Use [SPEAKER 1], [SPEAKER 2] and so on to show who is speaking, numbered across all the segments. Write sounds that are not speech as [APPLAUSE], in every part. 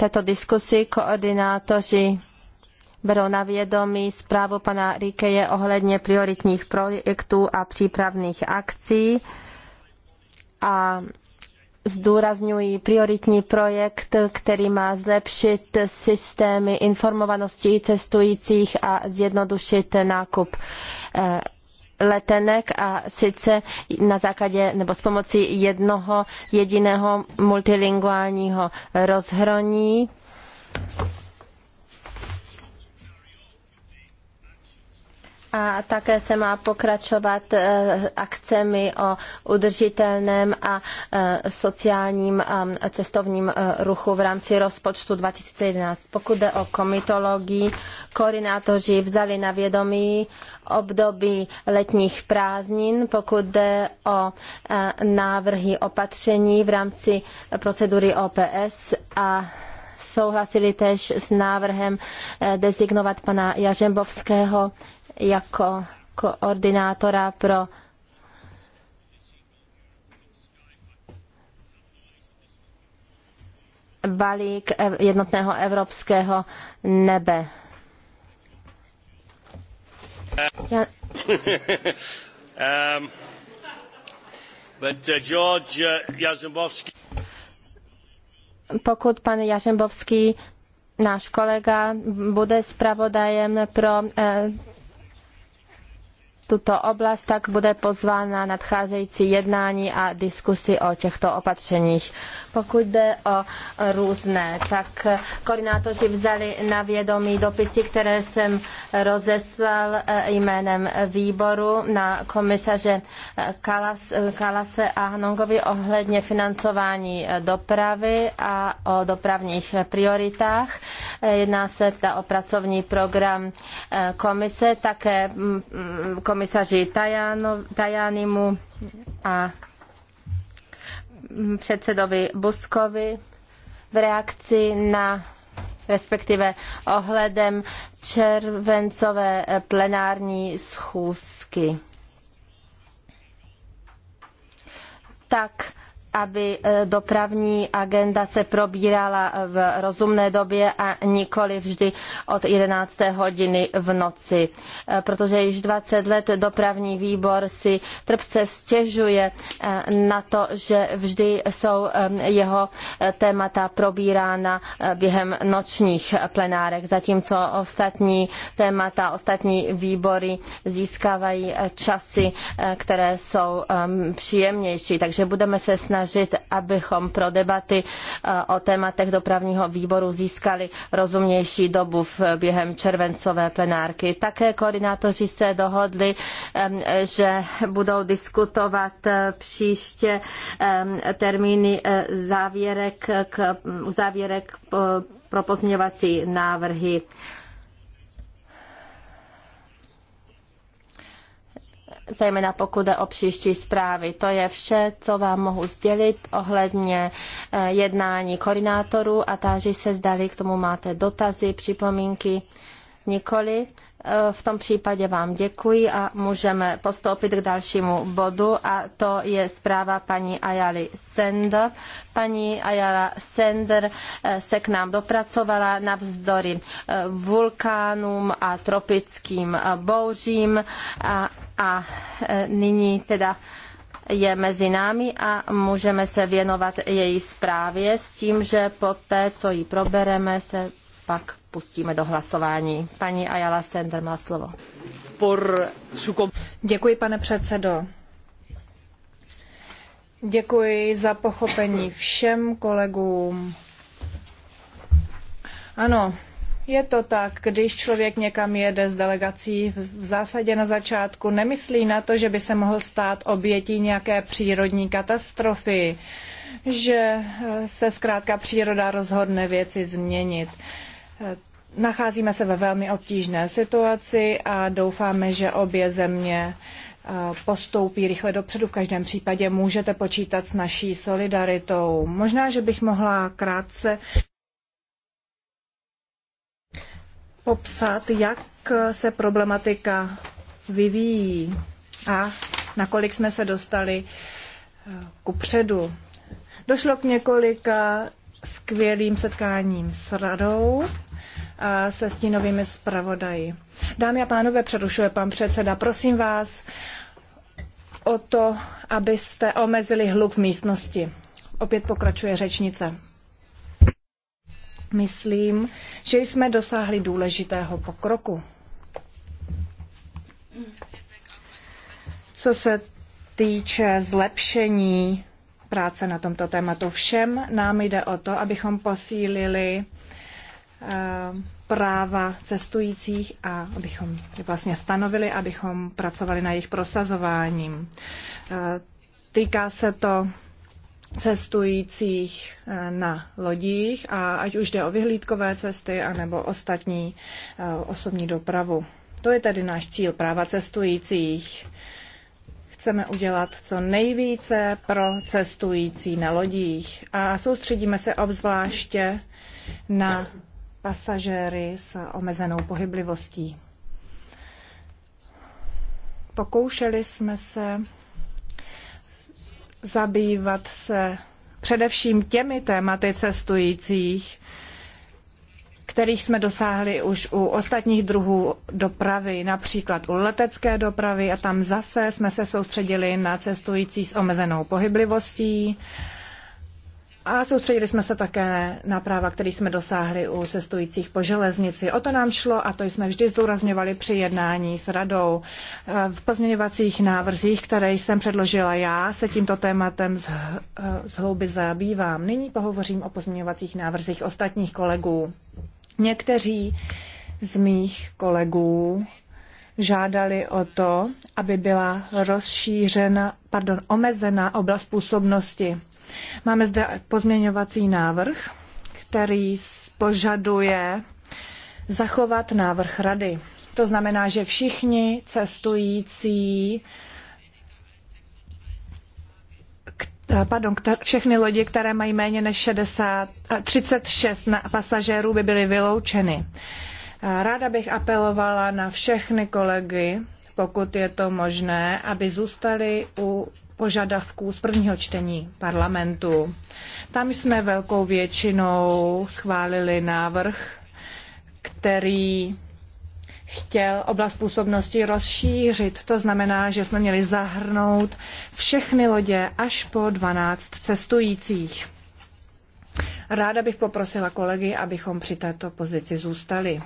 [SPEAKER 1] této diskusi koordinátoři berou na vědomí zprávu pana Rikeje ohledně prioritních projektů a přípravných akcí a zdůrazňují prioritní projekt, který má zlepšit systémy informovanosti cestujících a zjednodušit nákup eh, letenek a sice na základě nebo s pomocí jednoho jediného multilinguálního rozhroní a také se má pokračovat eh, akcemi o udržitelném a eh, sociálním cestovním eh, ruchu v rámci rozpočtu 2011. Pokud jde o komitologii, koordinátoři vzali na vědomí období letních prázdnin, pokud jde o návrhy opatření v rámci procedury OPS a souhlasili též s návrhem designovat pana Jařembovského jako koordinátora pro balík jednotného evropského nebe.
[SPEAKER 2] Já... [LAUGHS] um, but, uh, George, uh,
[SPEAKER 1] Pokud pan Jařembovský, náš kolega, bude zpravodajem pro uh, tuto oblast, tak bude pozván na nadcházející jednání a diskusi o těchto opatřeních. Pokud jde o různé, tak koordinátoři vzali na vědomí dopisy, které jsem rozeslal eh, jménem výboru na komisaře eh, Kalas, eh, Kalase a Hnongovi ohledně financování dopravy a o dopravních prioritách. Jedná se o pracovní program komise, také mm, mm, komise komisaři Tajanimu a předsedovi Buskovi v reakci na respektive ohledem červencové plenární schůzky. Tak aby e, dopravní agenda se probírala v rozumné době a nikoli vždy od 11. hodiny v noci. E, protože již 20 let dopravní výbor si trpce stěžuje e, na to, že vždy jsou jeho témata probírána během nočních plenárek, zatímco ostatní témata, ostatní výbory získávají časy, které jsou příjemnější. Takže budeme se snažit snažit, abychom pro debaty eh, o tématech dopravního výboru získali rozumnější dobu v během červencové plenárky. Také koordinátoři se dohodli, že budou diskutovat eh, příště termíny eh, závěrek, k, závěrek pro pozměňovací návrhy. zejména pokud jde o příští zprávy. To je vše, co vám mohu sdělit ohledně eh, jednání koordinátorů a táži se zdali k tomu máte dotazy, připomínky, nikoli. Eh, v tom případě vám děkuji a můžeme postoupit k dalšímu bodu a to je zpráva paní Ayali Sender. Paní Ayala Sender eh, se k nám dopracovala navzdory vulkánům a tropickým bouřím a a e, nyní teda je mezi námi a můžeme se věnovat její zprávě s tím, že poté, co ji probereme, se pak pustíme do hlasování. Paní
[SPEAKER 3] Ayala Sender má slovo. Děkuji, pane předsedo. Děkuji za pochopení všem kolegům. Ano, je to tak, když člověk někam jede s delegací, v zásadě na začátku nemyslí na to, že by se mohl stát obětí nějaké přírodní katastrofy, že eh, se zkrátka příroda rozhodne věci změnit. Eh, nacházíme se ve velmi obtížné situaci a doufáme, že obě země eh, postoupí rychle dopředu. V každém případě můžete počítat s naší solidaritou. Možná, že bych mohla krátce popsat, jak se problematika vyvíjí a nakolik jsme se dostali eh, ku předu. Došlo k několika skvělým setkáním s radou a se stínovými zpravodaji. Dámy a pánové, přerušuje pan předseda, prosím vás o to, abyste omezili hluk v místnosti. Opět pokračuje řečnice. Myslím, že jsme dosáhli důležitého pokroku. Co se týče zlepšení práce na tomto tématu, všem nám jde o to, abychom posílili eh, práva cestujících a abychom je vlastně stanovili, abychom pracovali na jejich prosazováním. Eh, týká se to cestujících eh, na lodích, a ať už jde o vyhlídkové cesty anebo ostatní eh, osobní dopravu. To je tedy náš cíl práva cestujících. Chceme udělat co nejvíce pro cestující na lodích a soustředíme se obzvláště na pasažéry s omezenou pohyblivostí. Pokoušeli jsme se zabývat se především těmi tématy cestujících, kterých jsme dosáhli už u ostatních druhů dopravy, například u letecké dopravy a tam zase jsme se soustředili na cestující s omezenou pohyblivostí a soustředili jsme se také na práva, které jsme dosáhli u cestujících po železnici. O to nám šlo a to jsme vždy zdůrazňovali při jednání s radou. E, v pozměňovacích návrzích, které jsem předložila já, se tímto tématem z e, hlouby zabývám. Nyní pohovořím o pozměňovacích návrzích ostatních kolegů. Někteří z mých kolegů žádali o to, aby byla rozšířena, pardon, omezena oblast působnosti Máme zde pozměňovací návrh, který požaduje zachovat návrh rady. To znamená, že všichni cestující pardon, všechny lodi, které mají méně než 60, 36 pasažérů, by byly vyloučeny. Ráda bych apelovala na všechny kolegy, pokud je to možné, aby zůstali u požadavků z prvního čtení parlamentu. Tam jsme velkou většinou schválili návrh, který chtěl oblast působnosti rozšířit. To znamená, že jsme měli zahrnout všechny lodě až po 12 cestujících. Ráda bych poprosila kolegy, abychom při této pozici zůstali.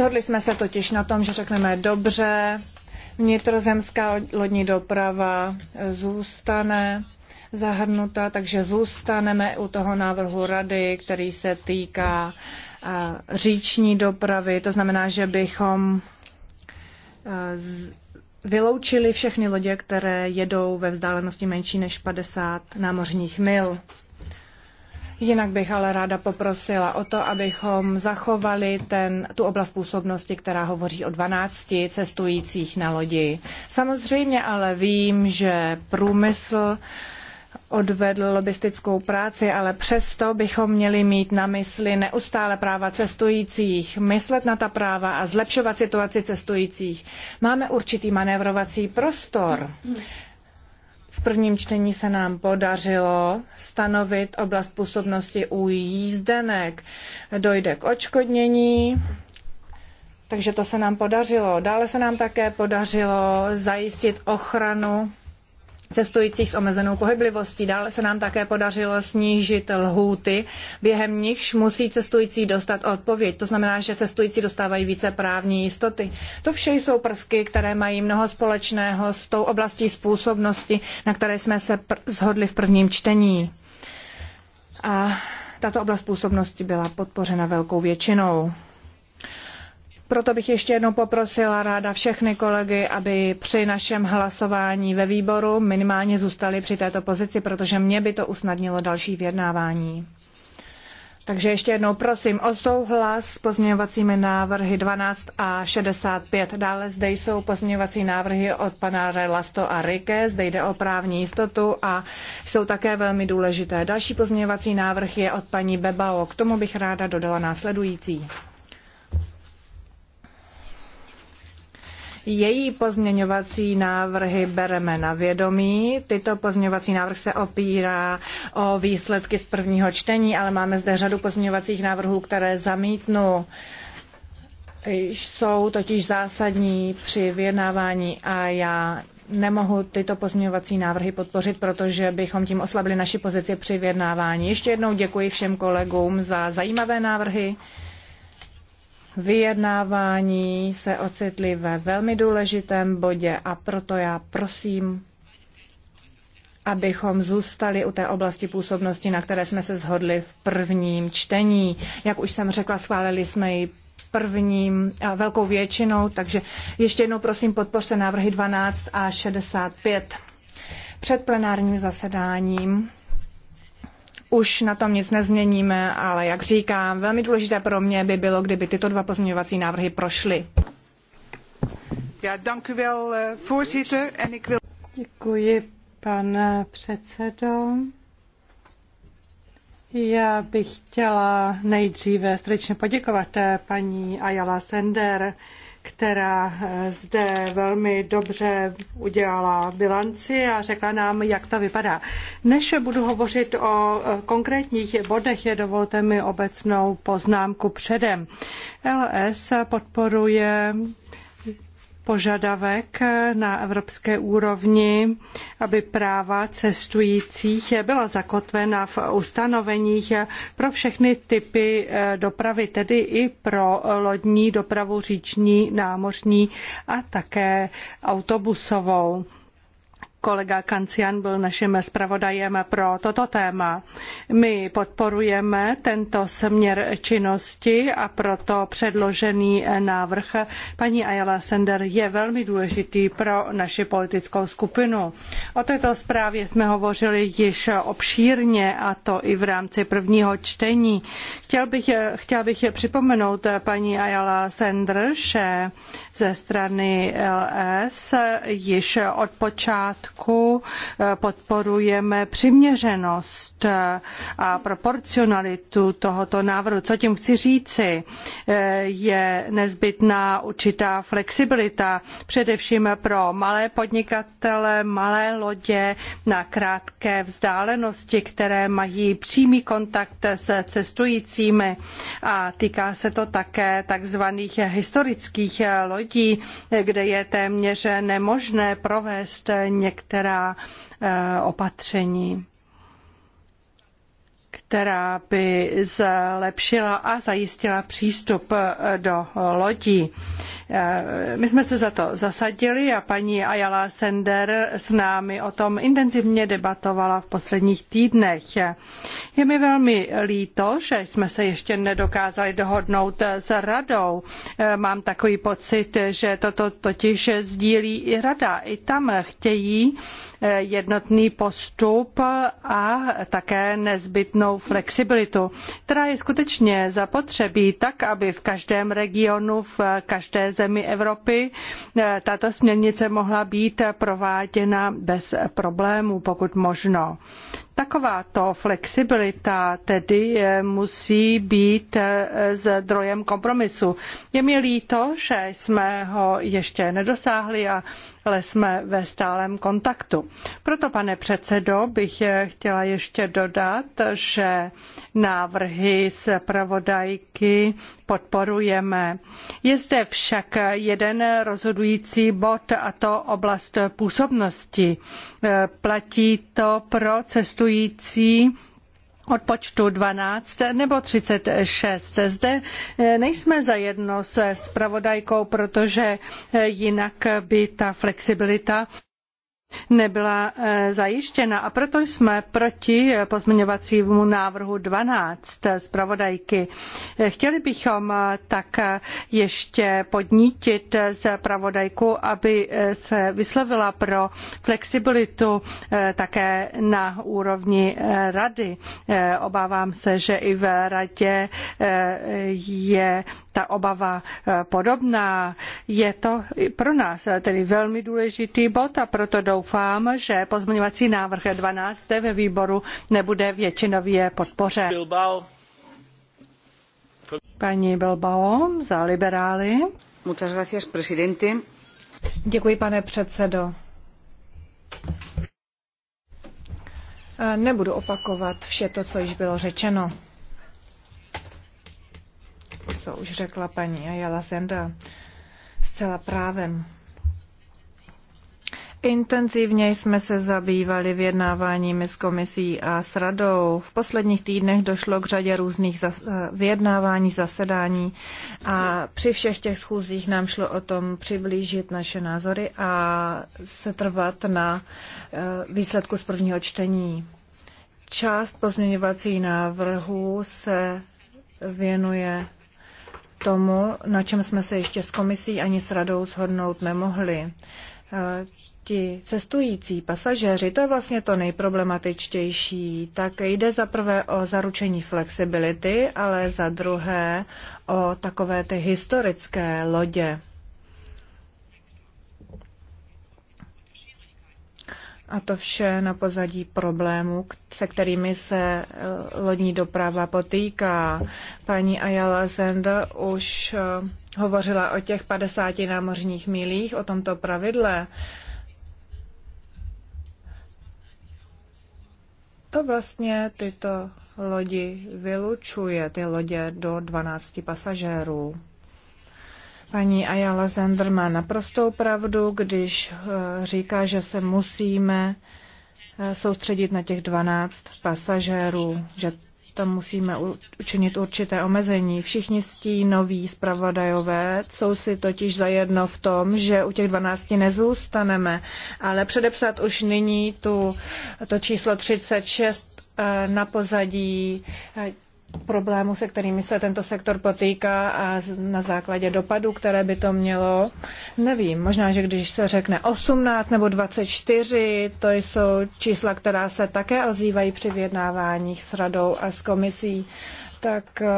[SPEAKER 3] Shodli jsme se totiž na tom, že řekneme dobře, vnitrozemská lodní doprava zůstane zahrnuta, takže zůstaneme u toho návrhu rady, který se týká říční dopravy. To znamená, že bychom vyloučili všechny lodě, které jedou ve vzdálenosti menší než 50 námořních mil. Jinak bych ale ráda poprosila o to, abychom zachovali ten, tu oblast působnosti, která hovoří o 12 cestujících na lodi. Samozřejmě ale vím, že průmysl odvedl lobistickou práci, ale přesto bychom měli mít na mysli neustále práva cestujících, myslet na ta práva a zlepšovat situaci cestujících. Máme určitý manévrovací prostor. V prvním čtení se nám podařilo stanovit oblast působnosti u jízdenek. Dojde k očkodnění, takže to se nám podařilo. Dále se nám také podařilo zajistit ochranu cestujících s omezenou pohyblivostí. Dále se nám také podařilo snížit lhůty, během nichž musí cestující dostat odpověď. To znamená, že cestující dostávají více právní jistoty. To vše jsou prvky, které mají mnoho společného s tou oblastí způsobnosti, na které jsme se shodli v prvním čtení. A tato oblast působnosti byla podpořena velkou většinou. Proto bych ještě jednou poprosila ráda všechny kolegy, aby při našem hlasování ve výboru minimálně zůstali při této pozici, protože mě by to usnadnilo další vyjednávání. Takže ještě jednou prosím o souhlas s pozměňovacími návrhy 12 a 65. Dále zde jsou pozměňovací návrhy od pana Relasto a Rike. Zde jde o právní jistotu a jsou také velmi důležité. Další pozměňovací návrh je od paní Bebao. K tomu bych ráda dodala následující. Její pozměňovací návrhy bereme na vědomí. Tyto pozměňovací návrh se opírá o výsledky z prvního čtení, ale máme zde řadu pozměňovacích návrhů, které zamítnu jsou totiž zásadní při vyjednávání a já nemohu tyto pozměňovací návrhy podpořit, protože bychom tím oslabili naši pozici při vyjednávání. Ještě jednou děkuji všem kolegům za zajímavé návrhy vyjednávání se ocitli ve velmi důležitém bodě a proto já prosím, abychom zůstali u té oblasti působnosti, na které jsme se shodli v prvním čtení. Jak už jsem řekla, schválili jsme ji prvním a velkou většinou, takže ještě jednou prosím podpořte návrhy 12 a 65. Před plenárním zasedáním už na tom nic nezměníme, ale jak říkám, velmi důležité pro mě by bylo, kdyby tyto dva pozměňovací návrhy prošly.
[SPEAKER 4] Eh, Děkuji, pane eh, předsedo. Já bych chtěla nejdříve srdečně poděkovat eh, paní Ayala Sender která eh, zde velmi dobře udělala bilanci a řekla nám, jak to vypadá. Než budu hovořit o eh, konkrétních bodech, je dovolte mi obecnou poznámku předem. LS podporuje požadavek na evropské úrovni, aby práva cestujících byla zakotvena v ustanoveních pro všechny typy eh, dopravy, tedy i pro lodní dopravu říční, námořní a také autobusovou. Kolega Kancian byl naším zpravodajem pro toto téma. My podporujeme tento směr činnosti a proto předložený návrh paní Ayala Sender je velmi důležitý pro naši politickou skupinu. O této zprávě jsme hovořili již obšírně a to i v rámci prvního čtení. Chtěl bych, chtěl bych připomenout paní Ayala Sender, že ze strany LS již od počátku pořádku, eh, podporujeme přiměřenost eh, a proporcionalitu tohoto návrhu. Co tím chci říci? Eh, je nezbytná určitá flexibilita, především pro malé podnikatele, malé lodě na krátké vzdálenosti, které mají přímý kontakt s cestujícími a týká se to také takzvaných historických lodí, kde je téměř nemožné provést některé některá eh, opatření která by zlepšila a zajistila přístup eh, do lodí. Eh, my jsme se za to zasadili a paní Ayala Sender s námi o tom intenzivně debatovala v posledních týdnech. Je mi velmi líto, že jsme se ještě nedokázali dohodnout s radou. Eh, mám takový pocit, že toto totiž sdílí i rada. I tam chtějí jednotný postup a také nezbytnou flexibilitu, která je skutečně zapotřebí tak, aby v každém regionu, v každé zemi Evropy eh, tato směrnice mohla být prováděna bez problémů, pokud možno. Takováto flexibilita tedy eh, musí být eh, zdrojem kompromisu. Je mi líto, že jsme ho ještě nedosáhli, ale jsme ve stálem kontaktu. Proto, pane předsedo, bych eh, chtěla ještě dodat, že návrhy zpravodajky podporujeme. Je zde však jeden rozhodující bod a to oblast působnosti. E, platí to pro cestující od počtu 12 nebo 36. Zde e, nejsme zajedno se spravodajkou, protože e, jinak by ta flexibilita nebyla eh, zajištěna a proto jsme proti eh, pozměňovacímu návrhu 12 eh, zpravodajky. Chtěli bychom tak ještě podnítit zpravodajku, aby se vyslovila pro flexibilitu také na úrovni rady. Obávám se, že i v radě je ta obava eh, podobná. Je to pro nás eh, tedy velmi důležitý bod a proto doufám, že pozměňovací návrh 12 ve výboru nebude většinově podpořen.
[SPEAKER 2] Bilbao.
[SPEAKER 3] Paní Bilbao za liberály.
[SPEAKER 2] Muchas gracias, presidente.
[SPEAKER 3] Děkuji, pane předsedo. Eh, nebudu opakovat vše to, co již bylo řečeno to, co už řekla paní Ayala Zenda zcela právem. Intenzivně jsme se zabývali vyjednáváními s komisí a s radou. V posledních týdnech došlo k řadě různých zas- eh, vyjednávání, zasedání a při všech těch schůzích nám šlo o tom přiblížit naše názory a setrvat na eh, výsledku z prvního čtení. Část pozměňovací návrhu se věnuje tomu, na čem jsme se ještě s komisí ani s radou shodnout nemohli. E, ti cestující pasažéři, to je vlastně to nejproblematičtější, tak jde za prvé o zaručení flexibility, ale za druhé o takové ty historické lodě. A to vše na pozadí problémů, se kterými se e, lodní doprava potýká. Paní Ayala Zenda už e, hovořila o těch 50 námořních milích, o tomto pravidle. To vlastně tyto lodi vylučuje, ty lodě do 12 pasažérů. Paní Ayala Zender má naprostou pravdu, když eh, říká, že se musíme eh, soustředit na těch 12 pasažérů, že tam musíme učinit určité omezení. Všichni stínoví zpravodajové jsou si totiž zajedno v tom, že u těch 12 nezůstaneme, ale předepsat už nyní tu, to číslo 36 eh, na pozadí problémů, se kterými se tento sektor potýká a na základě dopadů, které by to mělo, nevím. Možná, že když se řekne 18 nebo 24, to jsou čísla, která se také ozývají při vyjednáváních s radou a s komisí, tak eh,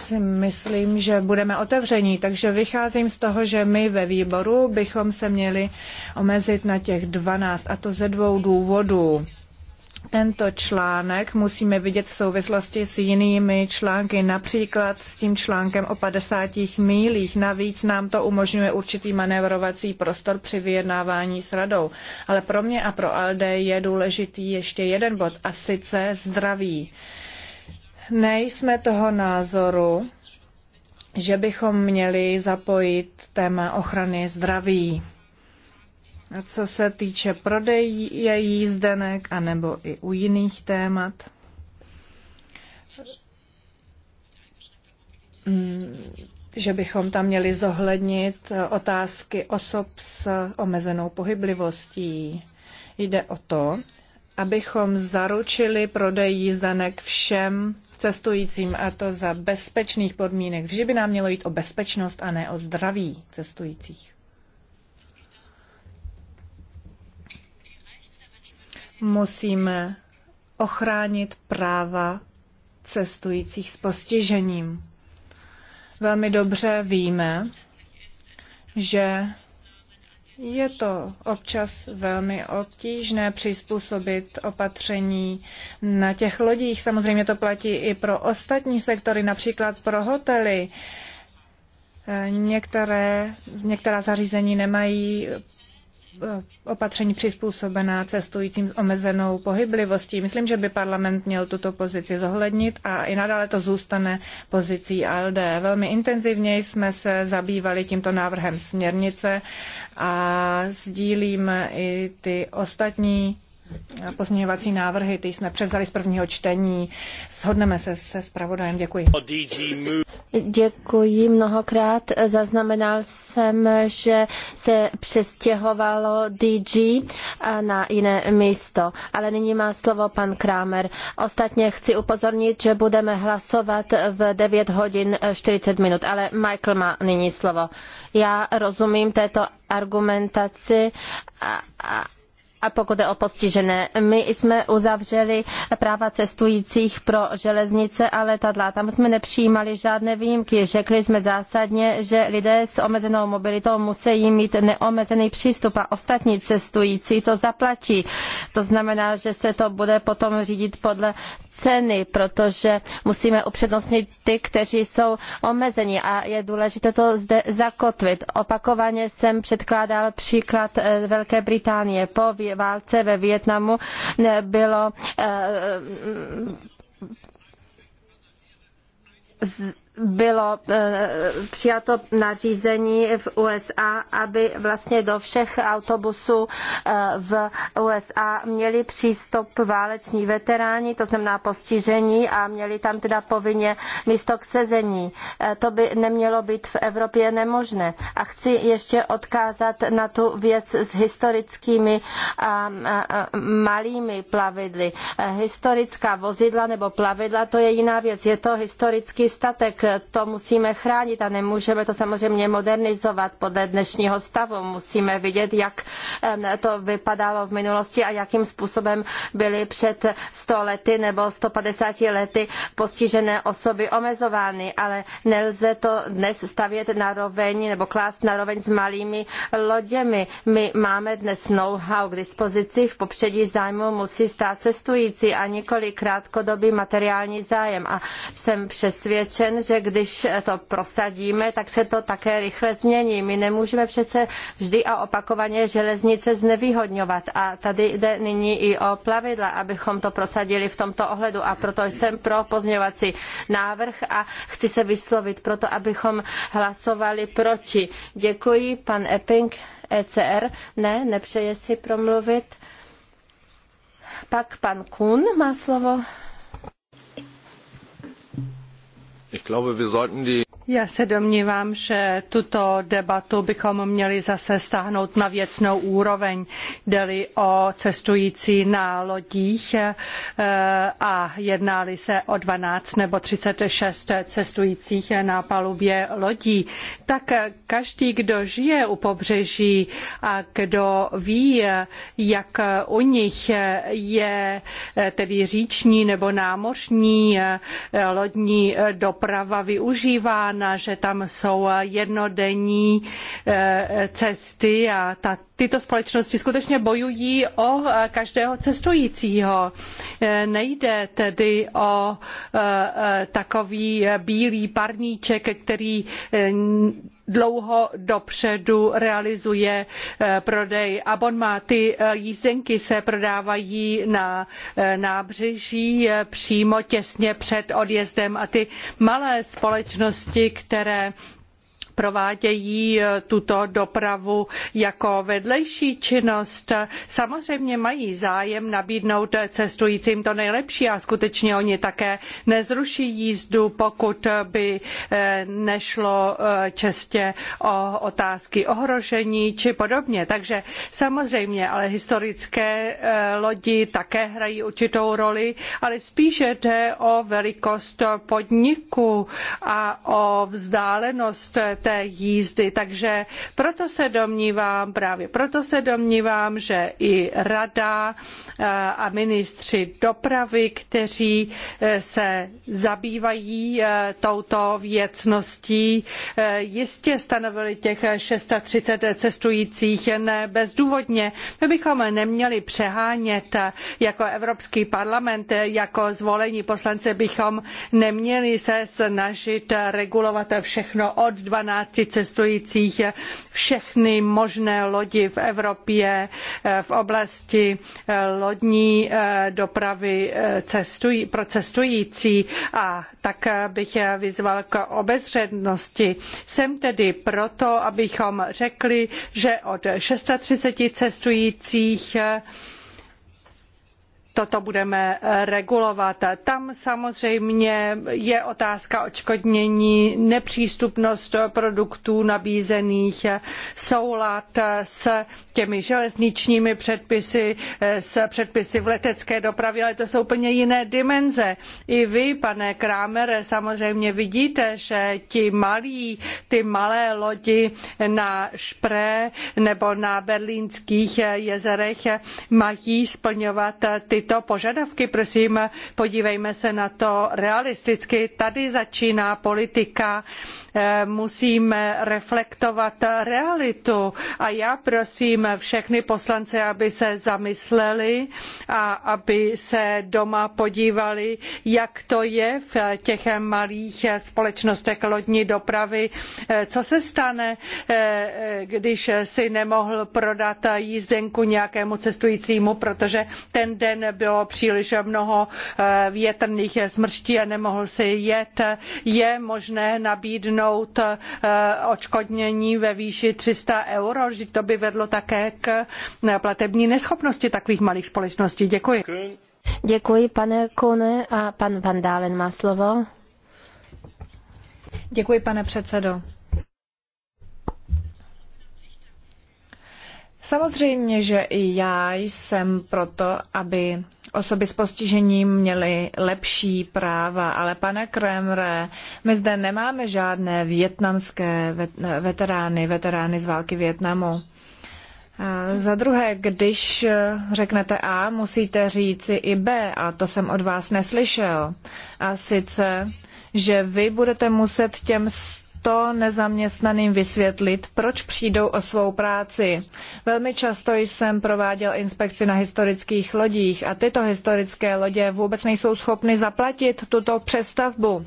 [SPEAKER 3] si myslím, že budeme otevření. Takže vycházím z toho, že my ve výboru bychom se měli omezit na těch 12 a to ze dvou důvodů tento článek musíme vidět v souvislosti s jinými články, například s tím článkem o 50 mílích. Navíc nám to umožňuje určitý manévrovací prostor při vyjednávání s radou. Ale pro mě a pro Alde je důležitý ještě jeden bod, a sice zdraví. Nejsme toho názoru, že bychom měli zapojit téma ochrany zdraví co se týče prodeje jízdenek anebo i u jiných témat. Mm, že bychom tam měli zohlednit otázky osob s omezenou pohyblivostí. Jde o to, abychom zaručili prodej jízdenek všem cestujícím a to za bezpečných podmínek. Vždy by nám mělo jít o bezpečnost a ne o zdraví cestujících. musíme ochránit práva cestujících s postižením. Velmi dobře víme, že je to občas velmi obtížné přizpůsobit opatření na těch lodích. Samozřejmě to platí i pro ostatní sektory, například pro hotely. E, některé, některá zařízení nemají Eh, opatření přizpůsobená cestujícím s omezenou pohyblivostí. Myslím, že by parlament měl tuto pozici zohlednit a i nadále to zůstane pozicí ALD. Velmi intenzivně jsme se zabývali tímto návrhem směrnice a sdílím i ty ostatní pozměňovací návrhy, ty jsme převzali z prvního čtení. Shodneme se se zpravodajem. Děkuji.
[SPEAKER 1] Děkuji mnohokrát. Zaznamenal jsem, že se přestěhovalo DG na jiné místo. Ale nyní má slovo pan Kramer. Ostatně chci upozornit, že budeme hlasovat v 9 hodin 40 minut, ale Michael má nyní slovo. Já rozumím této argumentaci a, a a pokud je o postižené. My jsme uzavřeli práva cestujících pro železnice a letadla. Tam jsme nepřijímali žádné výjimky. Řekli jsme zásadně, že lidé s omezenou mobilitou musí mít neomezený přístup a ostatní cestující to zaplatí. To znamená, že se to bude potom řídit podle ceny, protože musíme upřednostnit ty, kteří jsou omezeni a je důležité to zde zakotvit. Opakovaně jsem předkládal příklad eh, Velké Británie. Po válce ve Vietnamu eh, bylo eh, z bylo eh, přijato nařízení v USA, aby vlastně do všech autobusů eh, v USA měli přístup váleční veteráni, to znamená postižení a měli tam teda povinně místo k sezení. Eh, to by nemělo být v Evropě nemožné. A chci ještě odkázat na tu věc s historickými malými plavidly. Historická vozidla nebo plavidla, to je jiná věc. Je to historický statek, to musíme chránit a nemůžeme to samozřejmě modernizovat podle dnešního stavu. Musíme vidět, jak to vypadalo v minulosti a jakým způsobem byly před 100 lety nebo 150 lety postižené osoby omezovány, ale nelze to dnes stavět na roveň nebo klást na roveň s malými loděmi. My máme dnes know-how k dispozici, v popředí zájmu musí stát cestující a nikoli krátkodobý materiální zájem. A jsem přesvědčen, že když to prosadíme, tak se to také rychle změní. My nemůžeme přece vždy a opakovaně železnice znevýhodňovat. A tady jde nyní i o plavidla, abychom to prosadili v tomto ohledu. A proto jsem pro pozměňovací návrh a chci se vyslovit proto, abychom hlasovali proti. Děkuji, pan Epping, ECR. Ne, nepřeje si promluvit. Pak pan Kuhn má slovo.
[SPEAKER 3] Ich glaube, wir sollten die
[SPEAKER 4] já se domnívám, že tuto debatu bychom měli zase stáhnout na věcnou úroveň, jde-li o cestující na lodích eh, a jednáli se o 12 nebo 36 cestujících na palubě lodí. Tak každý, kdo žije u pobřeží a kdo ví, jak u nich je eh, tedy říční nebo námořní eh, lodní doprava využívána, znamená, že tam jsou jednodenní eh, cesty a ta, tyto společnosti skutečně bojují o eh, každého cestujícího. Eh, nejde tedy o takový bílý parníček, který dlouho dopředu realizuje eh, prodej. Abonmáty eh, jízdenky se prodávají na eh, nábřeží přímo těsně před odjezdem a ty malé společnosti, které provádějí eh, tuto dopravu jako vedlejší činnost. Samozřejmě mají zájem nabídnout cestujícím to nejlepší a skutečně oni také nezruší jízdu, pokud by eh, nešlo eh, čestě o otázky ohrožení či podobně. Takže samozřejmě, ale historické lodi také hrají určitou roli, ale spíše jde o velikost podniku a o vzdálenost té té jízdy. Takže proto se domnívám, právě proto se domnívám, že i rada eh, a ministři dopravy, kteří eh, se zabývají eh, touto věcností, jistě stanovili těch 630 cestujících jen bezdůvodně. My bychom neměli přehánět jako Evropský parlament, jako zvolení poslanci bychom neměli se snažit regulovat všechno od 12 práci cestujících všechny možné lodi v Evropě eh, v oblasti eh, lodní eh, dopravy cestují, pro cestující a tak bych vyzval k obezřetnosti. Jsem tedy proto, abychom řekli, že od 630 cestujících toto budeme eh, regulovat. Tam samozřejmě je otázka odškodnění, nepřístupnost produktů nabízených, eh, soulad eh, s těmi železničními předpisy, s předpisy v letecké dopravě, ale to jsou úplně jiné dimenze. I vy, pane Krámere, samozřejmě vidíte, že ti malí, ty malé lodi na Špré nebo na berlínských jezerech mají splňovat ty tyto požadavky, prosím, podívejme se na to realisticky. Tady začíná politika, eh, musíme reflektovat realitu a já prosím všechny poslance, aby se zamysleli a aby se doma podívali, jak to je v těch malých společnostech lodní dopravy. Eh, co se stane, eh, když si nemohl prodat jízdenku nějakému cestujícímu, protože ten den bylo příliš mnoho eh, větrných smrští a nemohl si jet, je možné nabídnout eh, odškodnění ve výši 300 euro, že to by vedlo také k eh, platební neschopnosti takových malých společností. Děkuji.
[SPEAKER 1] Děkuji, pane Kone, a pan Vandálen má slovo.
[SPEAKER 3] Děkuji, pane předsedo. Samozřejmě, že i já jsem proto, aby osoby s postižením měly lepší práva, ale pane Kremre, my zde nemáme žádné větnamské veterány, veterány z války Větnamu. Za druhé, když řeknete A, musíte říci i B, a to jsem od vás neslyšel. A sice, že vy budete muset těm to nezaměstnaným vysvětlit, proč přijdou o svou práci. Velmi často jsem prováděl inspekci na historických lodích a tyto historické lodě vůbec nejsou schopny zaplatit tuto přestavbu.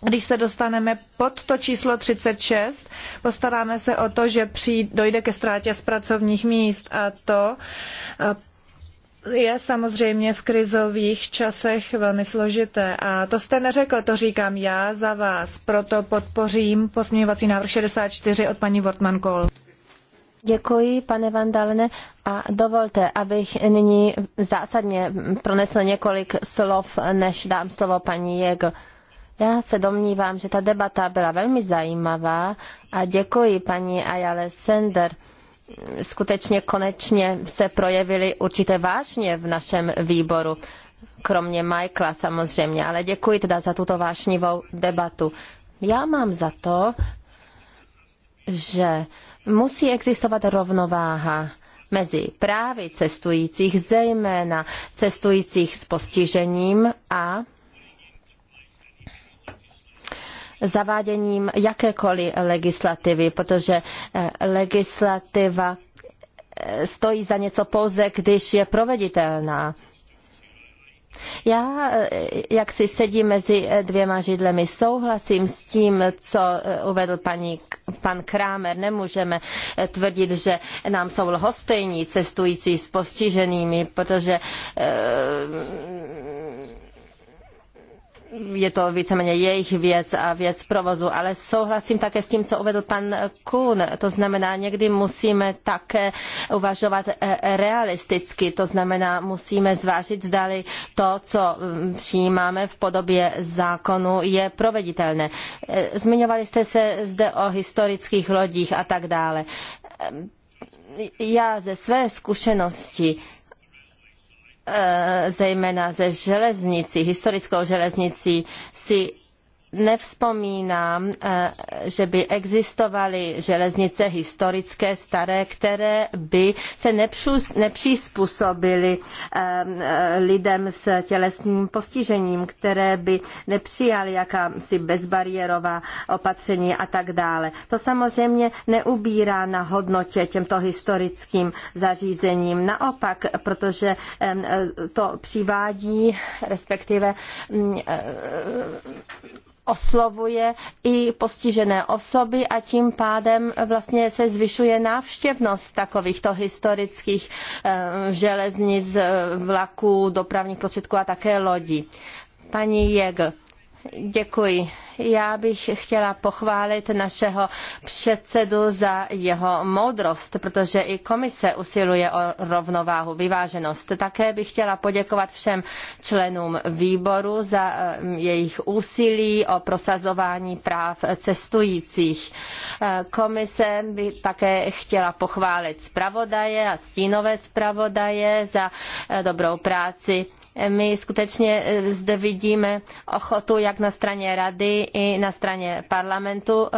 [SPEAKER 3] Když se dostaneme pod to číslo 36, postaráme se o to, že přijde, dojde ke ztrátě z pracovních míst a to je samozřejmě v krizových časech velmi složité. A to jste neřekl, to říkám já za vás. Proto podpořím pozměňovací návrh 64 od paní Wortmann Kohl.
[SPEAKER 1] Děkuji, pane Vandalene, a dovolte, abych nyní zásadně pronesl několik slov, než dám slovo paní Jego. Já se domnívám, že ta debata byla velmi zajímavá a děkuji paní Ayale Sender skutečně konečně se projevily určité vášně v našem výboru, kromě Michaela samozřejmě, ale děkuji teda za tuto vášnivou debatu. Já mám za to, že musí existovat rovnováha mezi právy cestujících, zejména cestujících s postižením a zaváděním jakékoliv legislativy, protože eh, legislativa eh, stojí za něco pouze, když je proveditelná. Já, eh, jak si sedím mezi dvěma židlemi, souhlasím s tím, co uvedl paní, pan Krámer. Nemůžeme tvrdit, že nám jsou lhostejní cestující s postiženými, protože je to víceméně jejich věc a věc provozu, ale souhlasím také s tím, co uvedl pan Kuhn. To znamená, někdy musíme také uvažovat eh, realisticky, to znamená, musíme zvážit, zdali to, co mm, přijímáme v podobě zákonu, je proveditelné. Eh, zmiňovali jste se zde o historických lodích a tak dále. Ehm, já ze své zkušenosti Eh, zejména ze železnicí, historickou železnicí, si nevzpomínám, eh, že by existovaly železnice historické, staré, které by se nepřizpůsobily ehm, eh, lidem s tělesným postižením, které by nepřijaly jakási bezbariérová opatření a tak dále. To samozřejmě neubírá na hodnotě těmto historickým zařízením. Naopak, protože ehm, eh, to přivádí, respektive mm, oslovuje i postižené osoby a tím pádem vlastně se zvyšuje návštěvnost takovýchto historických eh, železnic, eh, vlaků, dopravních prostředků a také lodí. Paní Jegl, Děkuji. Já bych chtěla pochválit našeho předsedu za jeho moudrost, protože i komise usiluje o rovnováhu, vyváženost. Také bych chtěla poděkovat všem členům výboru za eh, jejich úsilí o prosazování práv cestujících. Eh, komise by také chtěla pochválit zpravodaje a stínové zpravodaje za eh, dobrou práci my skutečně e, zde vidíme ochotu jak na straně rady i na straně parlamentu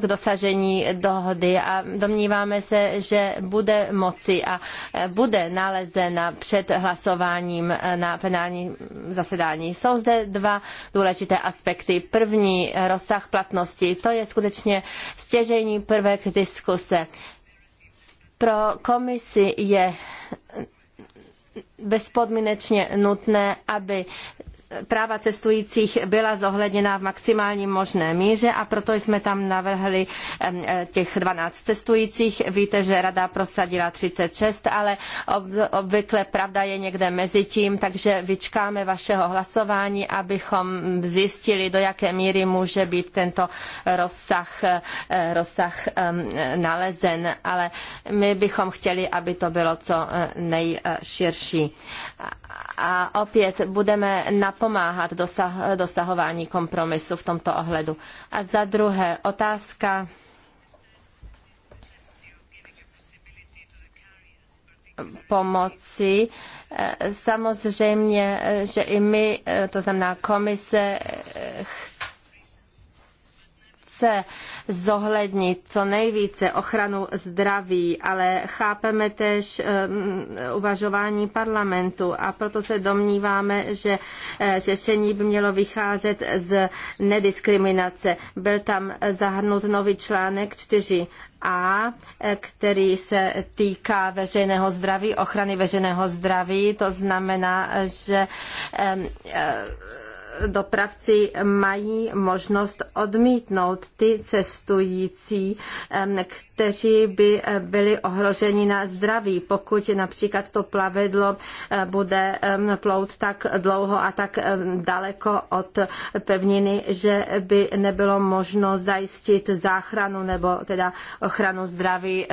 [SPEAKER 1] k dosažení dohody a domníváme se, že bude moci a e, bude nalezena před hlasováním e, na plenární zasedání. Jsou zde dva důležité aspekty. První, rozsah platnosti. To je skutečně stěžejní prvek diskuse. Pro komisi je bezpodmínečně nutné, aby práva cestujících byla zohledněna v maximální možné míře a proto jsme tam navrhli e, těch 12 cestujících. Víte, že rada prosadila 36, ale obvykle pravda je někde mezi tím, takže vyčkáme vašeho hlasování, abychom zjistili, do jaké míry může být tento rozsah, e, rozsah e, nalezen, ale my bychom chtěli, aby to bylo co nejširší. A opět budeme na napomáhat dosah, dosahování kompromisu v tomto ohledu. A za druhé, otázka pomoci. Samozřejmě, že i my, to znamená komise, chceme chce zohlednit co nejvíce ochranu zdraví, ale chápeme tež eh, mm, uvažování parlamentu a proto se domníváme, že eh, řešení by mělo vycházet z nediskriminace. Byl tam zahrnut nový článek 4 a, eh, který se týká veřejného zdraví, ochrany veřejného zdraví. To znamená, že dopravci mají možnost odmítnout ty cestující, kteří by eh, byli ohroženi na zdraví, pokud například to plavidlo eh, bude plout tak dlouho a tak daleko od pevniny, že by nebylo možno zajistit záchranu nebo teda ochranu zdraví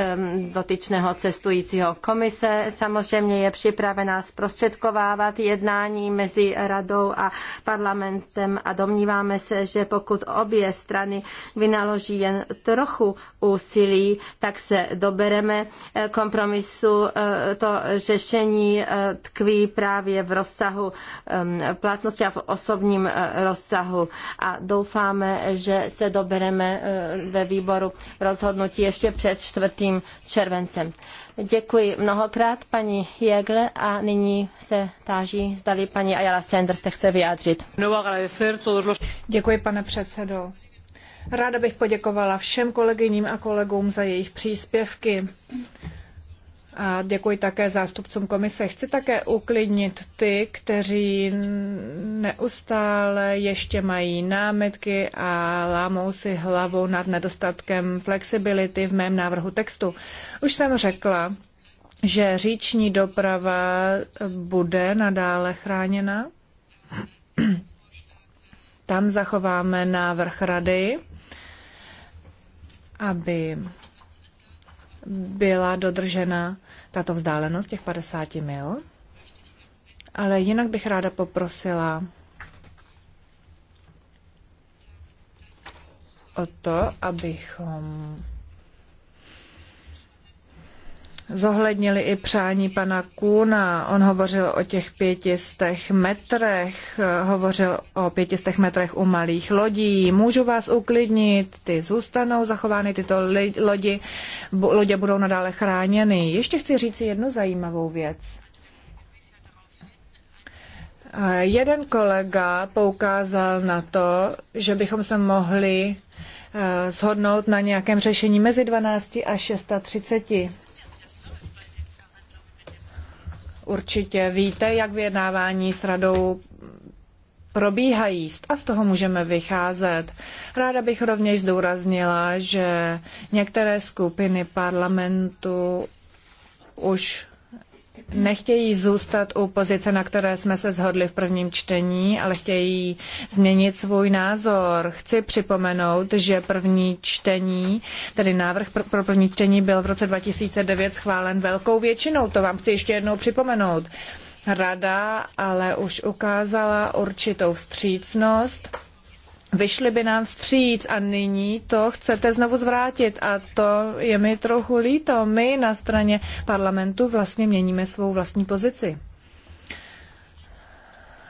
[SPEAKER 1] dotyčného cestujícího. Komise samozřejmě je připravená zprostředkovávat jednání mezi radou a parlamentem parlamentem a domníváme se, že pokud obě strany vynaloží jen trochu úsilí, tak se dobereme eh, kompromisu. Eh, to řešení eh, tkví právě v rozsahu ehm, platnosti a v osobním rozsahu a doufáme, že se dobereme ve výboru rozhodnutí ještě před 4. červencem. Děkuji mnohokrát paní Jegle a nyní se
[SPEAKER 3] táží, zdali paní Ayala Sanders se chce vyjádřit. No, Děkuji, pane předsedo. Ráda bych poděkovala všem kolegyním a kolegům za jejich příspěvky. A děkuji také zástupcům komise. Chci také uklidnit ty, kteří neustále ještě mají námitky a lámou si hlavu nad nedostatkem flexibility v mém návrhu textu. Už jsem řekla, že říční doprava bude nadále chráněna. Tam zachováme návrh rady, aby byla dodržena tato vzdálenost těch 50 mil. Ale jinak bych ráda poprosila o to, abychom zohlednili i přání pana Kůna. On hovořil o těch pětistech metrech, hovořil o pětistech metrech u malých lodí. Můžu vás uklidnit, ty zůstanou zachovány, tyto lodi, lodě budou nadále chráněny. Ještě chci říct jednu zajímavou věc. Jeden kolega poukázal na to, že bychom se mohli eh, shodnout na nějakém řešení mezi 12 a 630. Určitě víte, jak vyjednávání s radou probíhají a z toho můžeme vycházet. Ráda bych rovněž zdůraznila, že některé skupiny parlamentu už nechtějí zůstat u pozice, na které jsme se shodli v prvním čtení, ale chtějí změnit svůj názor. Chci připomenout, že první čtení, tedy návrh pro první čtení byl v roce 2009 schválen velkou většinou. To vám chci ještě jednou připomenout. Rada ale už ukázala určitou vstřícnost vyšli by nám vstříc a nyní to chcete znovu zvrátit a to je mi trochu líto. My na straně parlamentu vlastně měníme svou vlastní pozici.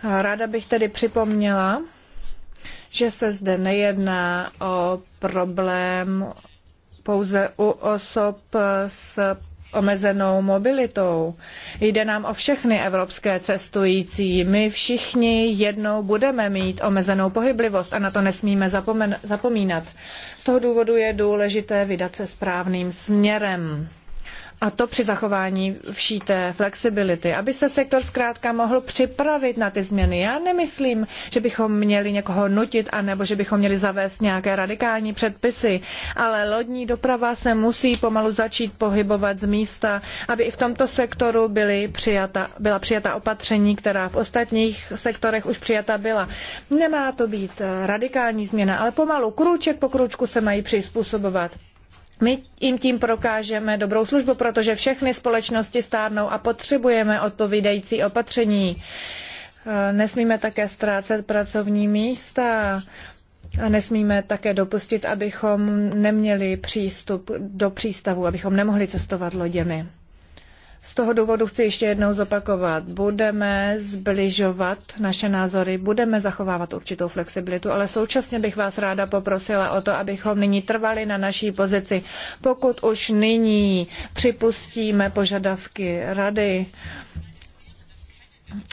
[SPEAKER 3] Ráda bych tedy připomněla, že se zde nejedná o problém pouze u osob s omezenou mobilitou. Jde nám o všechny evropské cestující. My všichni jednou budeme mít omezenou pohyblivost a na to nesmíme zapomínat. Z toho důvodu je důležité vydat se správným směrem. A to při zachování vší té flexibility, aby se sektor zkrátka mohl připravit na ty změny. Já nemyslím, že bychom měli někoho nutit, anebo že bychom měli zavést nějaké radikální předpisy, ale lodní doprava se musí pomalu začít pohybovat z místa, aby i v tomto sektoru byly přijata, byla přijata opatření, která v ostatních sektorech už přijata byla. Nemá to být radikální změna, ale pomalu, krůček po krůčku se mají přizpůsobovat. My jim tím prokážeme dobrou službu, protože všechny společnosti stárnou a potřebujeme odpovídající opatření. Eh, nesmíme také ztrácet pracovní místa. A nesmíme také dopustit, abychom neměli přístup do přístavu, abychom nemohli cestovat loděmi. Z toho důvodu chci ještě jednou zopakovat. Budeme zbližovat naše názory, budeme zachovávat určitou flexibilitu, ale současně bych vás ráda poprosila o to, abychom nyní trvali na naší pozici. Pokud už nyní připustíme požadavky rady,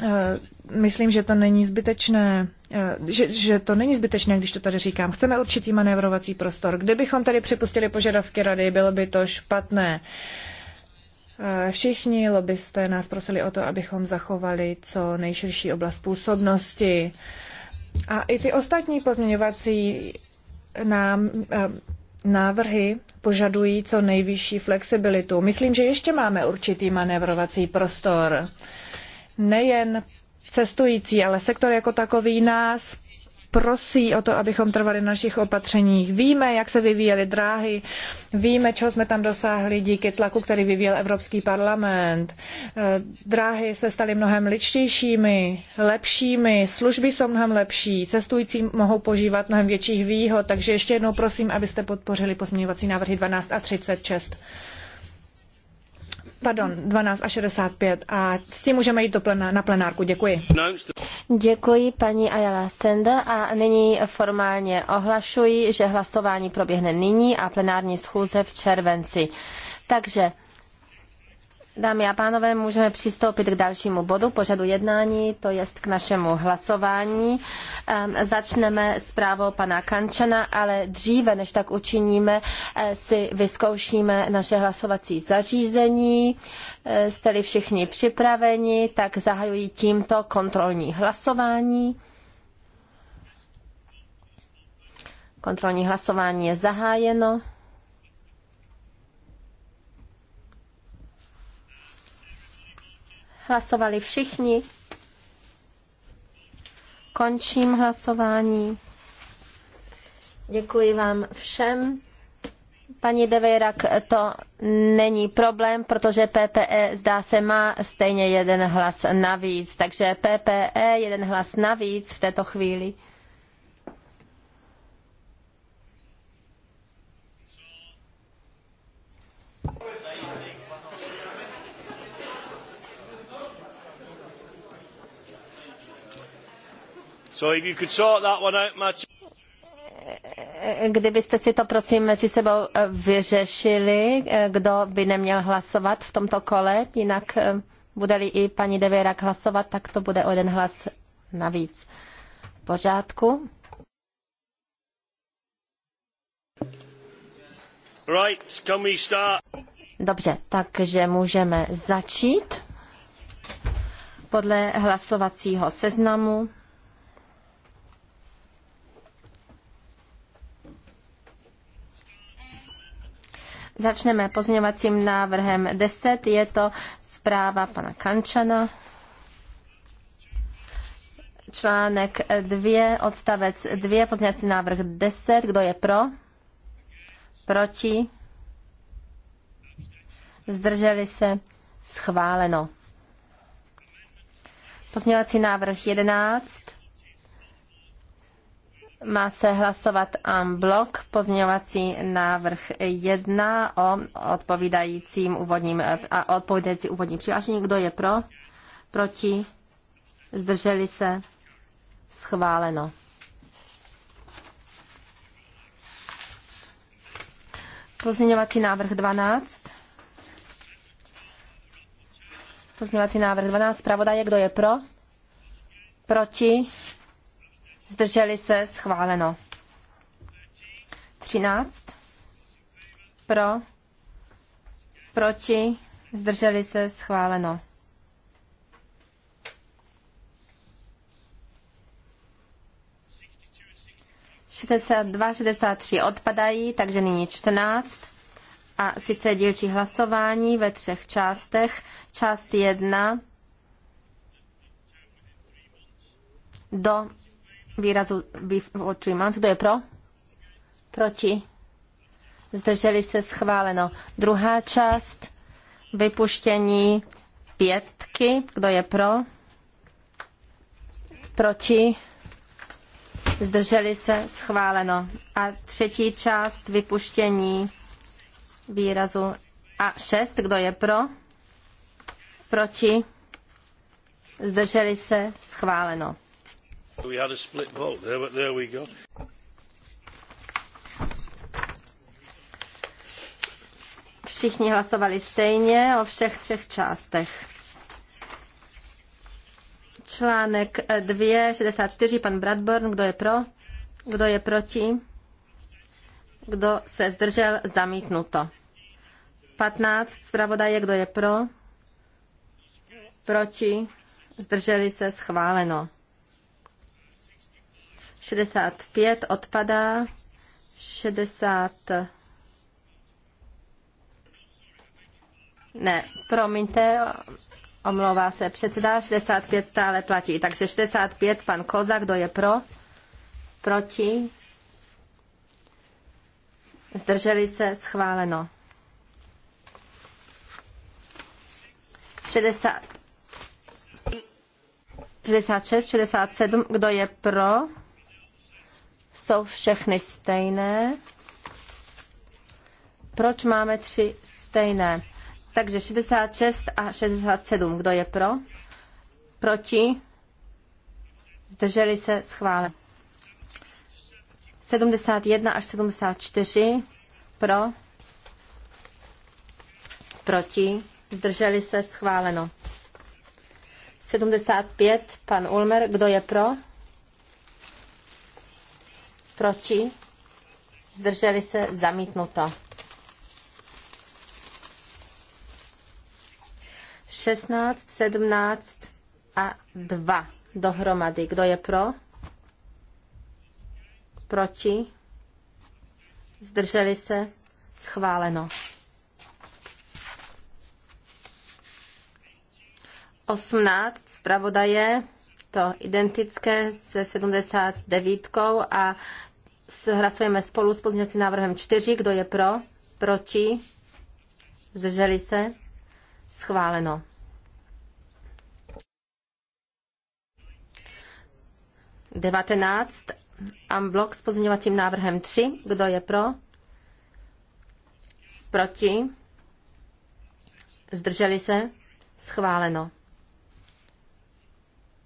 [SPEAKER 3] eh, myslím, že to není zbytečné, eh, že, že to není zbytečné, když to tady říkám. Chceme určitý manévrovací prostor. Kdybychom tady připustili požadavky rady, bylo by to špatné. Uh, Eh, všichni lobbysté nás prosili o to, abychom zachovali co nejširší oblast působnosti. A i ty ostatní pozměňovací nám, eh, návrhy požadují co nejvyšší flexibilitu. Myslím, že ještě máme určitý manévrovací prostor. Nejen cestující, ale sektor jako takový nás prosí o to, abychom trvali na našich opatřeních. Víme, jak se vyvíjely dráhy, víme, čeho jsme tam dosáhli díky tlaku, který vyvíjel Evropský parlament. E, dráhy se staly mnohem ličtějšími, lepšími, služby jsou mnohem lepší, cestující mohou požívat mnohem větších výhod, takže ještě jednou prosím, abyste podpořili pozměňovací návrhy 12 a 36 pardon, 12 a 65 a s tím můžeme jít do plena, na plenárku. Děkuji.
[SPEAKER 1] Děkuji paní Ayala Senda a nyní formálně ohlašuji, že hlasování proběhne nyní a plenární schůze v červenci. Takže Dámy a pánové, můžeme přistoupit k dalšímu bodu pořadu jednání, to jest k našemu hlasování. Ehm, začneme zprávou pana Kančana, ale dříve, než tak učiníme, eh, si vyzkoušíme naše hlasovací zařízení. Eh, jste-li všichni připraveni, tak zahajuji tímto kontrolní hlasování. Kontrolní hlasování je zahájeno. Hlasovali všichni. Končím hlasování. Děkuji vám všem. Paní Devejrak, to není problém, protože PPE zdá se má stejně jeden hlas navíc. Takže PPE jeden hlas navíc v této chvíli. kdybyste si to prosím mezi sebou eh, vyřešili, eh, kdo by neměl hlasovat v tomto kole, jinak eh, bude-li i paní Devěrak hlasovat, tak to bude o jeden hlas navíc. V pořádku?
[SPEAKER 2] Right, can we start?
[SPEAKER 1] Dobře, takže můžeme začít podle hlasovacího seznamu. Začneme pozměňovacím návrhem 10. Je to zpráva pana Kančana. Článek 2, odstavec 2, pozměňovací návrh 10. Kdo je pro? Proti? Zdrželi se? Schváleno. Pozměňovací návrh 11. Má se hlasovat en blok pozměňovací návrh 1 o odpovídajícím úvodním a odpovídající úvodní přihlášení. Kdo je pro? Proti? Zdrželi se? Schváleno. Pozměňovací návrh 12. Pozměňovací návrh 12. Pravodaje, kdo je pro? Proti? zdrželi se, schváleno. 13 pro, proti, zdrželi se, schváleno. Šedesát dva, šedesát tři odpadají, takže nyní čtrnáct. A sice dílčí hlasování ve třech částech. Část jedna do výrazu voči mám. Kdo je pro? Proti? Zdrželi se schváleno. Druhá část vypuštění pětky. Kdo je pro? Proti? Zdrželi se schváleno. A třetí část vypuštění výrazu a šest, Kdo je pro? Proti? Zdrželi se schváleno.
[SPEAKER 2] We had a split vote. There, there we go.
[SPEAKER 1] Všichni hlasovali stejně o všech třech částech. Článek 2, 64, pan Bradburn, kdo je pro? Kdo je proti? Kdo se zdržel? Zamítnuto. 15, zpravodaje, kdo je pro? Proti? Zdrželi se? Schváleno. 65 odpadá, 60 ne, promiňte, omlouvá se předseda, 65 stále platí, takže 65 pan Kozak, kdo je pro, proti, zdrželi se, schváleno. 60, 66, 67, kdo je pro, jsou všechny stejné. Proč máme tři stejné? Takže 66 a 67. Kdo je pro? Proti? Zdrželi se schvále. 71 až 74 pro, proti, zdrželi se schváleno. 75, pan Ulmer, kdo je pro? Proti? Zdrželi se? Zamítnuto. 16, 17 a 2 dohromady. Kdo je pro? Proti? Zdrželi se? Schváleno. 18 zpravodaje, to identické se 79 a hlasujeme spolu s pozměňovacím návrhem 4. Kdo je pro? Proti? Zdrželi se? Schváleno. Devatenáct. Amblok s pozměňovacím návrhem 3. Kdo je pro? Proti? Zdrželi se? Schváleno.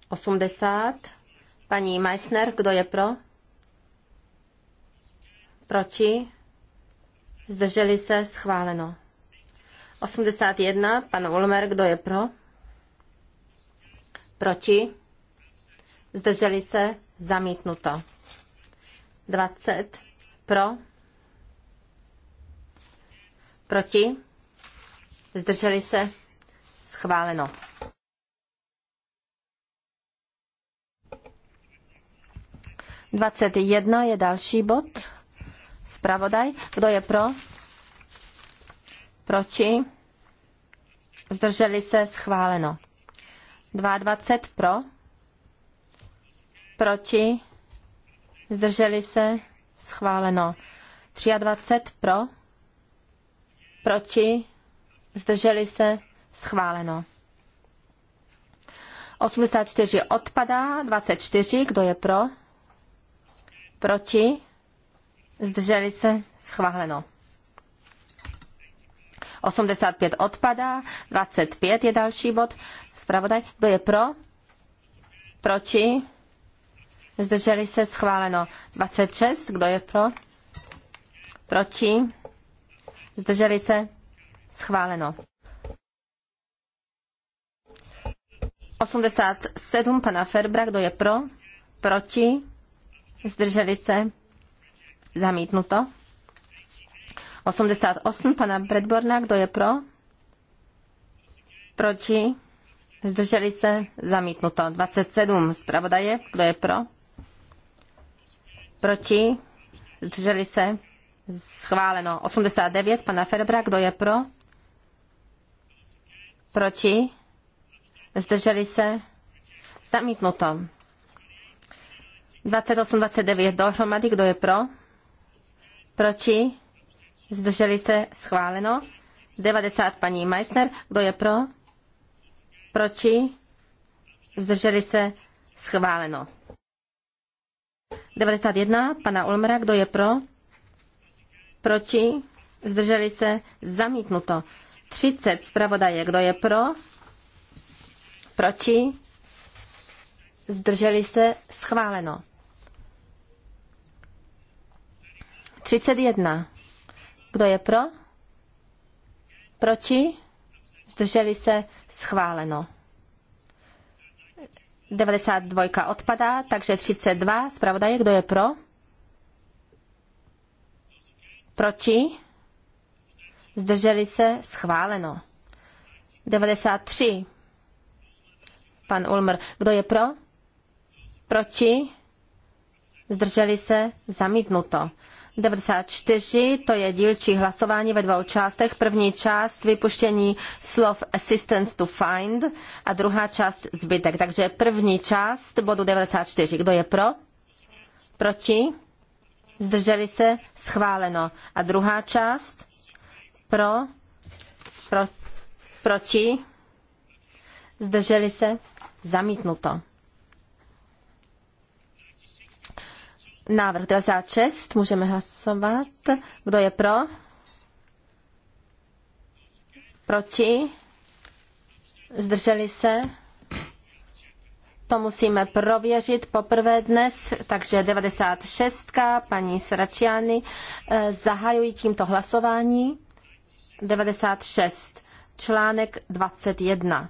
[SPEAKER 1] 80. Paní Meissner, kdo je pro? Proti? Zdrželi se? Schváleno. 81. Pan Ulmer, kdo je pro? Proti? Zdrželi se? Zamítnuto. 20. Pro? Proti? Zdrželi se? Schváleno. Dvacet jedna je další bod. Spravodaj, kdo je pro? Proti? Zdrželi se schváleno. 22 pro? Proti? Zdrželi se schváleno. 23 pro? Proti? Zdrželi se schváleno. 84 odpadá, 24, kdo je pro? Proti? zdrželi se, schváleno. 85 odpadá, 25 je další bod. Zpravodaj, kdo je pro? Proti? Zdrželi se, schváleno. 26, kdo je pro? Proti? Zdrželi se, schváleno. 87 pana Ferbra, kdo je pro? Proti? Zdrželi se? Zamítnuto. 88 pana Bredborna, kdo je pro? Proti? Zdrželi se? Zamítnuto. 27 zpravodaje, kdo je pro? Proti? Zdrželi se? Schváleno. 89 pana Ferbra, kdo je pro? Proti? Zdrželi se? Zamítnuto. 28, 29 dohromady, kdo je pro? Proti? Zdrželi se? Schváleno. 90 paní Meissner. Kdo je pro? Proti? Zdrželi se? Schváleno. 91 pana Ulmera. Kdo je pro? Proti? Zdrželi se? Zamítnuto. 30 zpravodaje. Kdo je pro? Proti? Zdrželi se? Schváleno. 31. Kdo je pro? Proti? Zdrželi se? Schváleno. 92 odpadá, takže 32. Zpravodaje, kdo je pro? Proti? Zdrželi se? Schváleno. 93. Pan Ulmer, kdo je pro? Proti? Zdrželi se? Zamítnuto. 94, to je dílčí hlasování ve dvou částech. První část vypuštění slov assistance to find a druhá část zbytek. Takže první část bodu 94. Kdo je pro? Proti? Zdrželi se? Schváleno. A druhá část? Pro? pro proti? Zdrželi se? Zamítnuto. Návrh 96, můžeme hlasovat. Kdo je pro? Proti? Zdrželi se? To musíme prověřit poprvé dnes, takže 96. paní Sračiany. Eh, zahajují tímto hlasování. 96. Článek 21.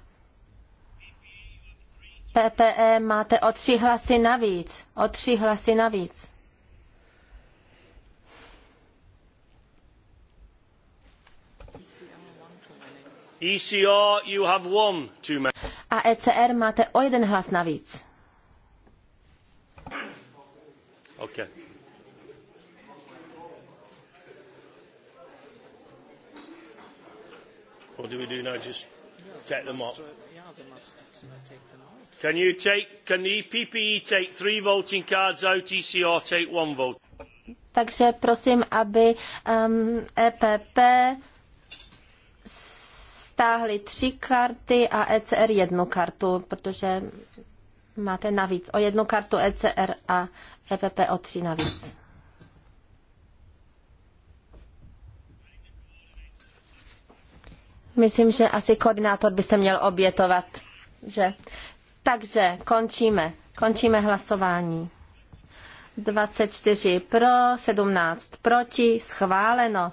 [SPEAKER 1] PPE máte o tři hlasy navíc. O tři hlasy navíc.
[SPEAKER 2] ECR, you have one too many.
[SPEAKER 1] A ECR máte o jeden hlas navíc.
[SPEAKER 2] Okay. What do we do now? Just take them off. Yeah,
[SPEAKER 3] they must take them
[SPEAKER 2] Can you take, can the PPE take three voting cards out, ECR take one vote?
[SPEAKER 1] Takže prosím, aby um, EPP stáhli tři karty a ECR jednu kartu, protože máte navíc o jednu kartu ECR a EPP o tři navíc. Myslím, že asi koordinátor by se měl obětovat, že? Takže končíme. Končíme hlasování. 24 pro, 17 proti, schváleno.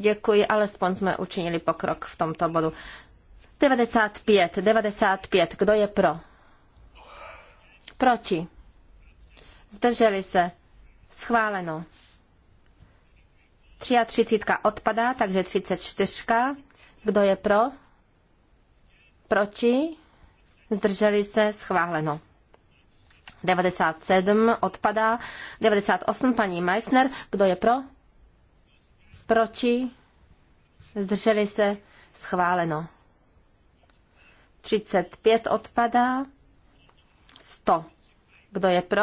[SPEAKER 1] Děkuji, alespoň jsme učinili pokrok v tomto bodu. 95, 95, kdo je pro? Proti. Zdrželi se. Schváleno. 33 odpadá, takže 34. Kdo je pro? Proti? zdrželi se, schváleno. 97 odpadá, 98 paní Meissner, kdo je pro? Proti, zdrželi se, schváleno. 35 odpadá, 100. Kdo je pro?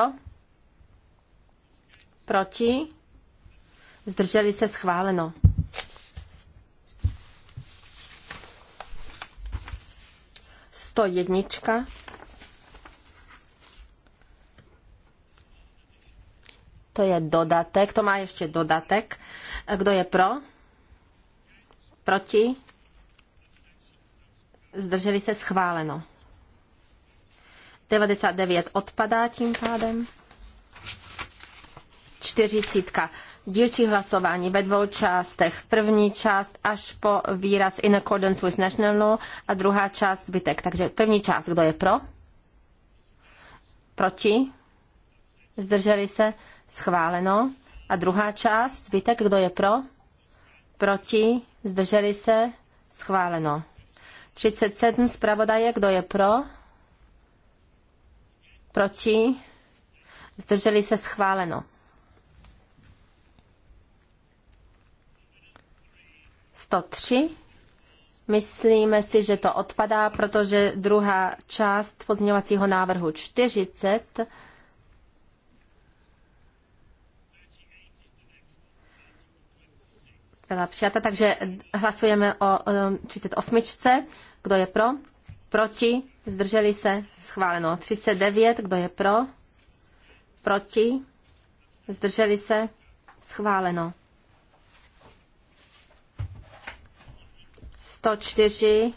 [SPEAKER 1] Proti? Zdrželi se schváleno. 101. To je dodatek, to má ještě dodatek. Kdo je pro? Proti? Zdrželi se schváleno. 99 odpadá tím pádem. 40 dílčí hlasování ve dvou částech. První část až po výraz in accordance with national law a druhá část zbytek. Takže první část, kdo je pro? Proti? Zdrželi se? Schváleno. A druhá část, zbytek, kdo je pro? Proti? Zdrželi se? Schváleno. 37 zpravodaje, kdo je pro? Proti? Zdrželi se schváleno. 103. Myslíme si, že to odpadá, protože druhá část pozměňovacího návrhu 40 byla přijata, takže hlasujeme o 38. Um, Kdo je pro? Proti? Zdrželi se? Schváleno. 39. Kdo je pro? Proti? Zdrželi se? Schváleno. 104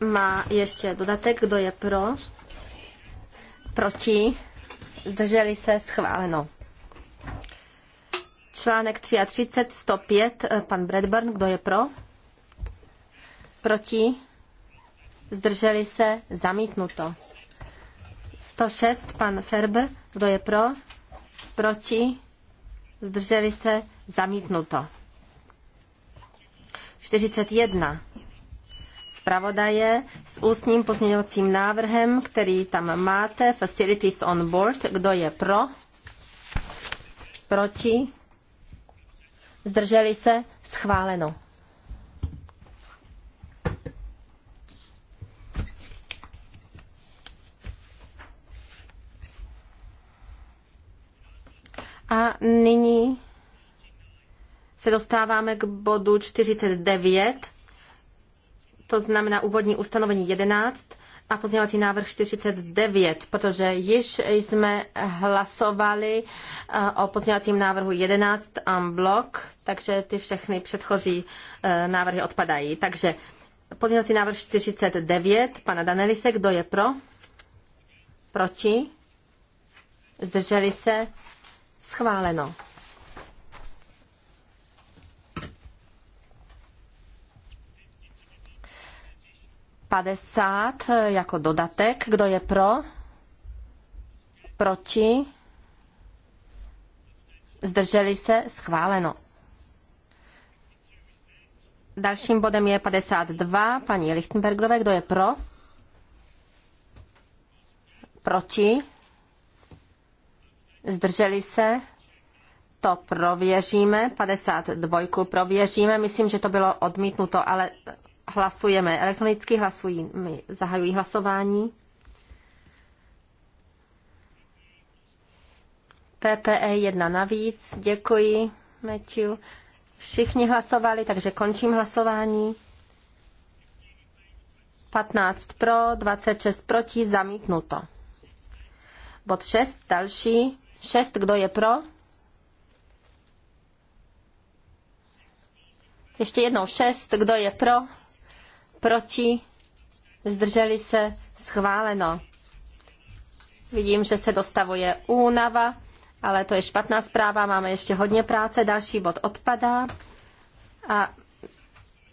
[SPEAKER 1] má ještě dodatek, kdo je pro, proti, zdrželi se, schváleno. Článek 33, 105, eh, pan Bradburn, kdo je pro, proti, zdrželi se, zamítnuto. 106, pan Ferber, kdo je pro, proti, zdrželi se, zamítnuto. 41 zpravodaje s ústním pozměňovacím návrhem, který tam máte, Facilities on Board. Kdo je pro? Proti? Zdrželi se? Schváleno. A nyní se dostáváme k bodu 49, to znamená úvodní ustanovení 11 a pozměňovací návrh 49, protože již jsme hlasovali eh, o pozměňovacím návrhu 11 en blok, takže ty všechny předchozí eh, návrhy odpadají. Takže pozměňovací návrh 49, pana Danelise, kdo je pro? Proti? Zdrželi se? Schváleno. 50 jako dodatek. Kdo je pro? Proti? Zdrželi se? Schváleno. Dalším bodem je 52 paní Lichtenbergové. Kdo je pro? Proti? Zdrželi se? To prověříme. 52 prověříme. Myslím, že to bylo odmítnuto, ale Hlasujeme elektronicky, hlasují, my zahajují hlasování. PPE jedna navíc, děkuji, Matthew. Všichni hlasovali, takže končím hlasování. 15 pro, 26 proti, zamítnuto. Bod 6, další. 6, kdo je pro? Ještě jednou 6, kdo je pro? proti, zdrželi se, schváleno. Vidím, že se dostavuje únava, ale to je špatná zpráva, máme ještě hodně práce, další bod odpadá. A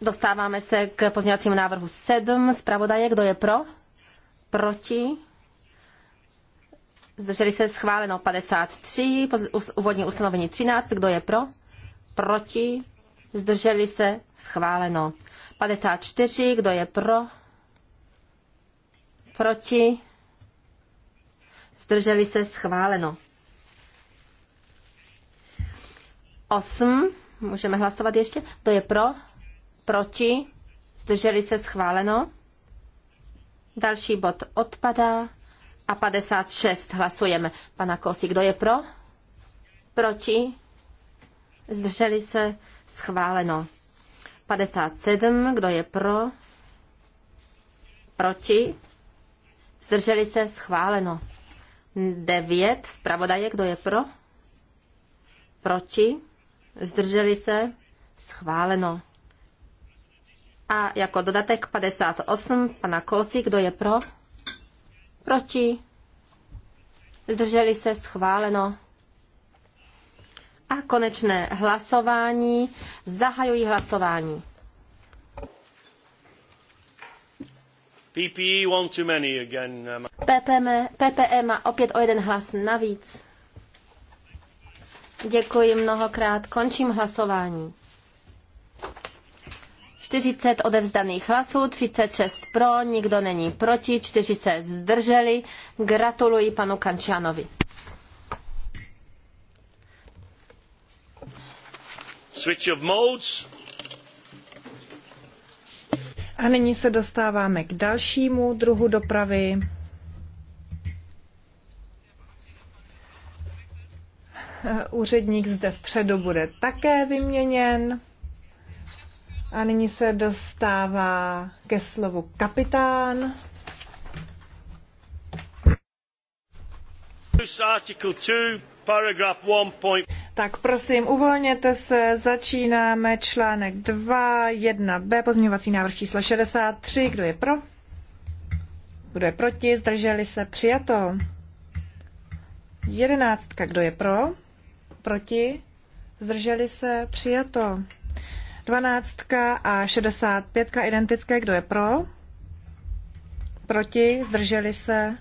[SPEAKER 1] dostáváme se k pozměňovacímu návrhu 7. Zpravodaje, kdo je pro? Proti? Zdrželi se schváleno 53, úvodní ustanovení 13, kdo je pro? Proti? zdrželi se, schváleno. 54, kdo je pro, proti, zdrželi se, schváleno. 8, můžeme hlasovat ještě, kdo je pro, proti, zdrželi se, schváleno. Další bod odpadá a 56 hlasujeme. Pana Kosi, kdo je pro? Proti? Zdrželi se? Schváleno. 57. Kdo je pro? Proti? Zdrželi se? Schváleno. 9. Zpravodaje. Kdo je pro? Proti? Zdrželi se? Schváleno. A jako dodatek 58 pana Kosi, kdo je pro? Proti? Zdrželi se? Schváleno a konečné hlasování. Zahajuji hlasování.
[SPEAKER 2] PPE, one too many again.
[SPEAKER 1] PPM, um, PPE má opět o jeden hlas navíc. Děkuji mnohokrát. Končím hlasování. 40 odevzdaných hlasů, 36 pro, nikdo není proti, 4 se zdrželi. Gratuluji panu Kančianovi.
[SPEAKER 3] A nyní se dostáváme k dalšímu druhu dopravy. Úředník zde vpředu bude také vyměněn. A nyní se dostává ke slovu kapitán. Tak prosím, uvolněte se, začínáme článek 2, 1b, pozměňovací návrh číslo 63. Kdo je pro? Kdo je proti? Zdrželi se? Přijato. Jedenáctka. Kdo je pro? Proti? Zdrželi se? Přijato. Dvanáctka a 65. Identické. Kdo je pro? Proti? Zdrželi se?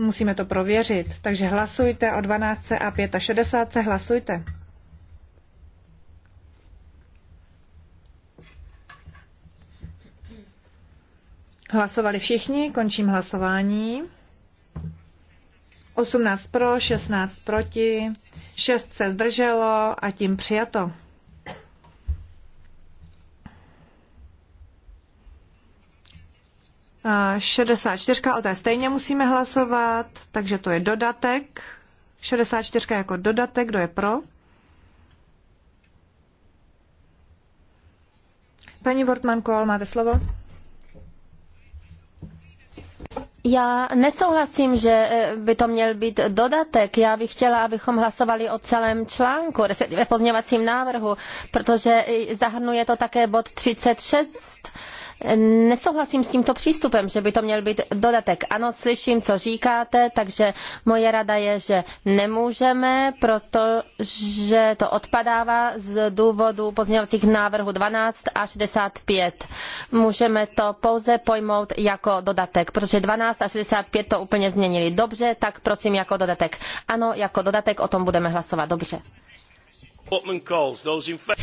[SPEAKER 3] Musíme to prověřit. Takže hlasujte o 12 a 65. Hlasujte. Hlasovali všichni, končím hlasování. 18 pro, 16 proti, 6 se zdrželo a tím přijato. 64, o té stejně musíme hlasovat, takže to je dodatek. 64 jako dodatek, kdo je pro? Paní Wortmann Kohl, máte slovo.
[SPEAKER 1] Já nesouhlasím, že eh, by to měl být dodatek. Já bych chtěla, abychom hlasovali o celém článku, ve pozměňovacím návrhu, protože zahrnuje to také bod 36 Nesouhlasím s tímto přístupem, že by to měl být dodatek. Ano, slyším, co říkáte, takže moje rada je, že nemůžeme, protože to odpadává z důvodu pozměňovacích návrhů 12 a 65. Můžeme to pouze pojmout jako dodatek, protože 12 a 65 to úplně změnili. Dobře, tak prosím jako dodatek.
[SPEAKER 3] Ano, jako dodatek o tom budeme hlasovat. Dobře.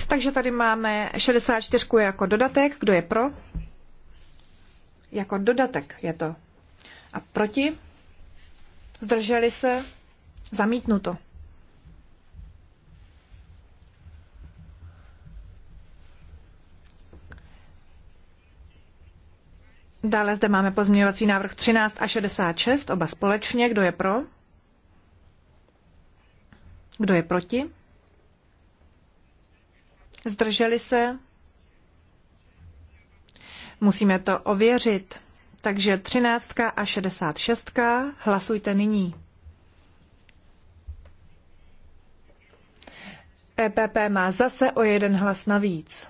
[SPEAKER 3] Takže tady máme 64 jako dodatek. Kdo je pro? Jako dodatek je to. A proti? Zdrželi se? Zamítnuto. Dále zde máme pozměňovací návrh 13 a 66, oba společně. Kdo je pro? Kdo je proti? Zdrželi se? Musíme to ověřit. Takže 13 a 66 hlasujte nyní. EPP má zase o jeden hlas navíc.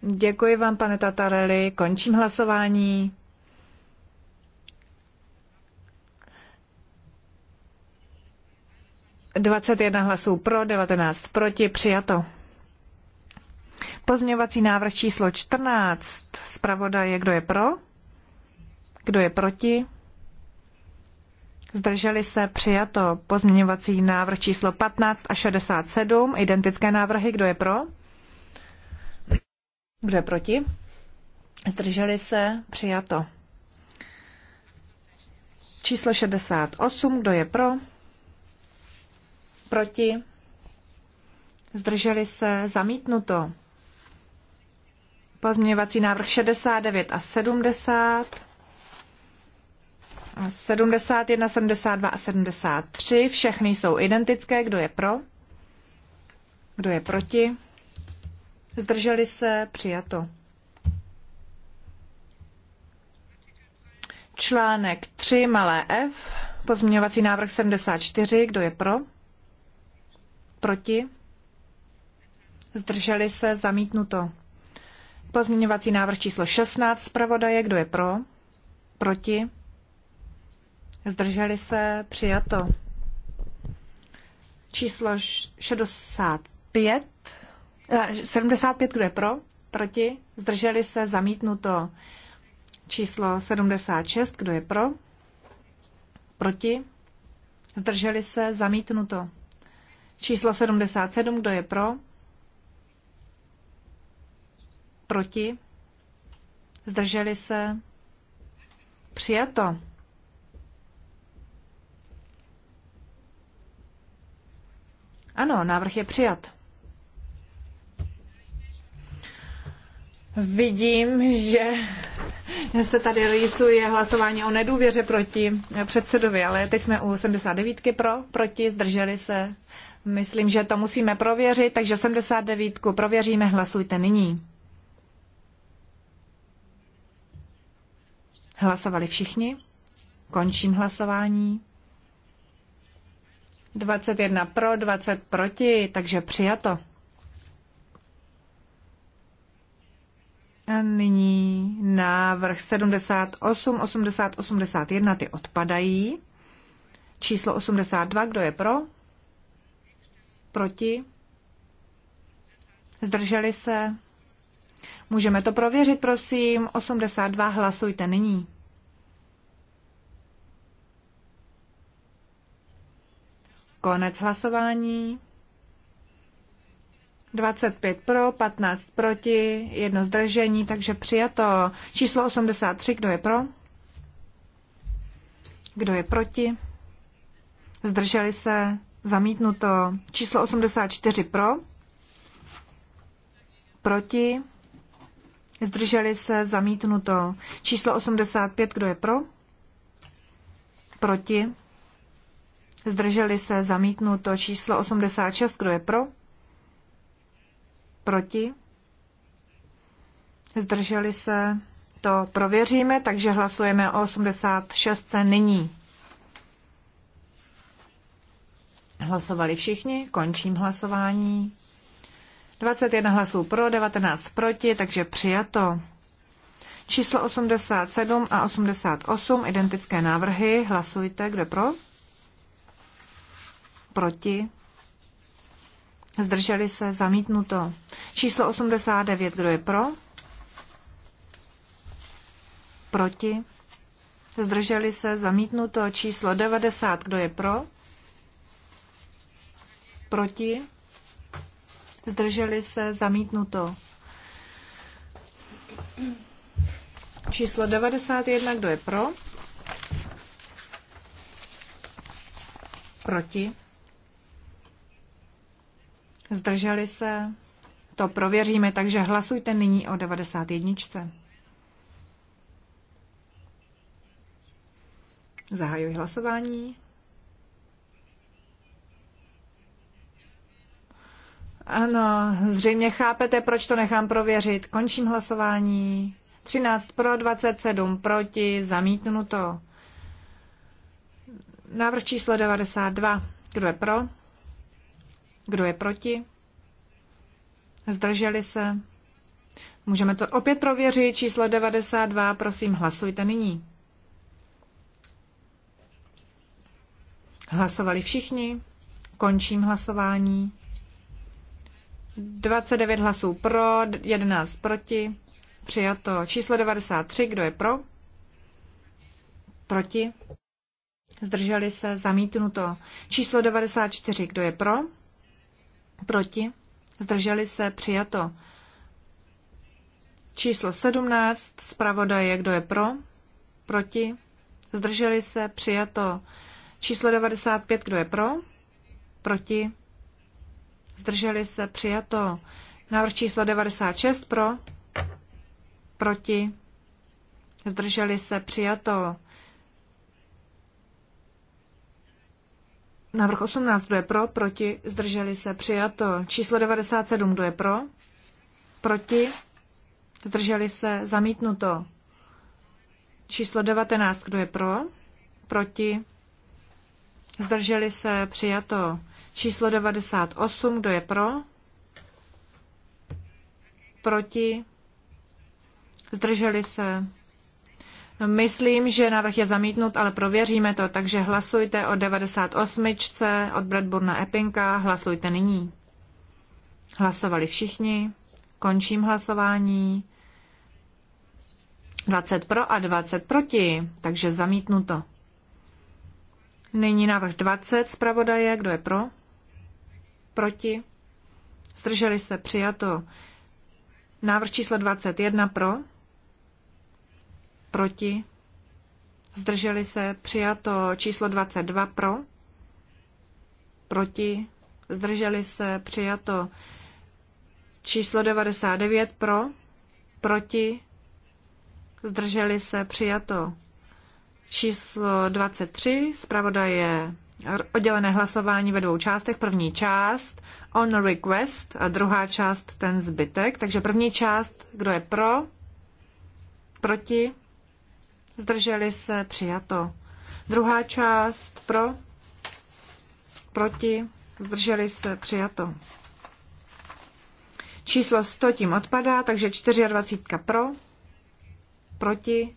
[SPEAKER 3] Děkuji vám, pane Tatareli. Končím hlasování. Dvacet jedna hlasů pro, devatenáct proti, přijato. Pozměňovací návrh číslo 14. Zpravodaje, kdo je pro? Kdo je proti? Zdrželi se přijato pozměňovací návrh číslo 15 a 67, identické návrhy, kdo je pro? Kdo je proti? Zdrželi se přijato. Číslo 68, kdo je pro? Proti? Zdrželi se zamítnuto. Pozměňovací návrh 69 a 70. 71, 72 a 73. Všechny jsou identické. Kdo je pro? Kdo je proti? Zdrželi se? Přijato. Článek 3, malé f, pozměňovací návrh 74, kdo je pro? Proti? Zdrželi se? Zamítnuto. Pozměňovací návrh číslo 16 zpravodaje. Kdo je pro? Proti? Zdrželi se? Přijato. Číslo 65. 75. Eh, kdo je pro? Proti? Zdrželi se? Zamítnuto. Číslo 76. Kdo je pro? Proti? Zdrželi se? Zamítnuto. Číslo 77. Kdo je pro? Proti? Zdrželi se? Přijato. Ano, návrh je přijat. Vidím, že se tady rýsuje hlasování o nedůvěře proti předsedovi, ale teď jsme u 79 pro, proti, zdrželi se. Myslím, že to musíme prověřit, takže 79 prověříme, hlasujte nyní. Hlasovali všichni? Končím hlasování. 21 pro, 20 proti, takže přijato. A nyní návrh 78, 80, 81, ty odpadají. Číslo 82, kdo je pro? Proti? Zdrželi se? Můžeme to prověřit, prosím. 82 hlasujte nyní. Konec hlasování. 25 pro, 15 proti, jedno zdržení, takže přijato. Číslo 83, kdo je pro? Kdo je proti? Zdrželi se? Zamítnuto. Číslo 84 pro? Proti? Zdrželi se zamítnuto. Číslo 85, kdo je pro? Proti? Zdrželi se zamítnuto. Číslo 86, kdo je pro? Proti? Zdrželi se. To prověříme, takže hlasujeme o 86 nyní. Hlasovali všichni, končím hlasování. 21 hlasů pro, 19 proti, takže přijato. Číslo 87 a 88, identické návrhy. Hlasujte, kdo pro? Proti. Zdrželi se, zamítnuto. Číslo 89, kdo je pro? Proti. Zdrželi se, zamítnuto. Číslo 90, kdo je pro? Proti zdrželi se, zamítnuto. Číslo 91, kdo je pro? Proti? Zdrželi se? To prověříme, takže hlasujte nyní o 91. Zahajuji hlasování. Ano, zřejmě chápete, proč to nechám prověřit. Končím hlasování. 13 pro, 27 proti, zamítnuto. Návrh číslo 92. Kdo je pro? Kdo je proti? Zdrželi se? Můžeme to opět prověřit. Číslo 92, prosím, hlasujte nyní. Hlasovali všichni. Končím hlasování. 29 hlasů pro, 11 proti. Přijato číslo 93. Kdo je pro? Proti? Zdrželi se? Zamítnuto. Číslo 94. Kdo je pro? Proti? Zdrželi se? Přijato. Číslo 17. Zpravodaje. Kdo je pro? Proti? Zdrželi se? Přijato. Číslo 95. Kdo je pro? Proti? zdrželi se, přijato. Návrh číslo 96 pro, proti, zdrželi se, přijato. Návrh 18, kdo je pro, proti, zdrželi se, přijato. Číslo 97, kdo je pro, proti, zdrželi se, zamítnuto. Číslo 19, kdo je pro, proti, zdrželi se, přijato. Číslo 98, kdo je pro? Proti? Zdrželi se? Myslím, že návrh je zamítnut, ale prověříme to, takže hlasujte o 98. od Bradburna Epinka. hlasujte nyní. Hlasovali všichni, končím hlasování. 20 pro a 20 proti, takže zamítnuto. Nyní návrh 20 zpravodaje, kdo je pro? proti, zdrželi se, přijato. Návrh číslo 21 pro, proti, zdrželi se, přijato. Číslo 22 pro, proti, zdrželi se, přijato. Číslo 99 pro, proti, zdrželi se, přijato. Číslo 23, je oddělené hlasování ve dvou částech. První část on request a druhá část ten zbytek. Takže první část, kdo je pro, proti, zdrželi se, přijato. Druhá část pro, proti, zdrželi se, přijato. Číslo 100 tím odpadá, takže 24 pro, proti,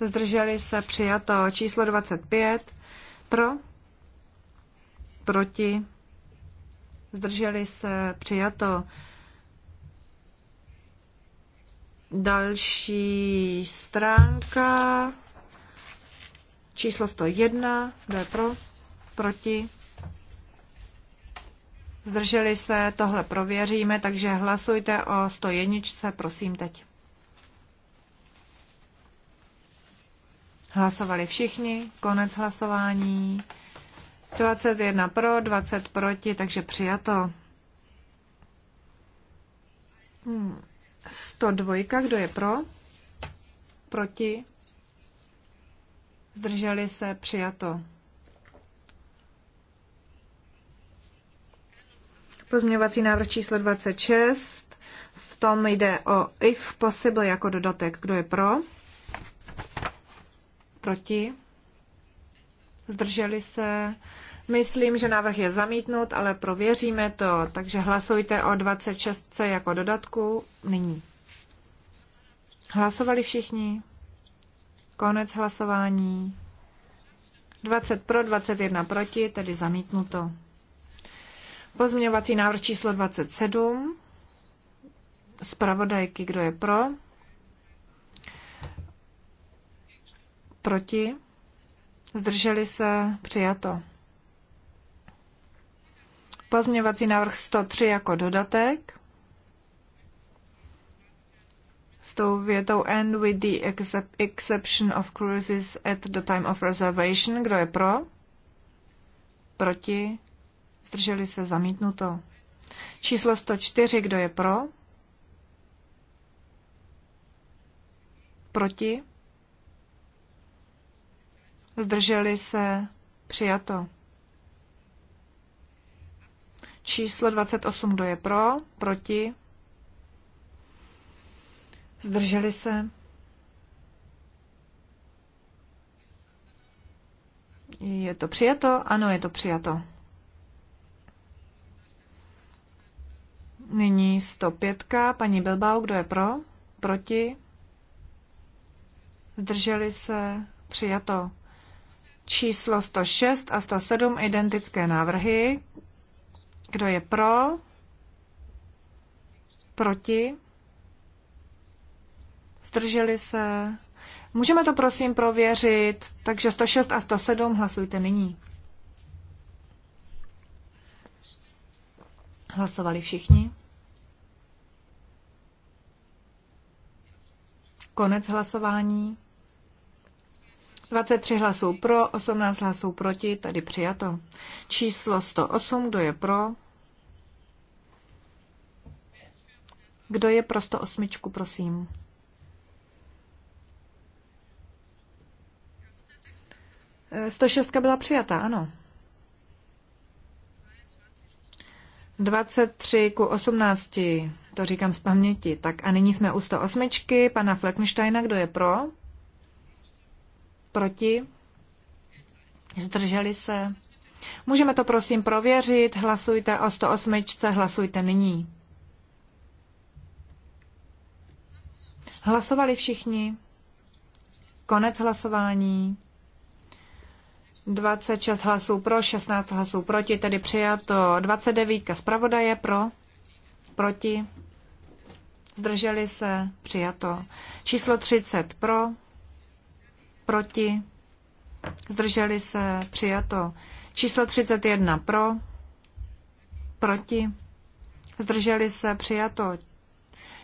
[SPEAKER 3] zdrželi se, přijato. Číslo 25 pro, proti, zdrželi se, přijato. Další stránka, číslo 101, kdo je pro, proti, zdrželi se, tohle prověříme, takže hlasujte o 101, prosím teď. Hlasovali všichni, konec hlasování. 21 pro, 20 proti, takže přijato. Hmm. 102, kdo je pro? Proti? Zdrželi se, přijato. Pozměňovací návrh číslo 26. V tom jde o if possible jako dodatek. Kdo je pro? Proti? zdrželi se. Myslím, že návrh je zamítnut, ale prověříme to, takže hlasujte o 26 jako dodatku nyní. Hlasovali všichni? Konec hlasování. 20 pro, 21 proti, tedy zamítnuto. Pozměňovací návrh číslo 27. Spravodajky, kdo je pro? Proti? Zdrželi se? Přijato. Pozměňovací návrh 103 jako dodatek s tou větou and with the exception of cruises at the time of reservation. Kdo je pro? Proti? Zdrželi se zamítnuto. Číslo 104. Kdo je pro? Proti? zdrželi se, přijato. Číslo 28, kdo je pro, proti, zdrželi se. Je to přijato? Ano, je to přijato. Nyní 105. Paní Bilbao, kdo je pro? Proti? Zdrželi se? Přijato číslo 106 a 107 identické návrhy. Kdo je pro? Proti? Zdrželi se? Můžeme to prosím prověřit, takže 106 a 107 hlasujte nyní. Hlasovali všichni? Konec hlasování. 23 hlasů pro, 18 hlasů proti, tady přijato. Číslo 108, kdo je pro? Kdo je pro 108, prosím? E, 106 byla přijata, ano. 23 ku 18, to říkám z paměti. Tak a nyní jsme u 108, pana Fleckensteina, kdo je pro? Proti? Zdrželi se? Můžeme to prosím prověřit. Hlasujte o 108. Hlasujte nyní. Hlasovali všichni? Konec hlasování. 26 hlasů pro, 16 hlasů proti, tedy přijato 29 zpravodaje pro, proti, zdrželi se, přijato. Číslo 30 pro, proti, zdrželi se, přijato. Číslo 31 pro, proti, zdrželi se, přijato.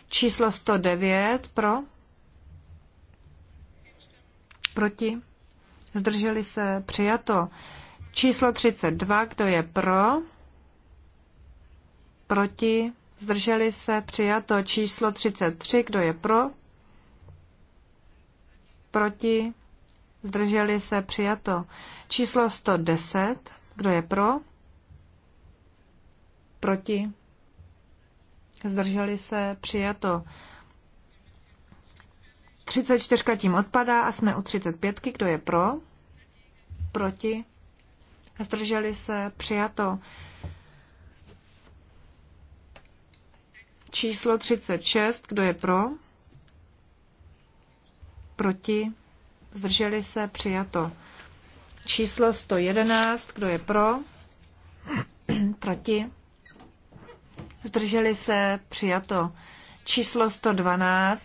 [SPEAKER 3] Číslo 109 pro, proti, zdrželi se, přijato. Číslo 32, kdo je pro, proti, zdrželi se, přijato. Číslo 33, kdo je pro, proti, zdrželi se, přijato. Číslo 110, kdo je pro? Proti? Zdrželi se, přijato. 34 tím odpadá a jsme u 35. Kdo je pro? Proti? Zdrželi se, přijato. Číslo 36. Kdo je pro? Proti? zdrželi se, přijato. Číslo 111, kdo je pro, [CLEARS THROAT] proti, zdrželi se, přijato. Číslo 112,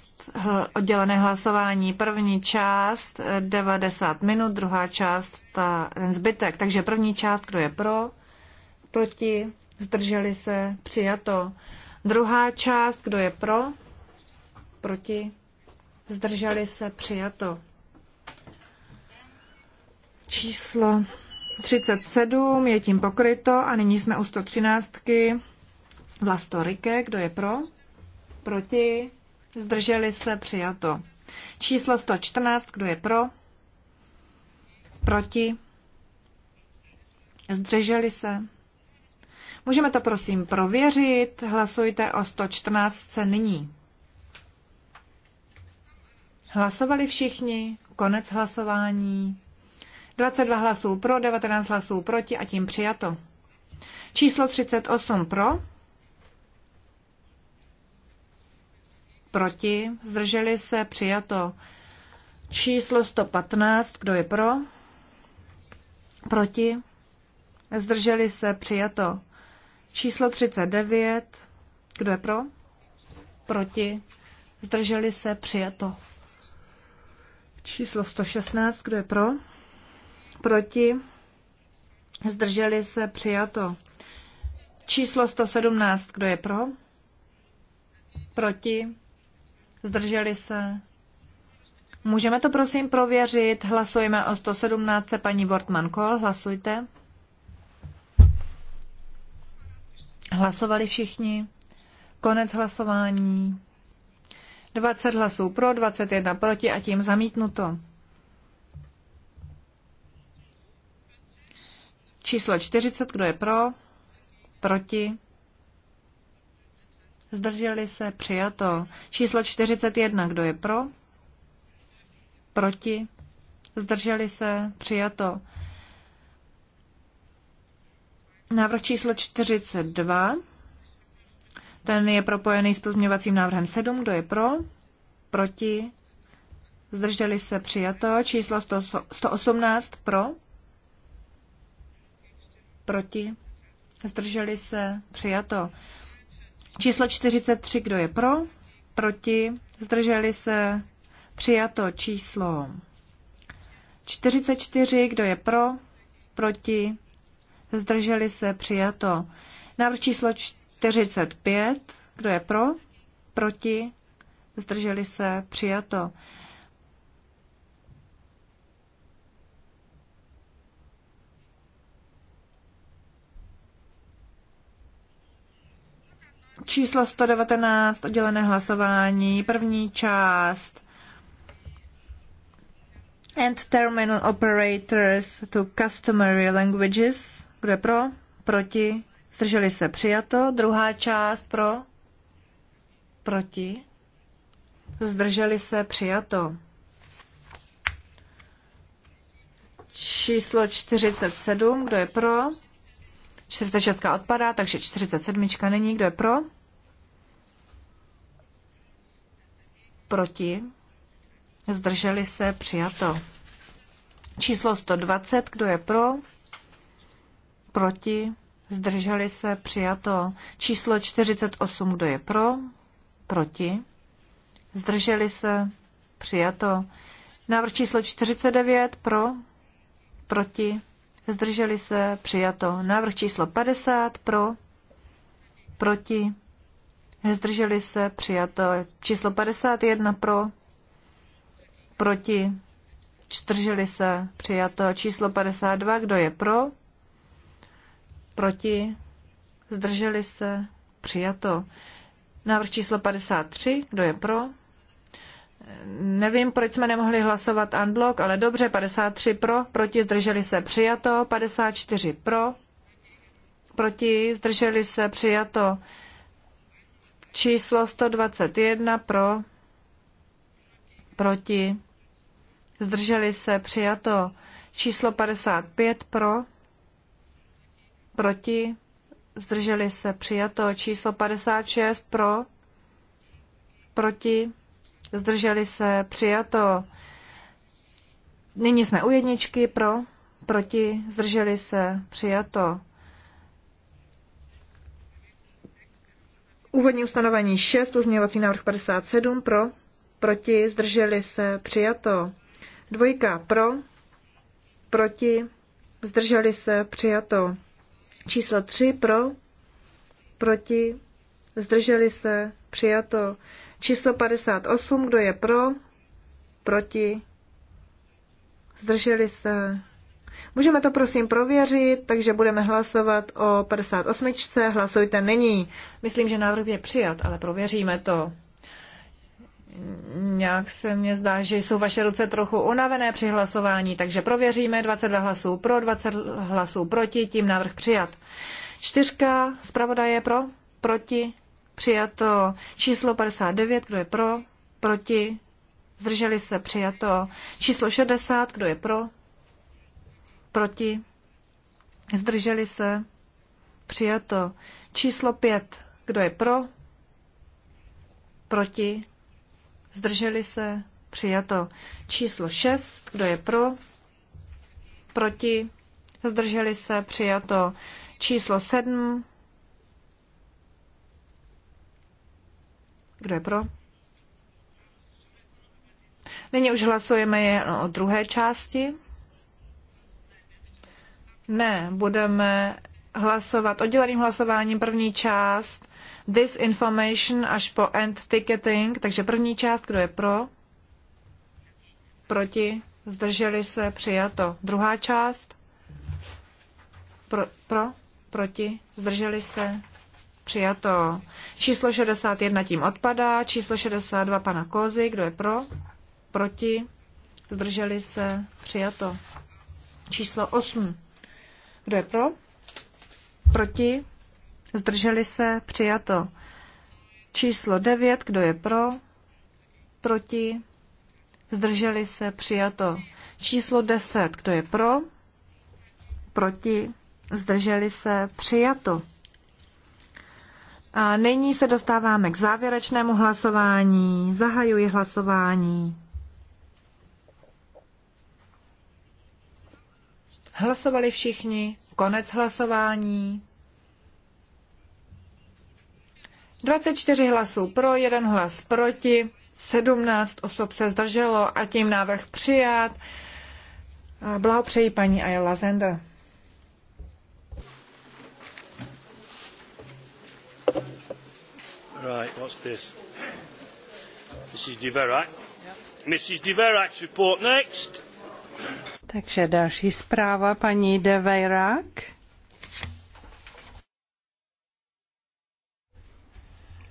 [SPEAKER 3] oddělené hlasování, první část 90 eh, minut, druhá část ta, ten zbytek. Takže první část, kdo je pro, proti, zdrželi se, přijato. Druhá část, kdo je pro, proti, zdrželi se, přijato. Číslo 37 je tím pokryto a nyní jsme u 113. Vlasto Rike, kdo je pro? Proti? Zdrželi se, přijato. Číslo 114, kdo je pro? Proti? Zdrželi se? Můžeme to prosím prověřit. Hlasujte o 114 nyní. Hlasovali všichni? Konec hlasování. 22 hlasů pro, 19 hlasů proti a tím přijato. Číslo 38 pro, proti, zdrželi se, přijato. Číslo 115, kdo je pro, proti, zdrželi se, přijato. Číslo 39, kdo je pro, proti, zdrželi se, přijato. Číslo 116, kdo je pro? proti, zdrželi se, přijato. Číslo 117, kdo je pro, proti, zdrželi se. Můžeme to prosím prověřit, hlasujeme o 117, paní Wortman Kohl, hlasujte. Hlasovali všichni. Konec hlasování. 20 hlasů pro, 21 proti a tím zamítnuto. Číslo 40, kdo je pro? Proti? Zdrželi se? Přijato. Číslo 41, kdo je pro? Proti? Zdrželi se? Přijato. Návrh číslo 42. Ten je propojený s pozměňovacím návrhem 7. Kdo je pro? Proti? Zdrželi se přijato. Číslo 118 pro? Proti? Zdrželi se? Přijato. Číslo 43, kdo je pro? Proti? Zdrželi se? Přijato číslo 44, kdo je pro? Proti? Zdrželi se? Přijato. Návrh číslo 45, kdo je pro? Proti? Zdrželi se? Přijato. Číslo 119, oddělené hlasování, první část. And terminal operators to customary languages. Kdo je pro? Proti? Zdrželi se přijato. Druhá část pro? Proti? Zdrželi se přijato. Číslo 47, kdo je pro? 46 odpadá, takže 47 není. Kdo je pro? Proti? Zdrželi se? Přijato. Číslo 120. Kdo je pro? Proti? Zdrželi se? Přijato. Číslo 48. Kdo je pro? Proti? Zdrželi se? Přijato. Návrh číslo 49. Pro? Proti? zdrželi se, přijato. Návrh číslo 50 pro, proti, zdrželi se, přijato. Číslo 51 pro, proti, zdrželi se, přijato. Číslo 52, kdo je pro, proti, zdrželi se, přijato. Návrh číslo 53, kdo je pro, Nevím, proč jsme nemohli hlasovat unblock, ale dobře, 53 pro, proti zdrželi se přijato, 54 pro, proti zdrželi se přijato číslo 121 pro, proti zdrželi se přijato číslo 55 pro, proti zdrželi se přijato číslo 56 pro, proti zdrželi se, přijato. Nyní jsme u jedničky, pro, proti, zdrželi se, přijato. Úvodní ustanovení 6, pozměňovací návrh 57, pro, proti, zdrželi se, přijato. Dvojka pro, proti, zdrželi se, přijato. Číslo 3 pro, proti, zdrželi se, přijato. Číslo 58, kdo je pro? Proti? Zdrželi se? Můžeme to prosím prověřit, takže budeme hlasovat o 58. Hlasujte není. Myslím, že návrh je přijat, ale prověříme to. Nějak se mně zdá, že jsou vaše ruce trochu unavené při hlasování, takže prověříme 22 hlasů pro, 20 hlasů proti, tím návrh přijat. Čtyřka, zpravodaje pro, proti, přijato číslo 59, kdo je pro, proti, zdrželi se, přijato číslo 60, kdo je pro, proti, zdrželi se, přijato číslo 5, kdo je pro, proti, zdrželi se, přijato číslo 6, kdo je pro, proti, zdrželi se, přijato číslo 7, Kdo je pro? Nyní už hlasujeme jen o druhé části. Ne, budeme hlasovat odděleným hlasováním první část This information až po end ticketing, takže první část, kdo je pro, proti, zdrželi se, přijato. Druhá část, pro, pro proti, zdrželi se, přijato. Číslo 61 tím odpadá. Číslo 62 pana Kozy. Kdo je pro? Proti? Zdrželi se? Přijato. Číslo 8. Kdo je pro? Proti? Zdrželi se? Přijato. Číslo 9. Kdo je pro? Proti? Zdrželi se? Přijato. Číslo 10. Kdo je pro? Proti? Zdrželi se? Přijato. A nyní se dostáváme k závěrečnému hlasování. Zahajuji hlasování. Hlasovali všichni. Konec hlasování. 24 hlasů pro, 1 hlas proti, 17 osob se zdrželo a tím návrh přijat. Blahopřeji paní Ayala Zender.
[SPEAKER 2] Right, what's this? Mrs. De Verac. Mrs. De Verac's report next.
[SPEAKER 4] Takže další zpráva paní De Verac.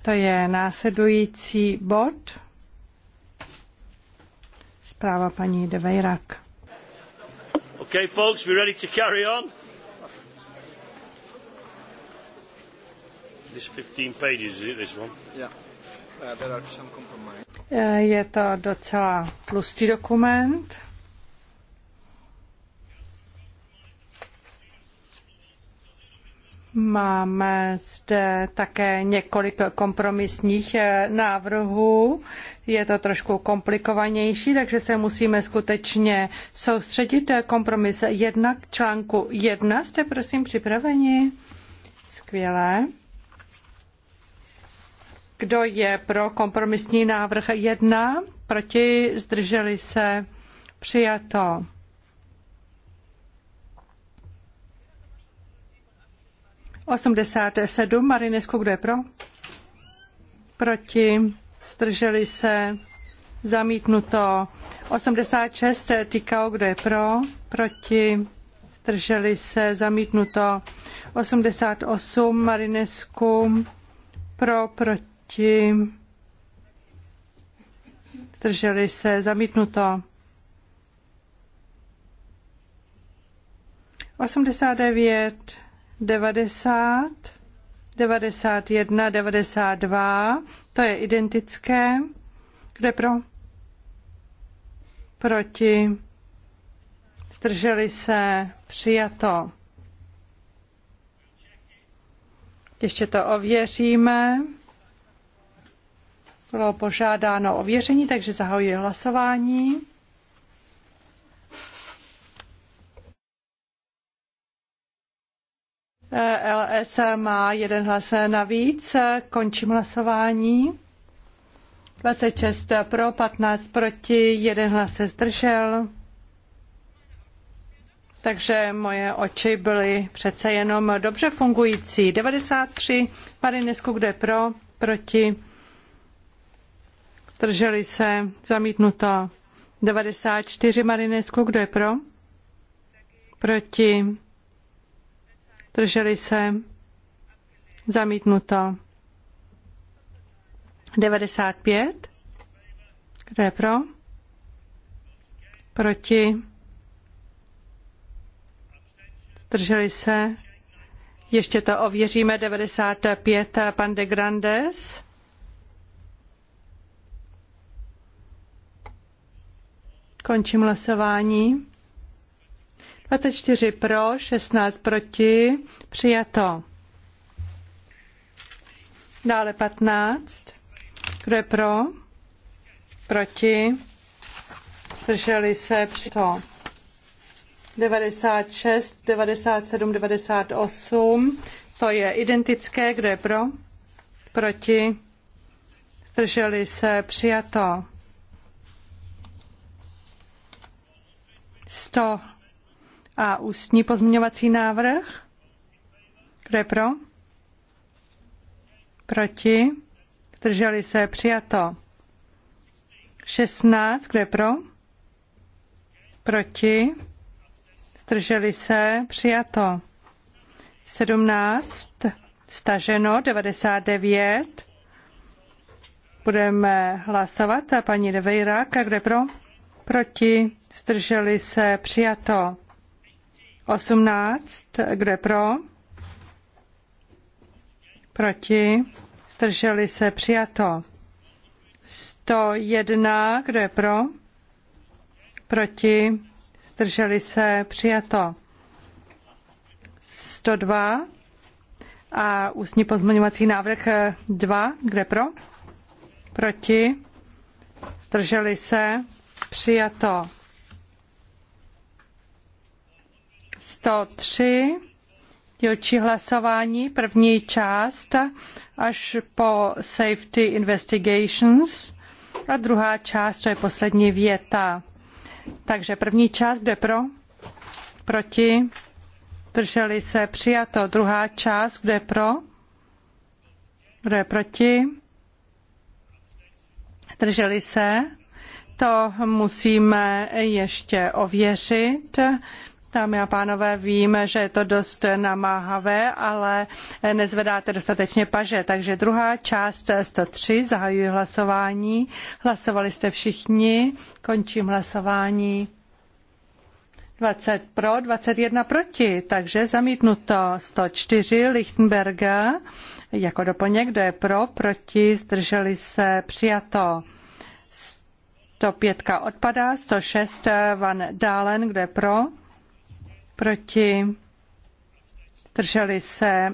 [SPEAKER 4] To je následující bod. Zpráva paní De Verac.
[SPEAKER 2] Okay, folks, we're ready to carry on. This 15 pages, is it this one? Yeah. Uh, there are some compromise.
[SPEAKER 4] Eh, je to docela tlustý dokument. Máme zde také několik kompromisních eh, návrhů. Je to trošku komplikovanější, takže se musíme skutečně soustředit. Eh, kompromis 1 k článku 1. Jste prosím připraveni? Skvělé. Kdo je pro kompromisní návrh 1? Proti? Zdrželi se? Přijato. Osmdesát sedm. Marinesku, kdo je pro? Proti? Zdrželi se? Zamítnuto. 86. Tykao, kdo je pro? Proti? Zdrželi se? Zamítnuto. osm Marinesku pro, proti? proti, zdrželi se, zamítnuto. 89, 90, 91, 92, to je identické. Kde pro? Proti. Zdrželi se. Přijato. Ještě to ověříme. Bylo požádáno o věření, takže zahajuji hlasování. E LS má jeden hlas navíc. Končím hlasování. 26 pro, 15 proti, jeden hlas se zdržel. Takže moje oči byly přece jenom dobře fungující. 93, Marinesku, kdo je pro, proti, zdrželi se, zamítnuto. 94 Marinesku, kdo je pro? Proti, zdrželi se, zamítnuto. 95, kdo je pro? Proti, zdrželi se, ještě to ověříme, 95 pan de Grandes. Končím hlasování. 24 pro, 16 proti, přijato. Dále 15. Kdo je pro? Proti? Drželi se přijato. 96, 97, 98. To je identické. Kdo je pro? Proti? Drželi se přijato. 100 a ústní pozměňovací návrh. Kdo je pro? Proti? Drželi se přijato. 16, kdo je pro? Proti? Zdrželi se? Přijato. 17, staženo, 99. Budeme hlasovat. Paní Deveirak, kde pro? Proti? Zdrželi se? Přijato. 18. kde pro? Proti? Zdrželi se? Přijato. 101. kde pro? Proti? Zdrželi se? Přijato. 102. A ústní pozměňovací návrh 2. Kde pro? Proti? Zdrželi se? přijato. 103 dílčí hlasování, první část až po Safety Investigations a druhá část, to je poslední věta. Takže první část, kde pro? Proti? Drželi se přijato. Druhá část, kde pro? Kdo je proti? Drželi se? To musíme ještě ověřit. Dámy a pánové, vím, že je to dost namáhavé, ale nezvedáte dostatečně paže. Takže druhá část 103, zahajuji hlasování. Hlasovali jste všichni, končím hlasování. 20 pro, 21 proti, takže zamítnuto 104 Lichtenberga. Jako doplněk, kdo je pro, proti, zdrželi se, přijato. 105 odpadá, 106 eh, Van Dálen, kde pro, proti, drželi se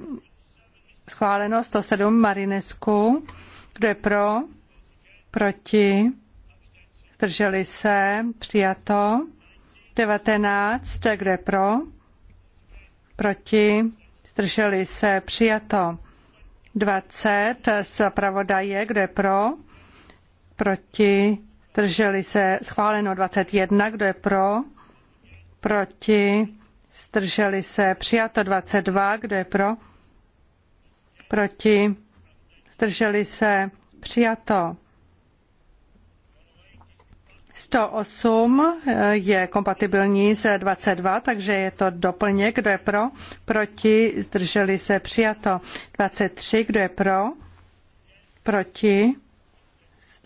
[SPEAKER 4] schváleno 107 Marinesku, kde pro, proti, zdrželi se, přijato 19, kde pro, proti, zdrželi se, přijato 20 zpravodaje, kde pro, proti, zdrželi se, schváleno 21, kdo je pro, proti, zdrželi se, přijato 22, kdo je pro, proti, zdrželi se, přijato. 108 eh, je kompatibilní s 22, takže je to doplněk, kdo je pro, proti, zdrželi se, přijato. 23, kdo je pro, proti,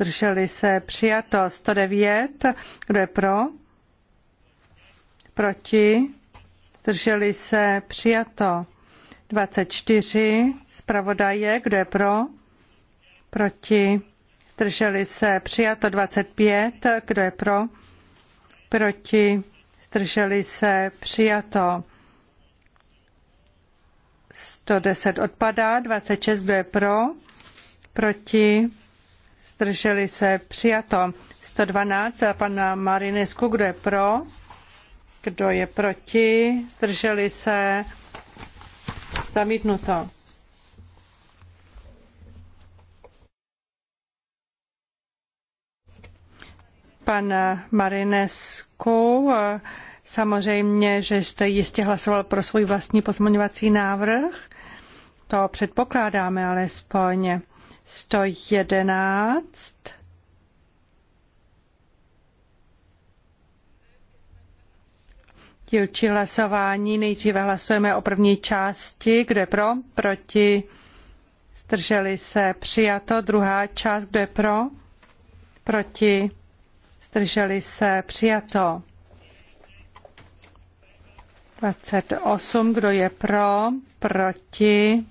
[SPEAKER 4] zdrželi se, přijato 109, kdo je pro, proti, zdrželi se, přijato 24, zpravodaje, kdo je pro, proti, zdrželi se, přijato 25, kdo je pro, proti, zdrželi se, přijato 110 odpadá, 26, kdo je pro, proti, zdrželi se, přijato. 112 pana Marinesku, kdo je pro, kdo je proti, zdrželi se, zamítnuto. Pan Marinesku, samozřejmě, že jste jistě hlasoval pro svůj vlastní pozměňovací návrh. To předpokládáme alespoň. 111. dílčí hlasování. Nejdříve hlasujeme o první části. Kdo je pro? Proti? Zdrželi se? Přijato. Druhá část. Kdo je pro? Proti? Zdrželi se? Přijato. 28. Kdo je pro? Proti?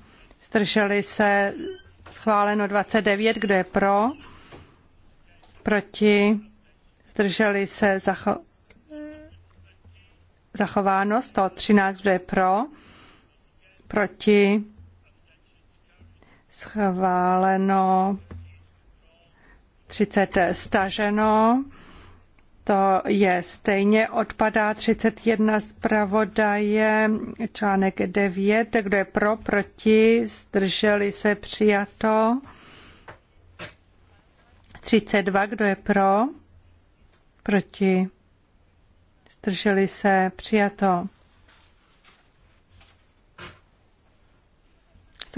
[SPEAKER 4] Zdrželi se? schváleno 29, kdo je pro, proti, zdrželi se zacho- zachováno 113, kdo je pro, proti, schváleno 30 staženo to je stejně, odpadá 31 zpravodaje, článek 9, kdo je pro, proti, zdrželi se, přijato. 32, kdo je pro, proti, zdrželi se, přijato.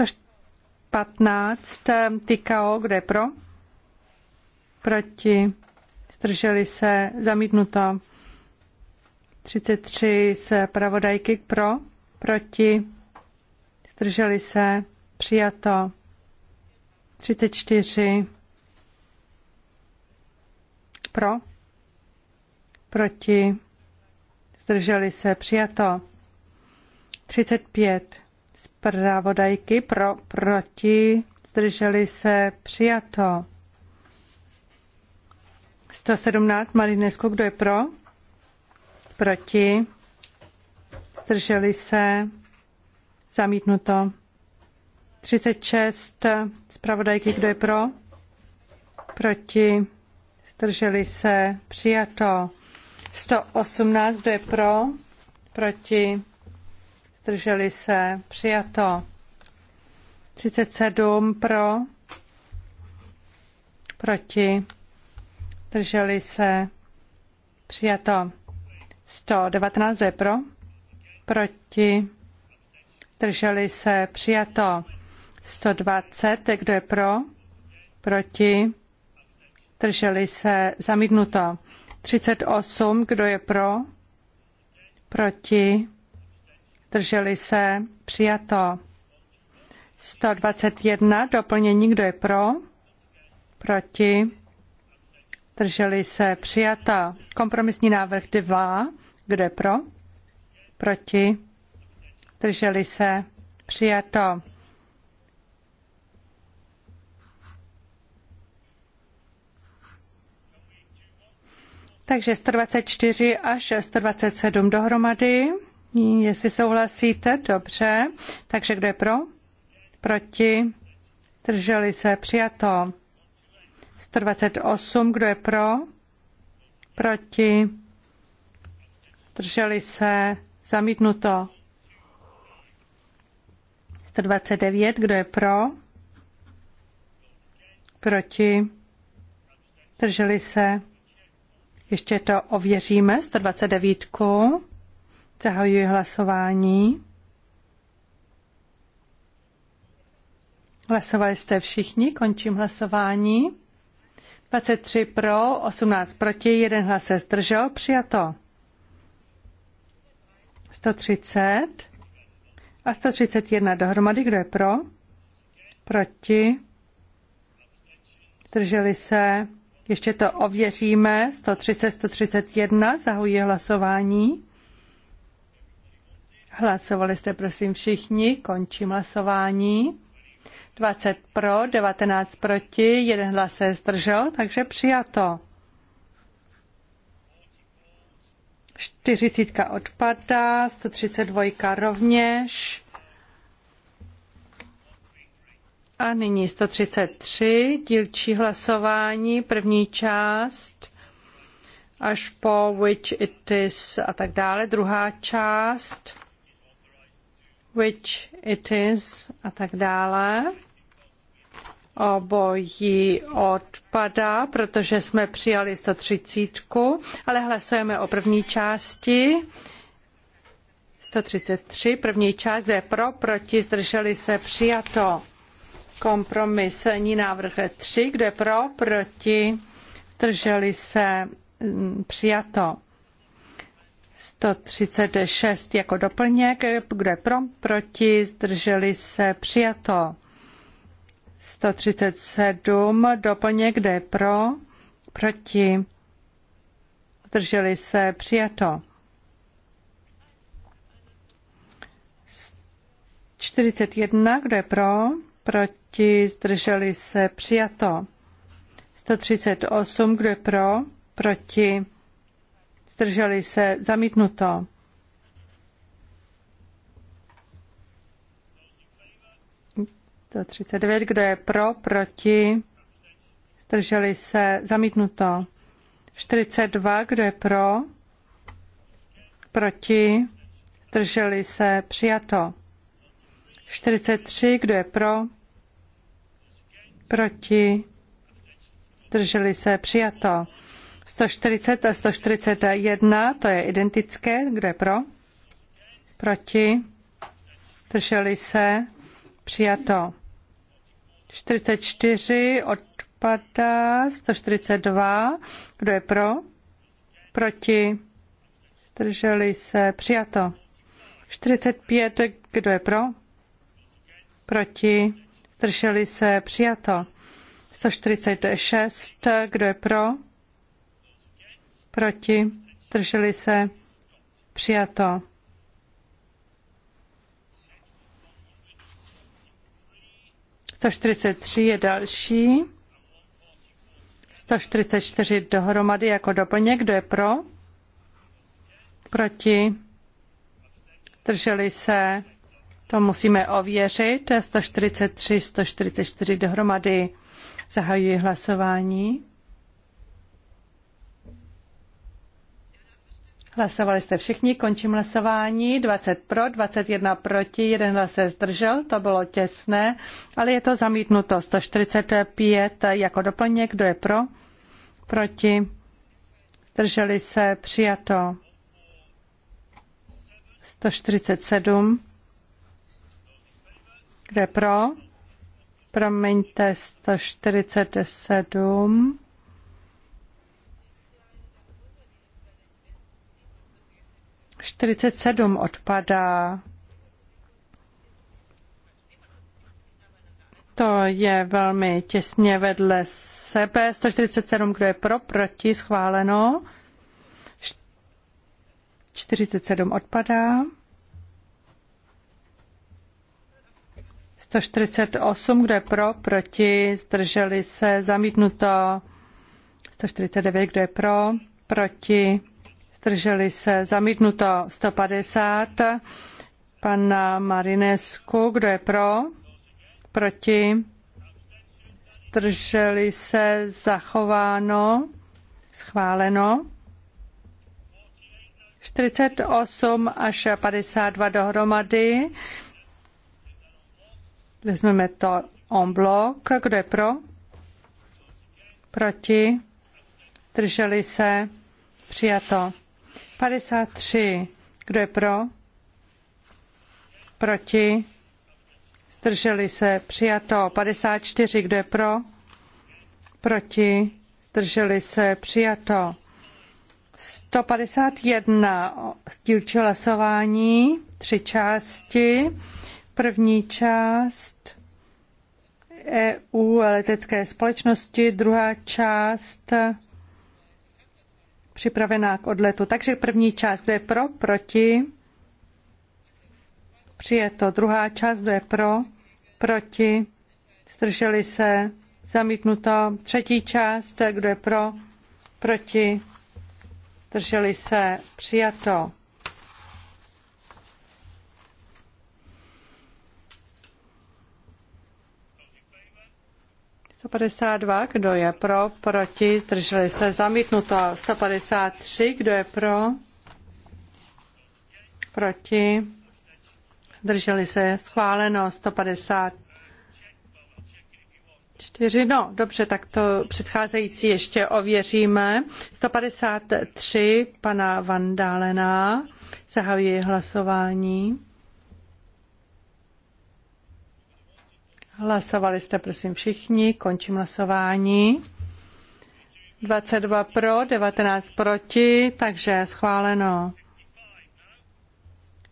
[SPEAKER 4] 115, Tykao, kdo je pro, proti, zdrželi se, zamítnuto. 33 z pravodajky pro, proti, zdrželi se, přijato. 34 pro, proti, zdrželi se, přijato. 35 zpravodajky pro, proti, zdrželi se, přijato. 117 Marinesku, kdo je pro? Proti? Zdrželi se? Zamítnuto. 36 zpravodajky, kdo je pro? Proti? Zdrželi se? Přijato. 118, kdo je pro? Proti? Zdrželi se? Přijato. 37 pro? Proti? zdrželi se. Přijato. 119 je pro. Proti. Drželi se. Přijato. 120. Kdo je pro? Proti. Drželi se. Zamítnuto. 38. Kdo je pro? Proti. Drželi se. Přijato. 121. Doplnění. Kdo je pro? Proti. Drželi se přijata. Kompromisní návrh 2. Kde pro? Proti? Drželi se přijato. Takže 124 až 127 dohromady. Jestli souhlasíte, dobře. Takže kdo je pro? Proti? Drželi se přijato. 128, kdo je pro? Proti? Drželi se? Zamítnuto. 129, kdo je pro? Proti? Drželi se? Ještě to ověříme, 129. Zahajuji hlasování. Hlasovali jste všichni, končím hlasování. 23 pro, 18 proti, jeden hlas se zdržel, přijato. 130 a 131 dohromady, kdo je pro? Proti? Zdrželi se? Ještě to ověříme. 130, 131, zahuji hlasování. Hlasovali jste prosím všichni, končím hlasování. 20 pro, 19 proti, jeden hlas se zdržel, takže přijato. 40 odpadá, 132 rovněž. A nyní 133, dílčí hlasování, první část až po which it is a tak dále. Druhá část, which it is a tak dále obojí odpadá, protože jsme přijali 130, ale hlasujeme o první části. 133, první část je pro, proti, zdrželi se, přijato. Kompromisní návrh 3, kde mm, jako pro, proti, zdrželi se, přijato. 136 jako doplněk, kde pro, proti, zdrželi se, přijato. 137 doplněk D pro, proti, zdrželi se, přijato. 41, kdo je pro, proti, zdrželi se, přijato. 138, kdo je pro, proti, zdrželi se, zamítnuto. 139, kdo je pro, proti, zdrželi se, zamítnuto. 42, kdo je pro, proti, zdrželi se, přijato. 43, kdo je pro, proti, zdrželi se, přijato. 140 a 141, to je identické, kdo je pro, proti, zdrželi se, přijato. 44 odpadá, 142. Kdo je pro? Proti? Zdrželi se. Přijato. 45. Kdo je pro? Proti? Zdrželi se. Přijato. 146. Kdo je pro? Proti? Zdrželi se. Přijato. 143 je další. 144 dohromady jako doplněk. Kdo je pro? Proti? Drželi se? To musíme ověřit. 143, 144 dohromady. Zahajuji hlasování. Hlasovali jste všichni, končím hlasování. 20 pro, 21 proti, jeden hlas se zdržel, to bylo těsné, ale je to zamítnuto. 145 jako doplněk, kdo je pro, proti, zdrželi se, přijato. 147. Kde pro? Promiňte, 147. 47 odpadá. To je velmi těsně vedle sebe. 147, kdo je pro, proti, schváleno. 47 odpadá. 148, kdo je pro, proti, zdrželi se, zamítnuto. 149, kdo je pro, proti, zdrželi se, zamítnuto 150, Pan Marinescu, kdo je pro, proti, zdrželi se, zachováno, schváleno. 48 až 52 dohromady. Vezmeme to en bloc. Kdo je pro? Proti? Drželi se? Přijato. 53. Kdo je pro? Proti? Zdrželi se. Přijato. 54. Kdo je pro? Proti? Zdrželi se. Přijato. 151. Dílčí hlasování. Tři části. První část EU letecké společnosti, druhá část připravená k odletu. Takže první část, kdo je pro, proti, přijeto. Druhá část, kdo je pro, proti, zdrželi se, zamítnuto. Třetí část, kdo je pro, proti, zdrželi se, přijato. 152, kdo je pro, proti, zdrželi se, zamítnuto. 153, kdo je pro, proti, Drželi se, schváleno. 154, no dobře, tak to předcházející ještě ověříme. 153, pana Vandálena, zahajuji hlasování. Hlasovali jste prosím všichni, končím hlasování. 22 pro, 19 proti, takže schváleno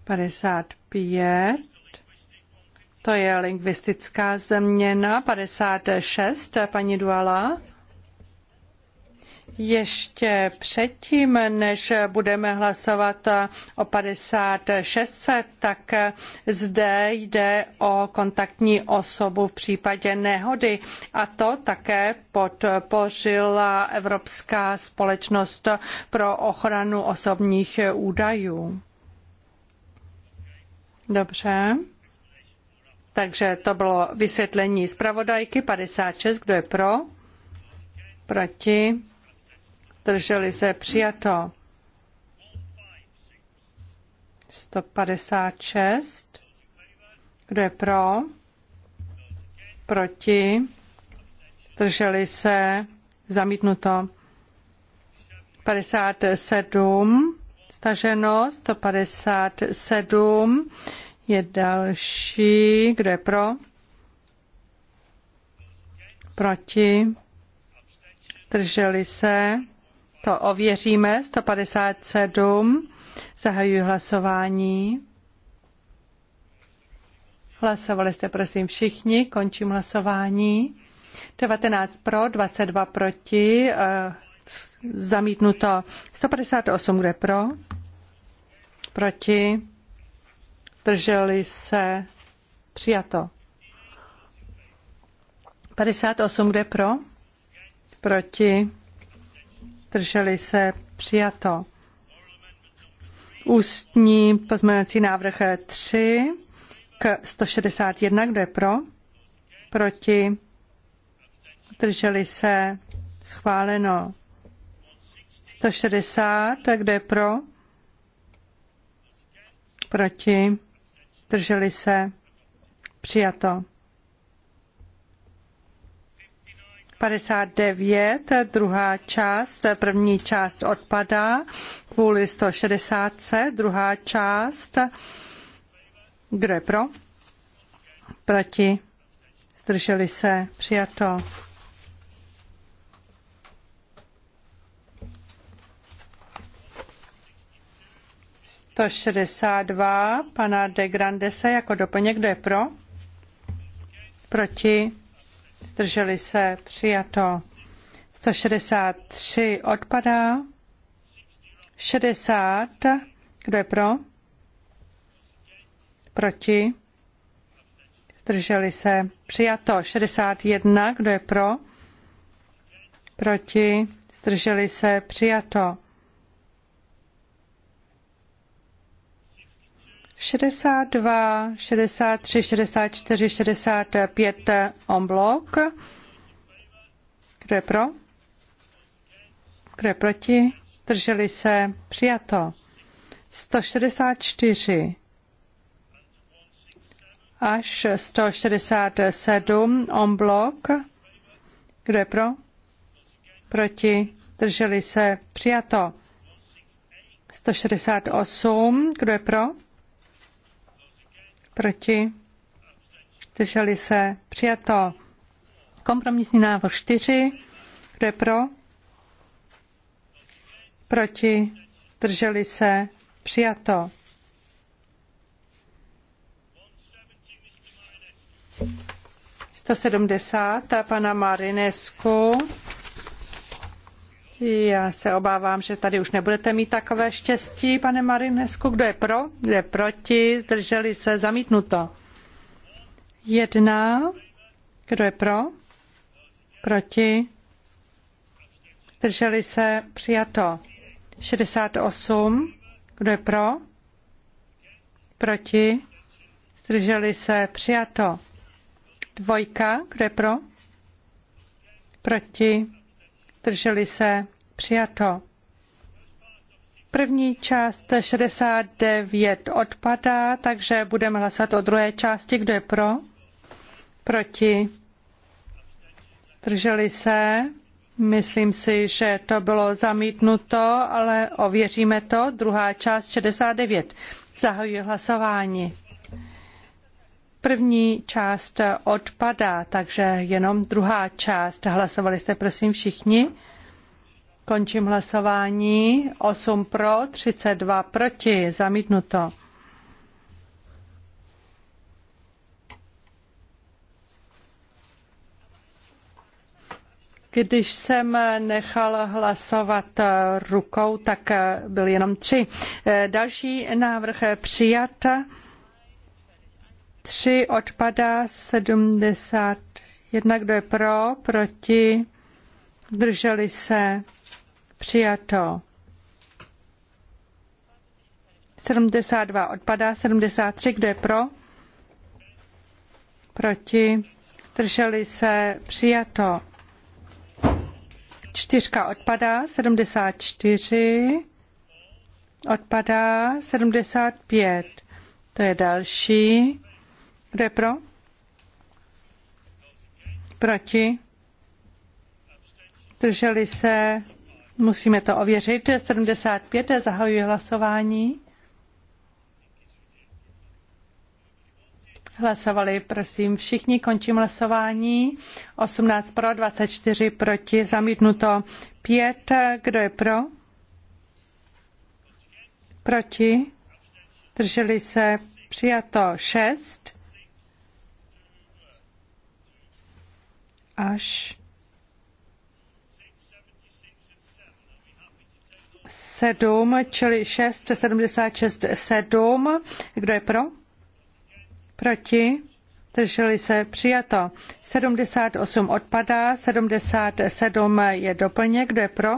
[SPEAKER 4] 55. To je lingvistická změna 56, paní Duala. Ještě předtím, než budeme hlasovat o 56, tak zde jde o kontaktní osobu v případě nehody. A to také podpořila Evropská společnost pro ochranu osobních údajů. Dobře. Takže to bylo vysvětlení zpravodajky 56. Kdo je pro? Proti? drželi se přijato. 156. Kdo je pro? Proti? Drželi se? Zamítnuto. 57. Staženo. 157. Je další. Kdo je pro? Proti? Drželi se? To ověříme. 157. Zahajuji hlasování. Hlasovali jste prosím všichni. Končím hlasování. 19 pro, 22 proti. Eh, zamítnuto 158, kde pro? Proti. Drželi se. Přijato. 58, kde pro? Proti zdrželi se, přijato. Ústní pozměňovací návrh 3 k 161, kdo je pro, proti, zdrželi se, schváleno. 160, kdo je pro, proti, zdrželi se, přijato. 59, druhá část, první část odpadá kvůli 160, druhá část. Kdo je pro? Proti? Zdrželi se? Přijato. To 62 pana de Grandese jako doplněk. Kdo je pro? Proti? zdrželi se, přijato. 163 odpadá. 60, kdo je pro? Proti? Zdrželi se. Přijato 61, kdo je pro? Proti? Zdrželi se. Přijato. 62, 63, 64, 65 on blok. Kdo je pro? Kdo je proti? Drželi se? Přijato. 164 až 167 on blok. Kdo je pro? Proti? Drželi se? Přijato. 168. Kdo je pro? Proti? Zdrželi se? Přijato. Kompromisní návrh 4. Kdo je pro? Proti? Zdrželi se? Přijato. Sto sedmdesát pana Marinesku. Já se obávám, že tady už nebudete mít takové štěstí, pane Marinesku. Kdo je pro? Kdo je proti? Zdrželi se? Zamítnuto. Jedna. Kdo je pro? Proti? Zdrželi se? Přijato. 68. Kdo je pro? Proti? Zdrželi se? Přijato. Dvojka. Kdo je pro? Proti? Zdrželi se? Přijato. První část 69 odpadá, takže budeme hlasovat o druhé části. Kdo je pro? Proti? Drželi se? Myslím si, že to bylo zamítnuto, ale ověříme to. Druhá část 69. Zahajuji hlasování. První část odpadá, takže jenom druhá část. Hlasovali jste prosím všichni? Končím hlasování. 8 pro, 32 proti. Zamítnuto. Když jsem nechal hlasovat rukou, tak byl jenom tři. Další návrh přijat. Tři odpadá 71. Kdo je pro, proti, drželi se Přijato. 72 odpadá, 73, kdo je pro? Proti? Drželi se? Přijato. Čtyřka odpadá, 74 odpadá, 75. To je další. Kdo je pro? Proti? Drželi se? Musíme to ověřit. 75. Zahajuji hlasování. Hlasovali, prosím, všichni. Končím hlasování. 18 pro, 24 proti. Zamítnuto 5. Kdo je pro? Proti? Drželi se. Přijato 6. Až 7, čili 6, 76, 7. Kdo je pro? Proti? Drželi se přijato. 78 odpadá, 77 je doplněk. Kdo je pro?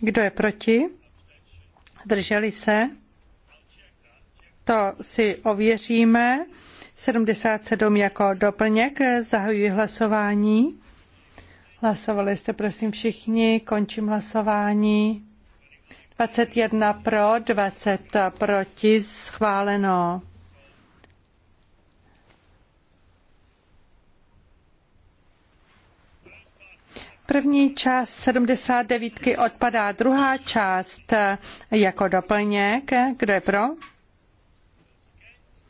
[SPEAKER 4] Kdo je proti? Drželi se? To si ověříme. 77 jako doplněk. Zahajuji hlasování. Hlasovali jste prosím všichni, končím hlasování. 21 pro, 20 proti, schváleno. První část 79 odpadá, druhá část jako doplněk. Kdo je pro?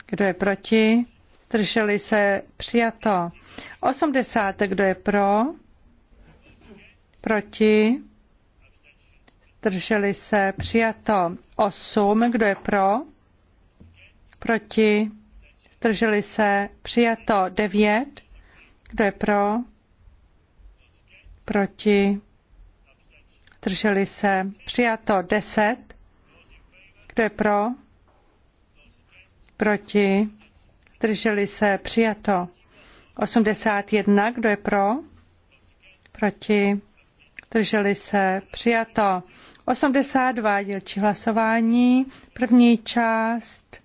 [SPEAKER 4] Kdo je proti? Drželi se přijato. 80. Kdo je pro? Proti? Drželi se přijato 8. Kdo je pro? Proti? Drželi se přijato 9. Kdo je pro? Proti? Drželi se přijato 10. Kdo je pro? Proti? Drželi se přijato 81. Kdo je pro? Proti? zdrželi se, přijato. 82 dílčí hlasování, první část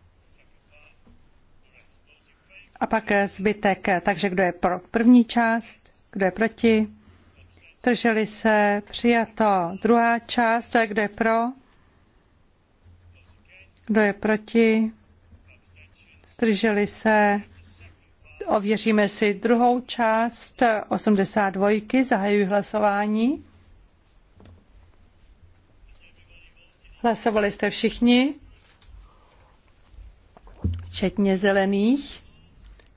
[SPEAKER 4] a pak zbytek. Takže kdo je pro první část, kdo je proti, Drželi se, přijato. Druhá část, to je kdo je pro, kdo je proti, zdrželi se, ověříme si druhou část 82. Zahajuji hlasování. Hlasovali jste všichni, včetně zelených.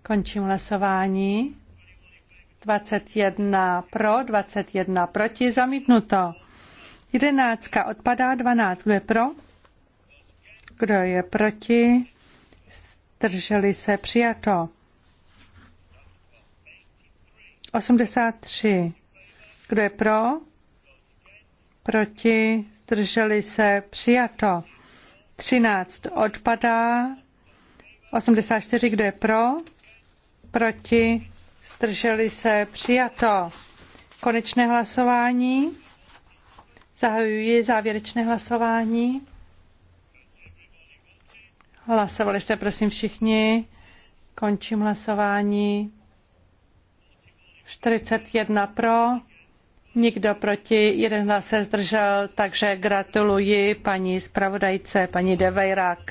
[SPEAKER 4] Končím hlasování. 21 pro, 21 proti, zamítnuto. 11 odpadá, 12. Kdo je pro? Kdo je proti? Zdrželi se, přijato. 83. Kdo je pro? Proti? zdrželi se, přijato. 13 odpadá, 84, kdo je pro, proti, zdrželi se, přijato. Konečné hlasování. Zahajuji závěrečné hlasování. Hlasovali jste, prosím, všichni. Končím hlasování. 41 pro, Nikdo proti, jeden hlas se zdržel, takže gratuluji paní zpravodajce, paní Devejrák.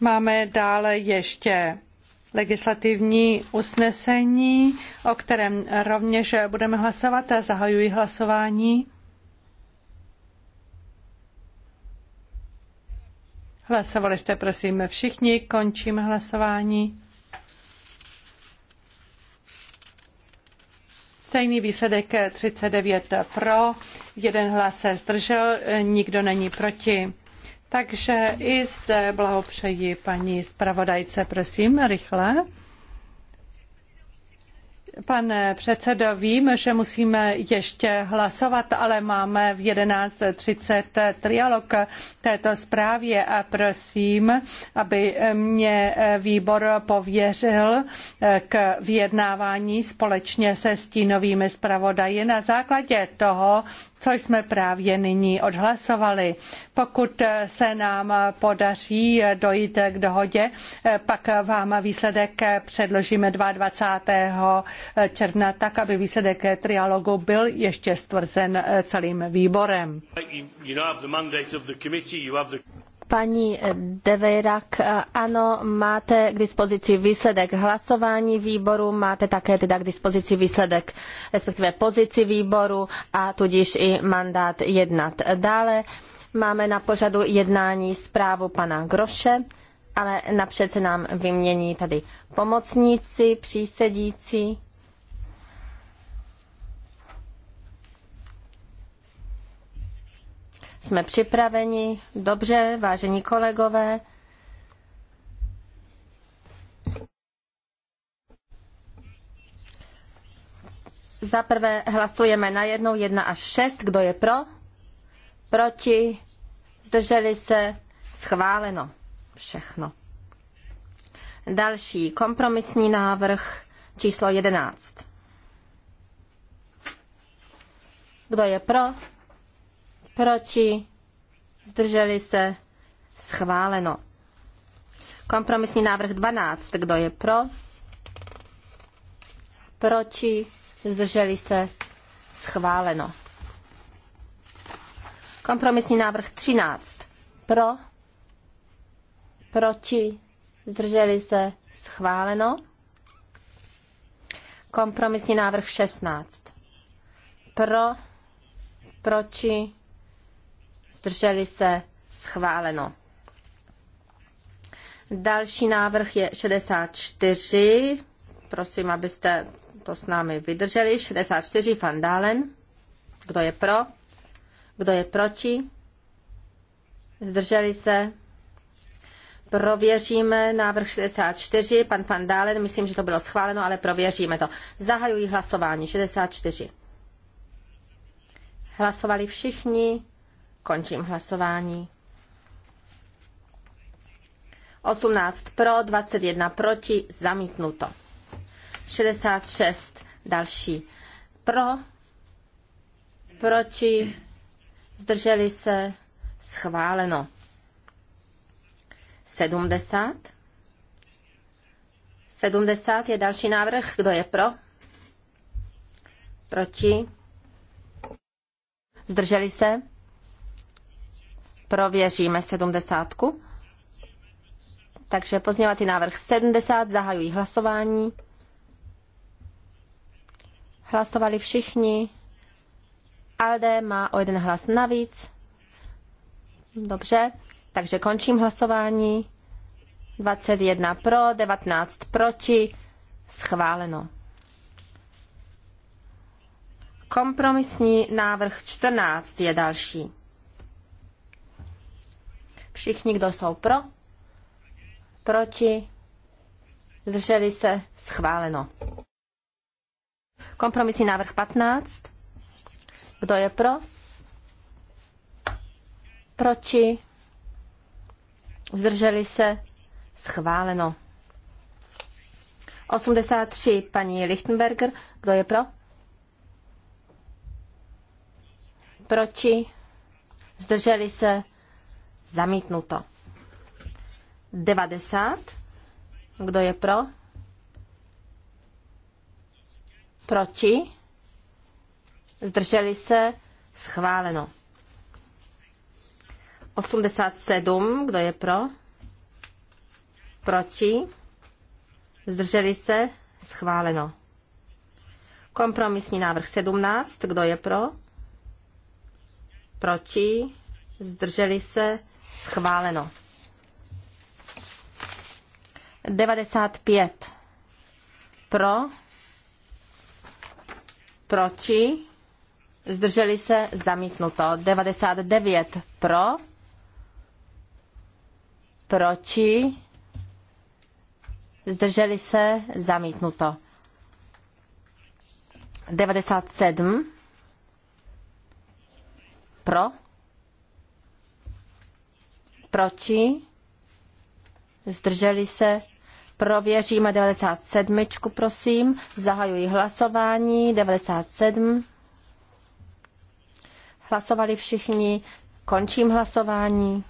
[SPEAKER 4] Máme dále ještě legislativní usnesení, o kterém rovněž budeme hlasovat. A zahajuji hlasování. Hlasovali jste, prosím, všichni. Končím hlasování. Stejný výsledek 39 eh, pro, jeden hlas se zdržel, eh, nikdo není proti. Takže i zde blahopřeji paní zpravodajce, prosím, rychle. Pane předsedo, vím, že musíme ještě hlasovat, ale máme v 11.30 trialog této zprávě a prosím, aby mě výbor pověřil k vyjednávání společně se stínovými zpravodaji na základě toho, co jsme právě nyní odhlasovali. Pokud se nám podaří dojít k dohodě, pak vám výsledek předložíme 22. června tak, aby výsledek trialogu byl ještě stvrzen celým výborem.
[SPEAKER 1] Paní Deveirak, ano, máte k dispozici výsledek hlasování výboru, máte také teda k dispozici výsledek, respektive pozici výboru a tudíž i mandát jednat. Dále máme na pořadu jednání zprávu pana Groše, ale napřed se nám vymění tady pomocníci, přísedící. Jsme připraveni? Dobře, vážení kolegové. Za prvé hlasujeme na jednou 1 až 6. Kdo je pro? Proti? Zdrželi se? Schváleno. Všechno. Další kompromisní návrh číslo 11. Kdo je pro? proti, zdrželi se, schváleno. Kompromisní návrh 12, kdo je pro, proti, zdrželi se, schváleno. Kompromisní návrh 13, pro, proti, zdrželi se, schváleno. Kompromisní návrh 16. Pro, proti, zdrželi se, schváleno. Další návrh je 64. Prosím, abyste to s námi vydrželi. 64 Van Dalen. Kdo je pro? Kdo je proti? Zdrželi se? Prověříme návrh 64. Pan Van Dalen, myslím, že to bylo schváleno, ale prověříme to. Zahajují hlasování 64. Hlasovali všichni. Končím hlasování. 18 pro, 21 proti, zamítnuto. 66 další pro, proti, zdrželi se, schváleno. 70. 70 je další návrh. Kdo je pro? Proti? Zdrželi se? Prověříme sedmdesátku. Takže pozměňovací návrh 70, zahajují hlasování. Hlasovali všichni. Alde má o jeden hlas navíc. Dobře, takže končím hlasování. 21 pro, 19 proti. Schváleno. Kompromisní návrh 14 je další. Všichni, kdo jsou pro, proti, zdrželi se, schváleno. Kompromisní návrh 15. Kdo je pro? Proti? Zdrželi se? Schváleno. 83. Paní Lichtenberger. Kdo je pro? Proti? Zdrželi se? Zamítnuto. 90. Kdo je pro? Proti? Zdrželi se? Schváleno. 87. Kdo je pro? Proti? Zdrželi se? Schváleno. Kompromisní návrh 17. Kdo je pro? Proti? Zdrželi se? Schváleno. 95 pro, proti, zdrželi se, zamítnuto. 99 pro, proti, zdrželi se, zamítnuto. 97 pro, proti, zdrželi se, prověříme 97, prosím, zahajuji hlasování, 97, hlasovali všichni, končím hlasování,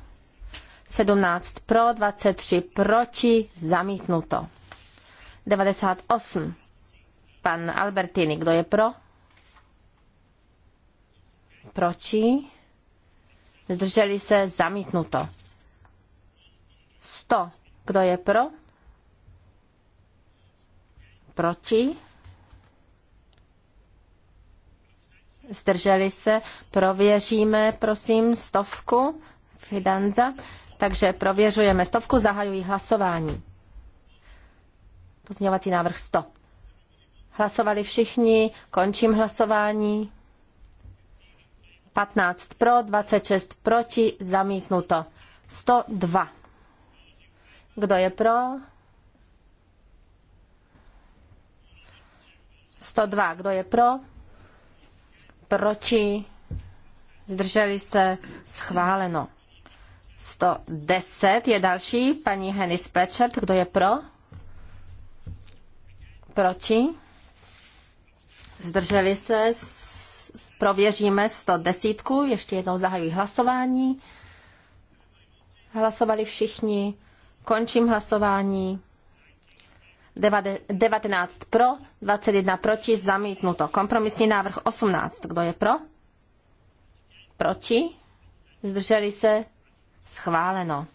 [SPEAKER 1] 17 pro, 23 proti, zamítnuto. 98. Pan Albertini, kdo je pro? Proti? Zdrželi se zamítnuto. 100. Kdo je pro? Proti? Zdrželi se? Prověříme, prosím, stovku. Fidanza. Takže prověřujeme stovku, zahajují hlasování. Pozměňovací návrh 100. Hlasovali všichni, končím hlasování. 15 pro, 26 proti, zamítnuto. 102. Kdo je pro? 102. Kdo je pro? Proti? Zdrželi se? Schváleno. 110 je další. Paní Henny Splečert. Kdo je pro? Proti? Zdrželi se? Prověříme 110. Ještě jednou zahajuji hlasování. Hlasovali všichni. Končím hlasování. 19 pro, 21 proti, zamítnuto. Kompromisní návrh 18. Kdo je pro? Proti? Zdrželi se? Schváleno.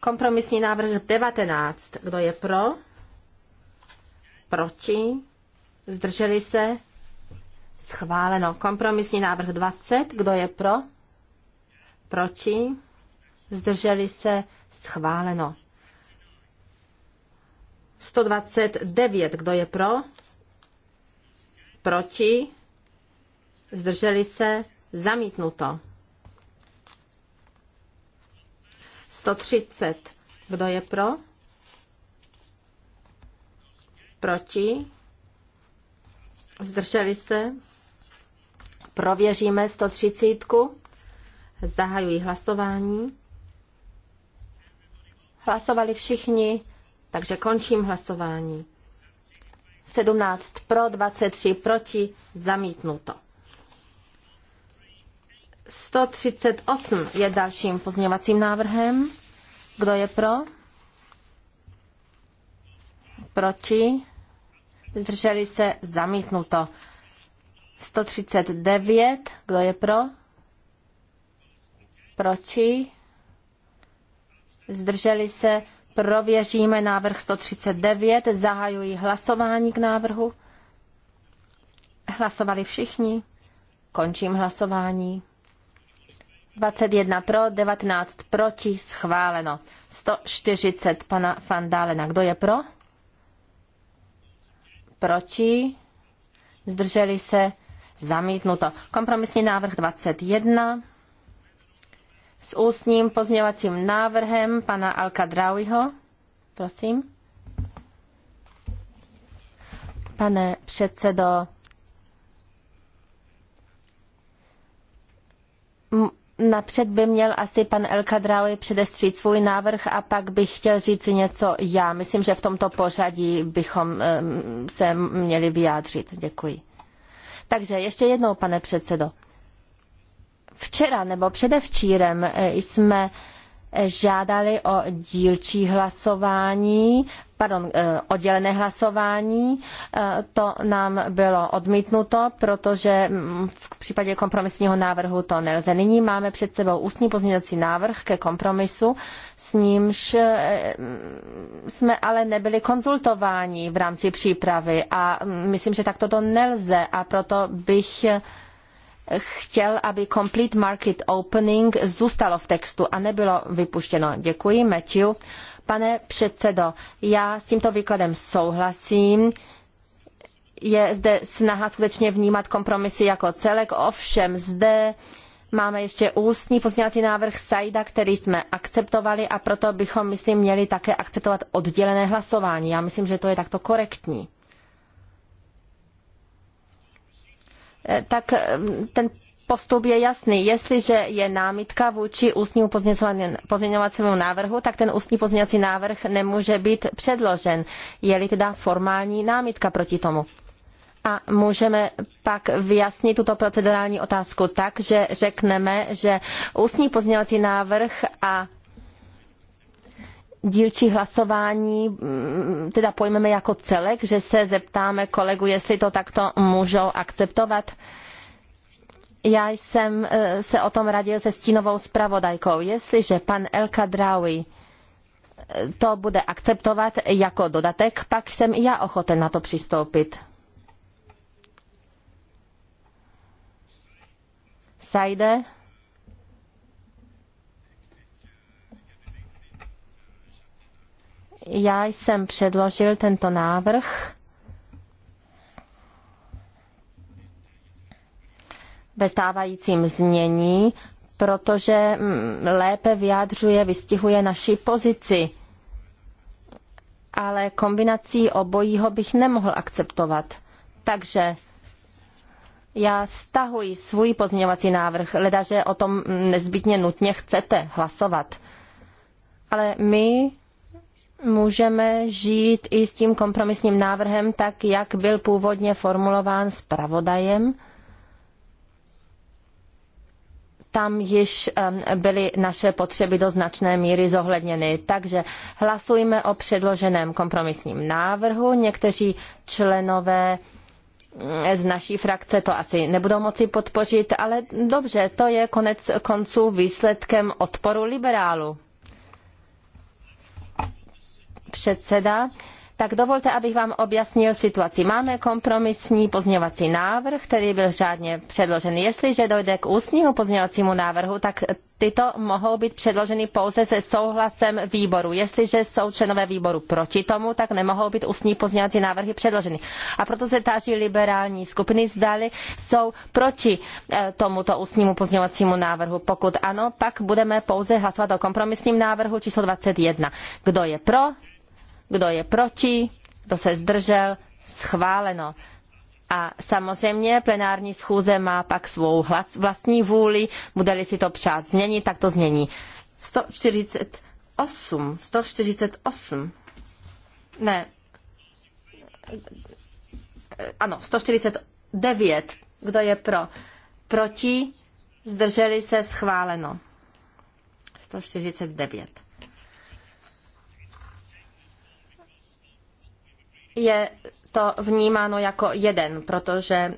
[SPEAKER 1] Kompromisní návrh 19. Kdo je pro? Proti? Zdrželi se? Schváleno. Kompromisní návrh 20. Kdo je pro? Proti? zdrželi se, schváleno. 129, kdo je pro? Proti? Zdrželi se? Zamítnuto. 130, kdo je pro? Proti? Zdrželi se? Prověříme 130. Zahajuji hlasování. Hlasovali všichni, takže končím hlasování. 17 pro, 23 proti, zamítnuto. 138 je dalším pozměňovacím návrhem. Kdo je pro? Proti? Zdrželi se zamítnuto. 139. Kdo je pro? Proti? zdrželi se, prověříme návrh 139, zahajuji hlasování k návrhu. Hlasovali všichni, končím hlasování. 21 pro, 19 proti, schváleno. 140 pana Fandálena. Kdo je pro? Proti? Zdrželi se? Zamítnuto. Kompromisní návrh 21 s ústním pozměvacím návrhem pana Drauiho. Prosím. Pane předsedo, Napřed by měl asi pan El Kadraoui předestřít svůj návrh a pak bych chtěl říct něco já. Myslím, že v tomto pořadí bychom se měli vyjádřit. Děkuji. Takže ještě jednou, pane předsedo. Včera nebo předevčírem e, jsme e, žádali o dílčí hlasování, pardon, e, oddělené hlasování. To nám bylo odmítnuto, protože v případě kompromisního návrhu to nelze. Nyní máme před sebou ústní pozměňovací návrh ke kompromisu, s nímž jsme ale nebyli konzultováni v rámci přípravy a myslím, že takto to nelze a proto bych chtěl, aby Complete Market Opening zůstalo v textu a nebylo vypuštěno. Děkuji, Matthew. Pane předsedo, já s tímto výkladem souhlasím je zde snaha skutečně vnímat kompromisy jako celek. Ovšem zde máme ještě ústní pozměňovací návrh Saida, který jsme akceptovali a proto bychom, myslím, měli také akceptovat oddělené hlasování. Já myslím, že to je takto korektní. Eh, tak eh, ten postup je jasný. Jestliže je námitka vůči ústnímu pozměňovacímu návrhu, tak ten ústní pozměňovací návrh nemůže být předložen. Je-li teda formální námitka proti tomu. A můžeme pak vyjasnit tuto procedurální otázku tak, že řekneme, že ústní pozměňovací návrh a dílčí hlasování mm, teda pojmeme jako celek, že se zeptáme kolegu, jestli to takto můžou akceptovat. Já jsem e, se o tom radil se stínovou zpravodajkou. Jestliže pan El Drawi e, to bude akceptovat jako dodatek, pak jsem i já ochoten na to přistoupit. Sajde? Já jsem předložil tento návrh ve stávajícím znění, protože mm, lépe vyjádřuje, vystihuje naši pozici. Ale kombinací obojího bych nemohl akceptovat. Takže já stahuji svůj pozměňovací návrh, ledaže o tom nezbytně nutně chcete hlasovat. Ale my můžeme žít i s tím kompromisním návrhem, tak jak byl původně formulován zpravodajem. Tam již byly naše potřeby do značné míry zohledněny. Takže hlasujme o předloženém kompromisním návrhu. Někteří členové mm, z naší frakce to asi nebudou moci podpořit, ale dobře, to je konec konců výsledkem odporu liberálu předseda. Tak dovolte, abych vám objasnil situaci. Máme kompromisní pozměňovací návrh, který byl řádně předložen. Jestliže dojde k ústnímu pozměňovacímu návrhu, tak tyto mohou být předloženy pouze se souhlasem výboru. Jestliže jsou členové výboru proti tomu, tak nemohou být ústní pozměňovací návrhy předloženy. A proto se táží liberální skupiny zdali jsou proti eh, tomuto ústnímu pozměňovacímu návrhu. Pokud ano, pak budeme pouze hlasovat o kompromisním návrhu číslo 21. Kdo je pro? Kdo je proti? Kdo se zdržel? Schváleno. A samozřejmě plenární schůze má pak svou hlas, vlastní vůli, bude-li si to přát změnit, tak to změní. 148, 148, ne, ano, 149, kdo je pro, proti, zdrželi se, schváleno. 149. je to vnímáno jako jeden, protože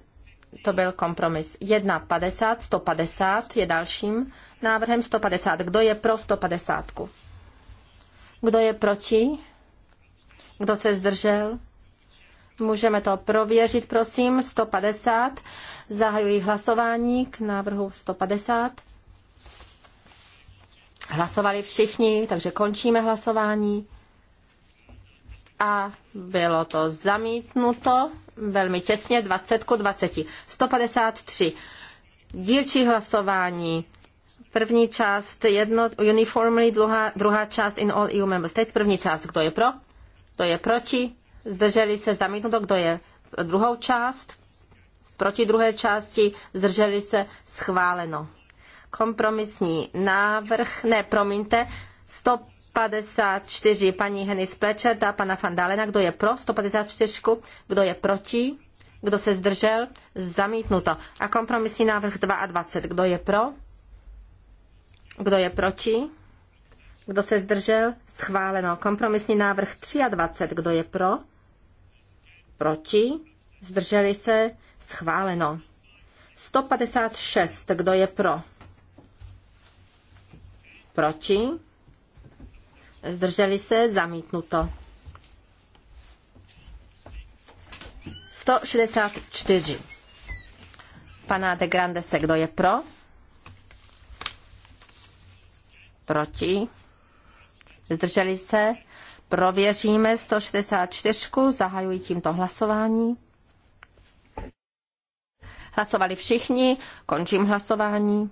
[SPEAKER 1] to byl kompromis. 1,50, 150 je dalším návrhem 150. Kdo je pro 150? Kdo je proti? Kdo se zdržel? Můžeme to prověřit, prosím. 150. Zahajuji hlasování k návrhu 150. Hlasovali všichni, takže končíme hlasování a bylo to zamítnuto velmi těsně 20 ku 20. 153. Dílčí hlasování. První část jedno, uniformly, druhá, druhá část in all EU member states. První část, kdo je pro, kdo je proti, zdrželi se zamítnuto, kdo je druhou část, proti druhé části, zdrželi se schváleno. Kompromisní návrh, ne, promiňte, 100 154 paní Hennis Plečet a pana Fandalena. Kdo je pro 154? Kdo je proti? Kdo se zdržel? Zamítnuto. A kompromisní návrh 22. Kdo je pro? Kdo je proti? Kdo se zdržel? Schváleno. Kompromisní návrh 23. Kdo je pro? Proti? Zdrželi se? Schváleno. 156. Kdo je pro? Proti? zdrželi se, zamítnuto. 164. Pana de Grandese, kdo je pro? Proti? Zdrželi se? Prověříme 164. Zahajuji tímto hlasování. Hlasovali všichni, končím hlasování.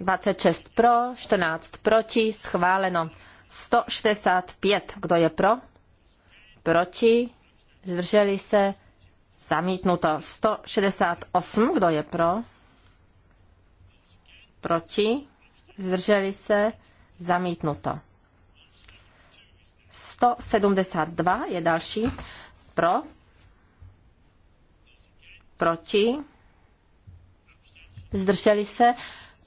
[SPEAKER 1] 26 pro, 14 proti, schváleno. 165. Kdo je pro? Proti? Zdrželi se? Zamítnuto. 168. Kdo je pro? Proti? Zdrželi se? Zamítnuto. 172 je další. Pro? Proti? Zdrželi se?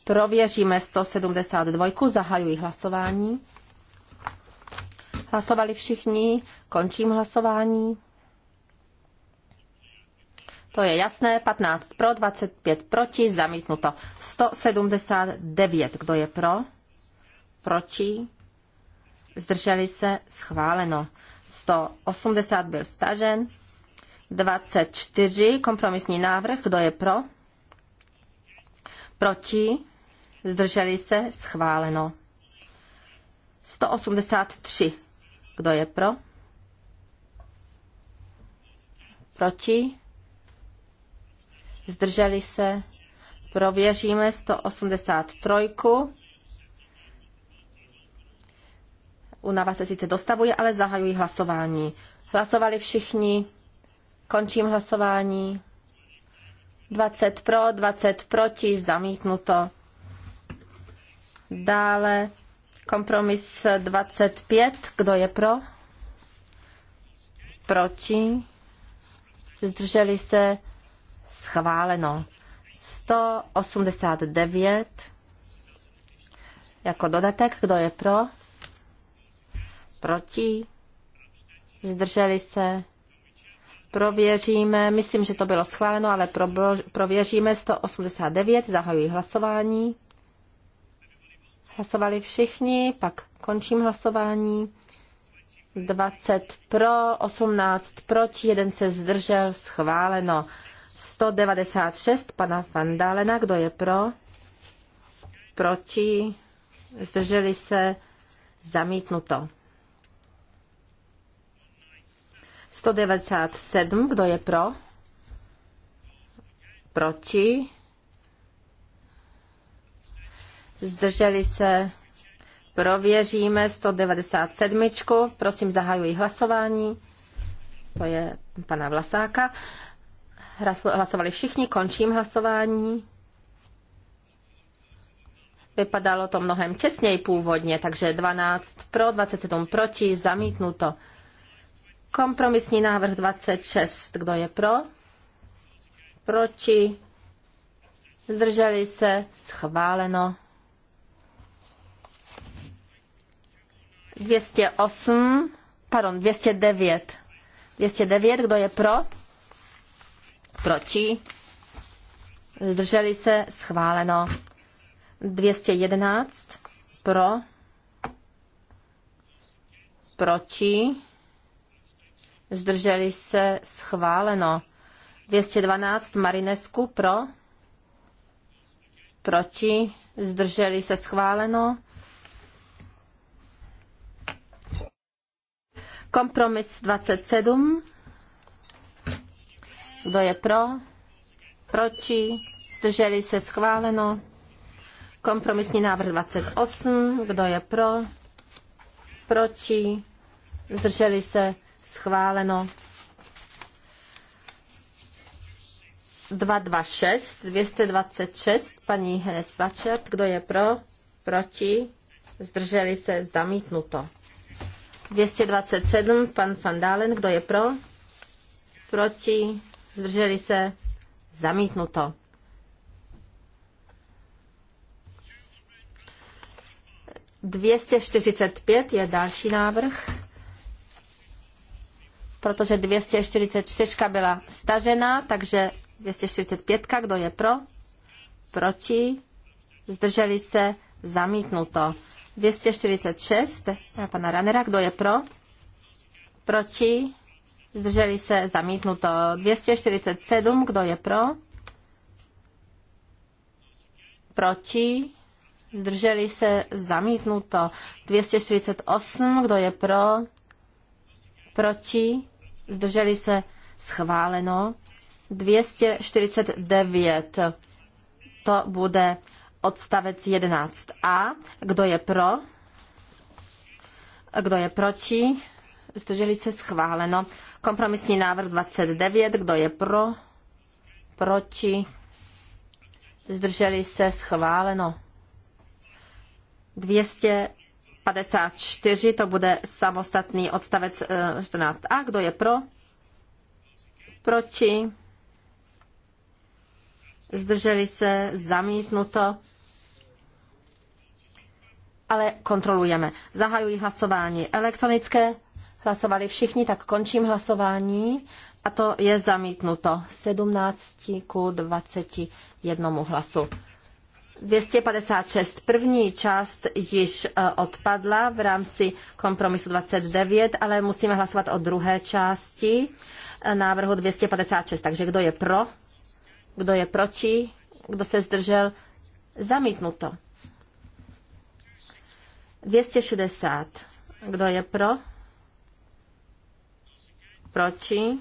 [SPEAKER 1] Prověříme 172. Zahajuji hlasování. Hlasovali všichni, končím hlasování. To je jasné, 15 pro, 25 proti, zamítnuto. 179, kdo je pro? Proti? Zdrželi se, schváleno. 180 byl stažen. 24, kompromisní návrh, kdo je pro? Proti? Zdrželi se, schváleno. 183, kdo je pro? Proti? Zdrželi se? Prověříme 183. Unava se sice dostavuje, ale zahajují hlasování. Hlasovali všichni. Končím hlasování. 20 pro, 20 proti, zamítnuto. Dále Kompromis 25. Kdo je pro? Proti? Zdrželi se? Schváleno. 189. Jako dodatek, kdo je pro? Proti? Zdrželi se? Prověříme, myslím, že to bylo schváleno, ale pro, prověříme 189, zahajuji hlasování. Hlasovali všichni, pak končím hlasování. 20 pro, 18 proti, jeden se zdržel, schváleno. 196 pana Vandalena, kdo je pro? Proti, zdrželi se, zamítnuto. 197, kdo je pro? Proti, zdrželi se, prověříme 197. Prosím, zahajuji hlasování. To je pana Vlasáka. Hlasovali všichni, končím hlasování. Vypadalo to mnohem česněji původně, takže 12 pro, 27 proti, zamítnuto. Kompromisní návrh 26, kdo je pro? Proti? Zdrželi se? Schváleno. 208, pardon, 209. 209, kdo je pro? Proti? Zdrželi se, schváleno. 211, pro? Proti? Zdrželi se, schváleno. 212, Marinesku, pro? Proti? Zdrželi se, schváleno. Kompromis 27. Kdo je pro? Proti? Zdrželi se schváleno. Kompromisní návrh 28. Kdo je pro? Proti? Zdrželi se schváleno. 226, 226, paní Henes Plačert, kdo je pro, proti, zdrželi se, zamítnuto. 227, pan Van Dalen, kdo je pro? Proti? Zdrželi se? Zamítnuto. 245 je další návrh, protože 244 byla stažena, takže 245, kdo je pro? Proti? Zdrželi se? Zamítnuto. 246 eh, pana Ranera. Kdo je pro? Proti? Zdrželi se zamítnuto. 247. Kdo je pro? Proti? Zdrželi se zamítnuto. 248. Kdo je pro? Proti? Zdrželi se schváleno. 249. To bude odstavec 11a. Kdo je pro? Kdo je proti? Zdrželi se schváleno. Kompromisní návrh 29. Kdo je pro? Proti? Zdrželi se schváleno. 254 to bude samostatný odstavec 14a. Eh, Kdo je pro? Proti? Zdrželi se zamítnuto ale kontrolujeme. Zahajuji hlasování elektronické. Hlasovali všichni, tak končím hlasování a to je zamítnuto 17 ku 21 hlasu. 256. První část již eh, odpadla v rámci kompromisu 29, ale musíme hlasovat o druhé části eh, návrhu 256. Takže kdo je pro, kdo je proti, kdo se zdržel, zamítnuto. 260. Kdo je pro? Proti?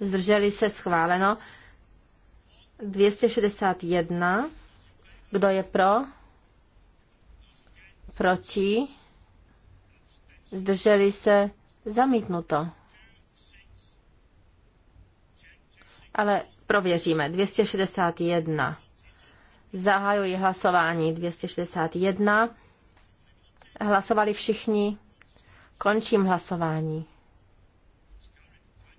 [SPEAKER 1] Zdrželi se schváleno. 261. Kdo je pro? Proti? Zdrželi se zamítnuto. Ale prověříme. 261. Zahajuji hlasování 261. Hlasovali všichni. Končím hlasování.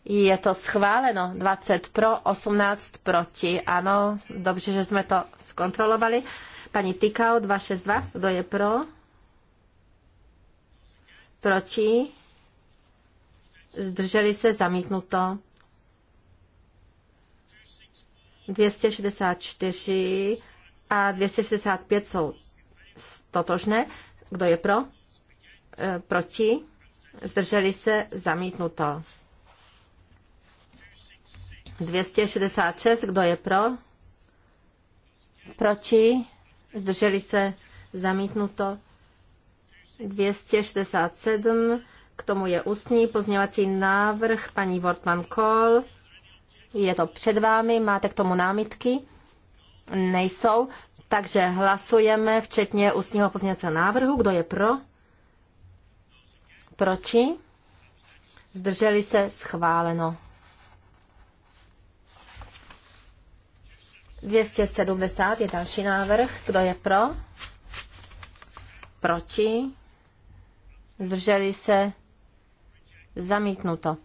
[SPEAKER 1] Je to schváleno. 20 pro, 18 proti. Ano, dobře, že jsme to zkontrolovali. Paní Tykao, 262, kdo je pro? Proti? Zdrželi se zamítnuto. 264 a 265 jsou totožné. E, kdo je pro? Proti? Zdrželi se? Zamítnuto. 266. Kdo je pro? Proti? Zdrželi se? Zamítnuto. 267. K tomu je ústní pozměňovací návrh paní Wortman Kohl. Je to před vámi, máte k tomu námitky? Nejsou. Takže hlasujeme včetně ústního pozměňovacího návrhu. Kdo je pro? Proti? Zdrželi se? Schváleno. 270 je další návrh. Kdo je pro? Proti? Zdrželi se? Zamítnuto.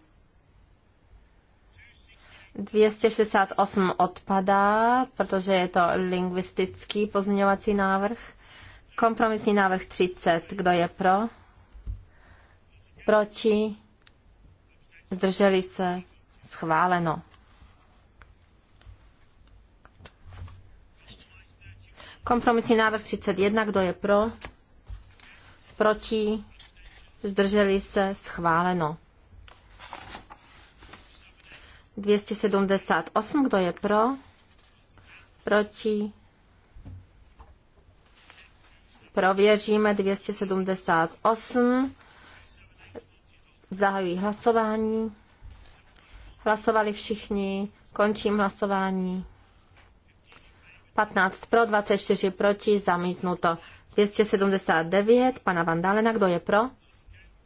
[SPEAKER 1] 268 odpadá, protože je to lingvistický pozměňovací návrh. Kompromisní návrh 30. Kdo je pro? Proti? Zdrželi se? Schváleno. Kompromisní návrh 31. Kdo je pro? Proti? Zdrželi se? Schváleno. 278, kdo je pro? Proti? Prověříme 278. Zahajuji hlasování. Hlasovali všichni. Končím hlasování. 15 pro, 24 proti, zamítnuto. 279, pana Vandalena, kdo je pro?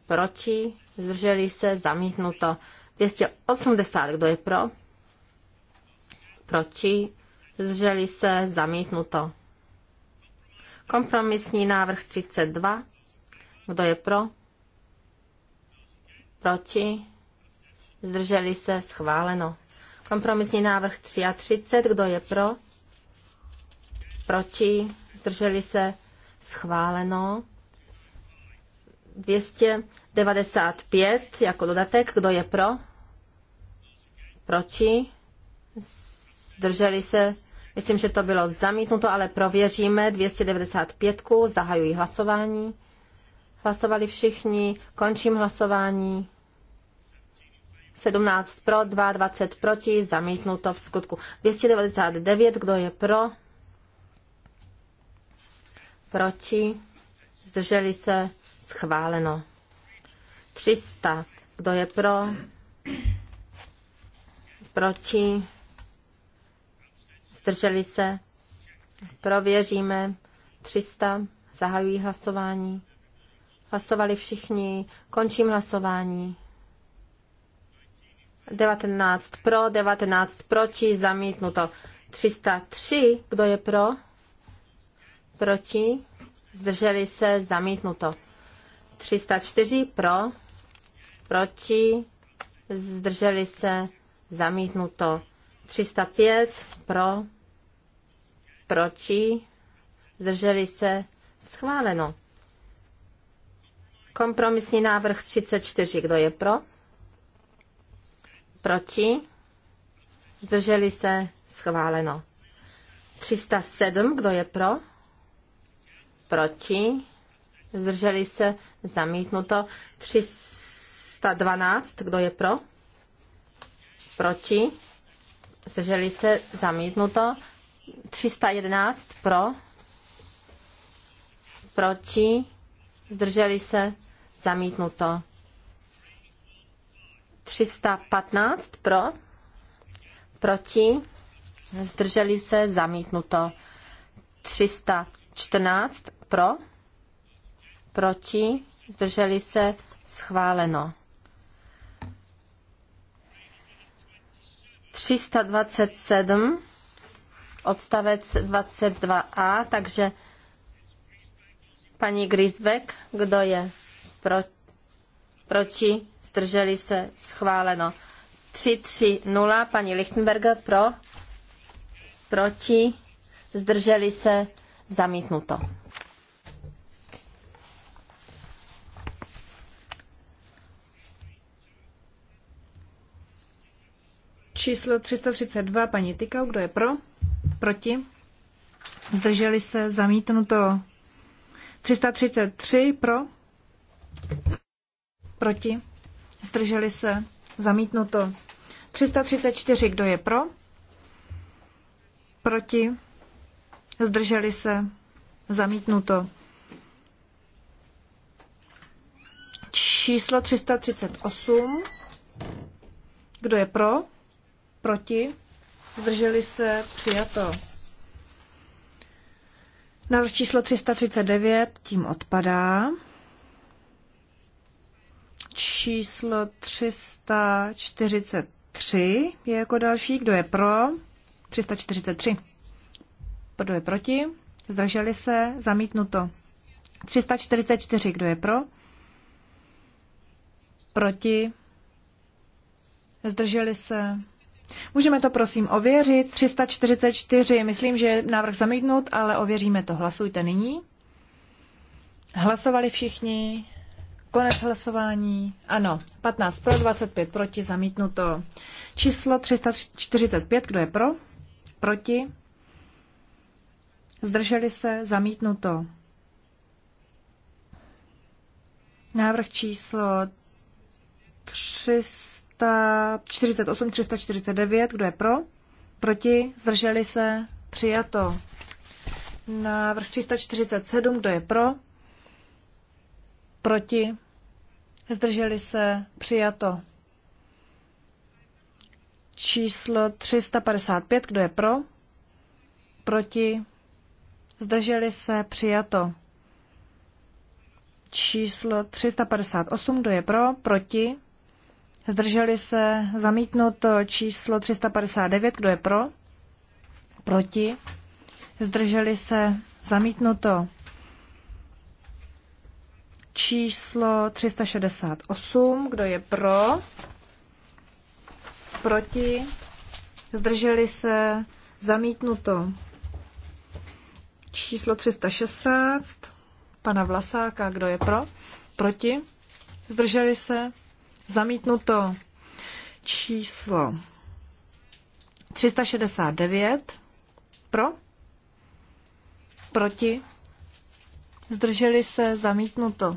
[SPEAKER 1] Proti, zdrželi se, zamítnuto. 280, kdo je pro? Proti? Zdrželi se? Zamítnuto. Kompromisní návrh 32. Kdo je pro? Proti? Zdrželi se? Schváleno. Kompromisní návrh 33. Kdo je pro? Proti? Zdrželi se? Schváleno. 200. 95 jako dodatek. Kdo je pro? Proti? Zdrželi se? Myslím, že to bylo zamítnuto, ale prověříme. 295. Zahajuji hlasování. Hlasovali všichni. Končím hlasování. 17 pro, 22 proti, zamítnuto v skutku. 299, kdo je pro? Proti? Zdrželi se? Schváleno. 300. Kdo je pro? Proti? Zdrželi se? Prověříme. 300. Zahajují hlasování. Hlasovali všichni. Končím hlasování. 19 pro, 19 proti, zamítnuto. 303. Kdo je pro? Proti? Zdrželi se, zamítnuto. 304 pro, proti, zdrželi se, zamítnuto. 305 pro, proti, zdrželi se, schváleno. Kompromisní návrh 34, kdo je pro? Proti, zdrželi se, schváleno. 307, kdo je pro? Proti, zdrželi se, zamítnuto. 300 312, kdo je pro? Proti? Zdrželi se? Zamítnuto. 311 pro? Proti? Zdrželi se? Zamítnuto. 315 pro? Proti? Zdrželi se? Zamítnuto. 314 pro? Proti? Zdrželi se? Schváleno. 327 odstavec 22a, takže paní Grisbeck, kdo je pro, proti, zdrželi se, schváleno. 330, paní Lichtenberger, pro, proti, zdrželi se, zamítnuto.
[SPEAKER 3] číslo 332, paní Tykau, kdo je pro? Proti? Zdrželi se, zamítnuto. 333 pro? Proti? Zdrželi se, zamítnuto. 334, kdo je pro? Proti? Zdrželi se, zamítnuto. Číslo 338. Kdo je pro? Proti? Zdrželi se? Přijato. Návrh číslo 339 tím odpadá. Číslo 343 je jako další. Kdo je pro? 343. Kdo je proti? Zdrželi se? Zamítnuto. 344. Kdo je pro? Proti? Zdrželi se? Můžeme to prosím ověřit. 344, myslím, že je návrh zamítnut, ale ověříme to. Hlasujte nyní. Hlasovali všichni. Konec hlasování. Ano, 15 pro, 25 proti, zamítnuto. Číslo 345, kdo je pro? Proti? Zdrželi se, zamítnuto. Návrh číslo 300. 348, 349, kdo je pro? Proti? Zdrželi se? Přijato. Návrh 347, kdo je pro? Proti? Zdrželi se? Přijato. Číslo 355, kdo je pro? Proti? Zdrželi se? Přijato. Číslo 358, kdo je pro? Proti? Zdrželi se zamítnout číslo 359, kdo je pro? Proti? Zdrželi se zamítnuto číslo 368, kdo je pro? Proti? Zdrželi se zamítnuto číslo 316 pana Vlasáka, kdo je pro? Proti? Zdrželi se? Zamítnuto číslo 369 pro, proti, zdrželi se, zamítnuto.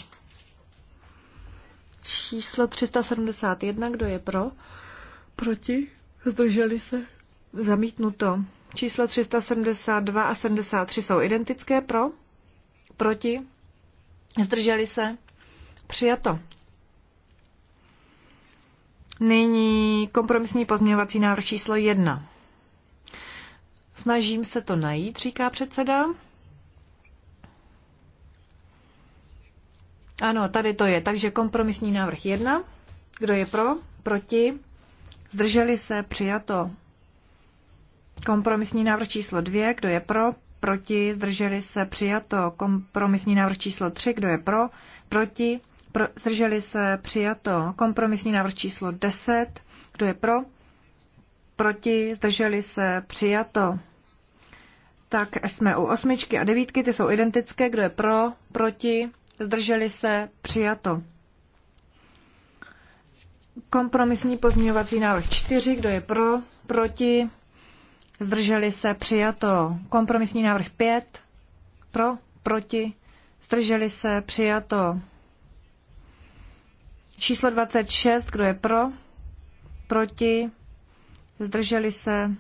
[SPEAKER 3] Číslo 371, kdo je pro, proti, zdrželi se, zamítnuto. Číslo 372 a 73 jsou identické pro, proti, zdrželi se, přijato. Nyní kompromisní pozměňovací návrh číslo jedna. Snažím se to najít, říká předseda. Ano, tady to je. Takže kompromisní návrh jedna. Kdo je pro? Proti? Zdrželi se? Přijato. Kompromisní návrh číslo dvě. Kdo je pro? Proti? Zdrželi se? Přijato. Kompromisní návrh číslo tři. Kdo je pro? Proti? Pro, zdrželi se přijato. Kompromisní návrh číslo 10. Kdo je pro? Proti? Zdrželi se přijato. Tak jsme u osmičky a devítky, ty jsou identické. Kdo je pro? Proti? Zdrželi se přijato. Kompromisní pozměňovací návrh 4. Kdo je pro? Proti? Zdrželi se přijato. Kompromisní návrh 5. Pro? Proti? Zdrželi se přijato. Číslo 26, kdo je pro? Proti? Zdrželi se?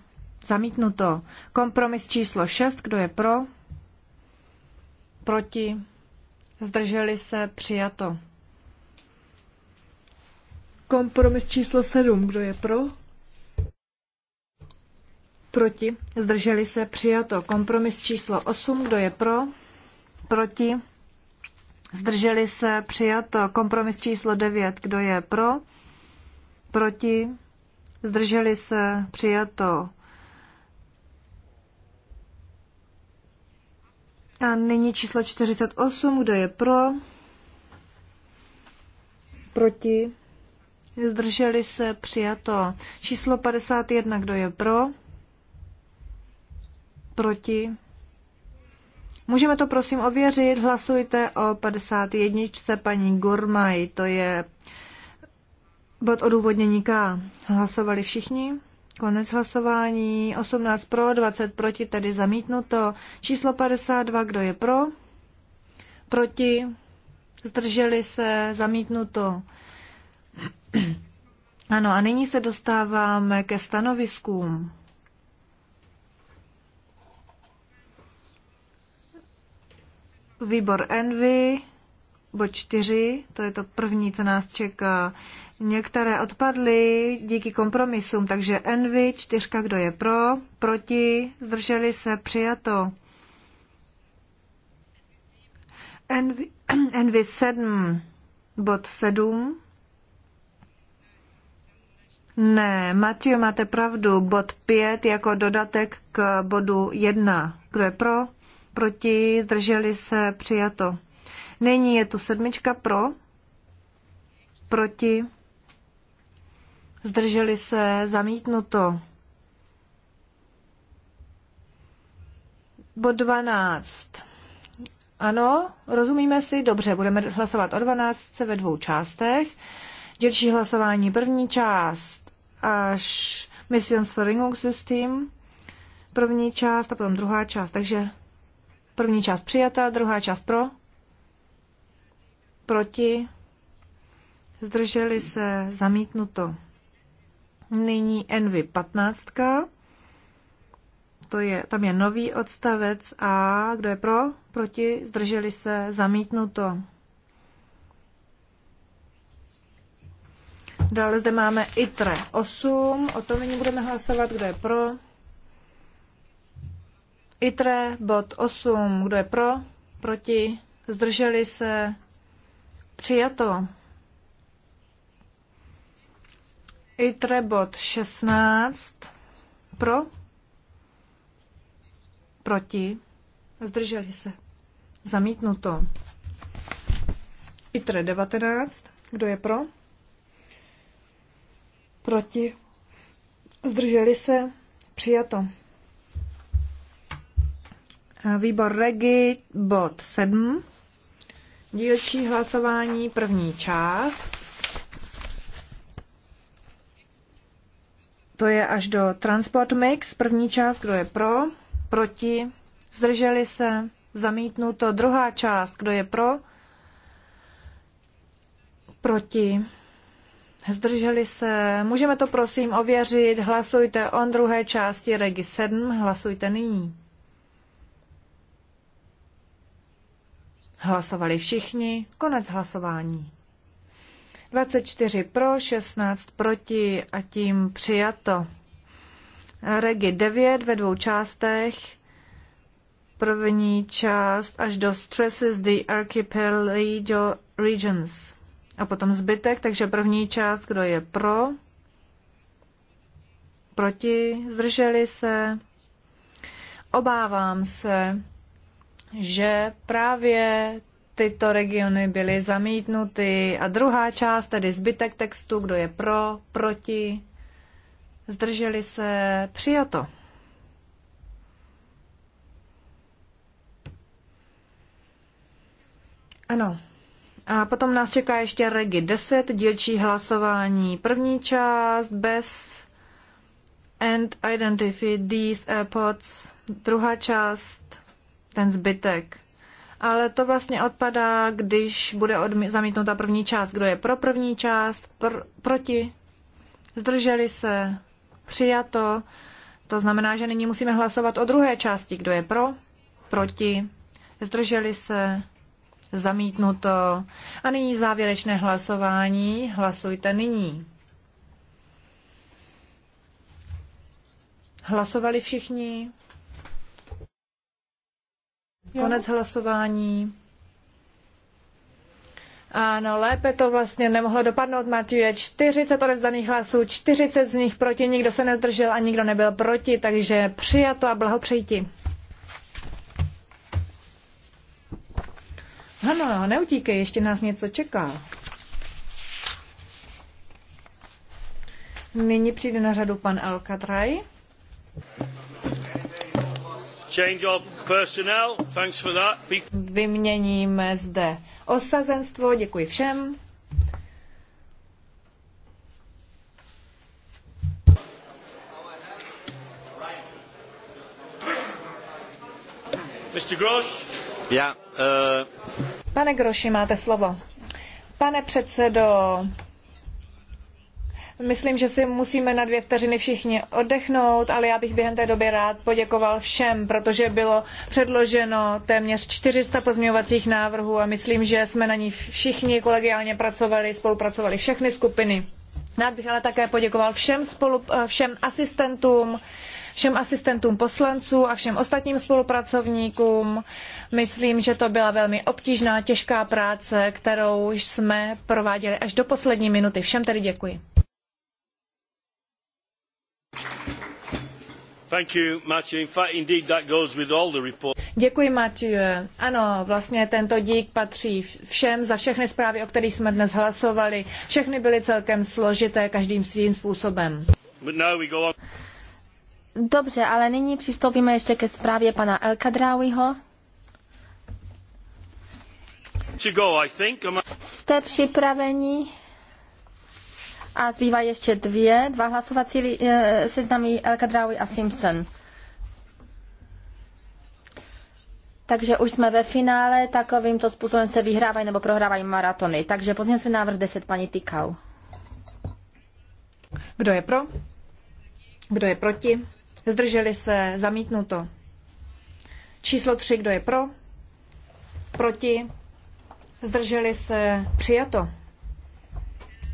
[SPEAKER 3] Zamítnuto. Kompromis číslo 6, kdo je pro? Proti? Zdrželi se? Přijato. Kompromis číslo 7, kdo je pro? Proti? Zdrželi se? Přijato. Kompromis číslo 8, kdo je pro? Proti? Zdrželi se přijato kompromis číslo 9. Kdo je pro? Proti? Zdrželi se přijato. A nyní číslo 48. Kdo je pro? Proti? Zdrželi se přijato. Číslo 51. Kdo je pro? Proti? Můžeme to prosím ověřit, hlasujte o 51. paní Gormaj? to je bod odůvodnění K. Hlasovali všichni? Konec hlasování, 18 pro, 20 proti, tedy zamítnuto. Číslo 52, kdo je pro? Proti? Zdrželi se, zamítnuto. [CLEARS THROAT] Ano, a nyní se dostáváme ke stanoviskům. výbor Envy, bod 4, to je to první, co nás čeká. Některé odpadly díky kompromisům, takže Envy, čtyřka, kdo je pro, proti, zdrželi se, přijato. Envy, [CLEARS THROAT] Envy 7, bod 7. Ne, Matěj, máte pravdu, bod 5 jako dodatek k bodu 1. Kdo je pro? proti, zdrželi se, přijato. Nyní je tu sedmička pro, proti, zdrželi se, zamítnuto. Bod 12. Ano, rozumíme si, dobře, budeme hlasovat o 12 ve dvou částech. Dělší hlasování první část až Missions for Ringung System, první část a potom druhá část. Takže První část přijata, druhá část pro, proti, zdrželi se, zamítnuto. Nyní Envy 15. To je, tam je nový odstavec a kdo je pro, proti, zdrželi se, zamítnuto. Dále zde máme ITRE 8, o tom nyní budeme hlasovat, kdo je pro, ITRE, bod 8, kdo je pro, proti, zdrželi se, přijato. ITRE, bod 16, pro, proti, zdrželi se, zamítnuto. ITRE 19, kdo je pro, proti, zdrželi se, přijato. Výbor Regi, bod 7. Dílčí hlasování, první část. To je až do Transport Mix, první část, kdo je pro, proti, zdrželi se, zamítnuto. Druhá část, kdo je pro, proti, zdrželi se. Můžeme to prosím ověřit, hlasujte o druhé části Regi 7, hlasujte nyní. Hlasovali všichni. Konec hlasování. 24 pro, 16 proti a tím přijato. Regi 9 ve dvou částech. První část až do Stresses the Archipelago Regions. A potom zbytek, takže první část, kdo je pro, proti, zdrželi se. Obávám se, že právě tyto regiony byly zamítnuty. A druhá část, tedy zbytek textu, kdo je pro, proti, zdrželi se, přijato. Ano. A potom nás čeká ještě Regi 10, dílčí hlasování. První část bez and identify these airports. Druhá část ten zbytek. Ale to vlastně odpadá, když bude odmi- zamítnuta první část. Kdo je pro první část? Pr- proti? Zdrželi se? Přijato? To znamená, že nyní musíme hlasovat o druhé části. Kdo je pro? Proti? Zdrželi se? Zamítnuto. A nyní závěrečné hlasování. Hlasujte nyní. Hlasovali všichni? Konec jo. hlasování. Ano, lépe to vlastně nemohlo dopadnout, je 40 odevzdaných hlasů, 40 z nich proti, nikdo se nezdržel a nikdo nebyl proti, takže přijato a blahopřeji ti. Ano, no, neutíkej, ještě nás něco čeká. Nyní přijde na řadu pan Alcatraj. Change of Vyměníme zde osazenstvo, děkuji všem.
[SPEAKER 2] Mr. Uh,
[SPEAKER 3] Pane Groši, máte slovo. Pane předsedo, Myslím, že si musíme na dvě vteřiny všichni oddechnout, ale já bych během té doby rád poděkoval všem, protože bylo předloženo téměř 400 pozměňovacích návrhů a myslím, že jsme na ní všichni kolegiálně pracovali, spolupracovali všechny skupiny. Rád bych ale také poděkoval všem, spolu, eh, všem asistentům, všem asistentům poslanců a všem ostatním spolupracovníkům. Myslím, že to byla velmi obtížná, těžká práce, kterou jsme prováděli až do poslední minuty. Všem tedy děkuji. Děkuji, Matthew. Ano, vlastně tento dík patří všem za všechny zprávy, o kterých jsme dnes hlasovali. Všechny byly celkem složité, každým svým způsobem.
[SPEAKER 1] Dobře, ale nyní přistoupíme ještě ke zprávě pana El Dráuiho. Jste připraveni? a zbývají ještě dvě, dva hlasovací eh, seznamy El Kadraoui a Simpson. Takže už jsme ve finále, takovýmto způsobem se vyhrávají nebo prohrávají maratony. Takže se návrh 10,
[SPEAKER 3] paní Tykau. Kdo je pro? Kdo je proti? Zdrželi se, zamítnuto. Číslo 3, kdo je pro? Proti? Zdrželi se, přijato.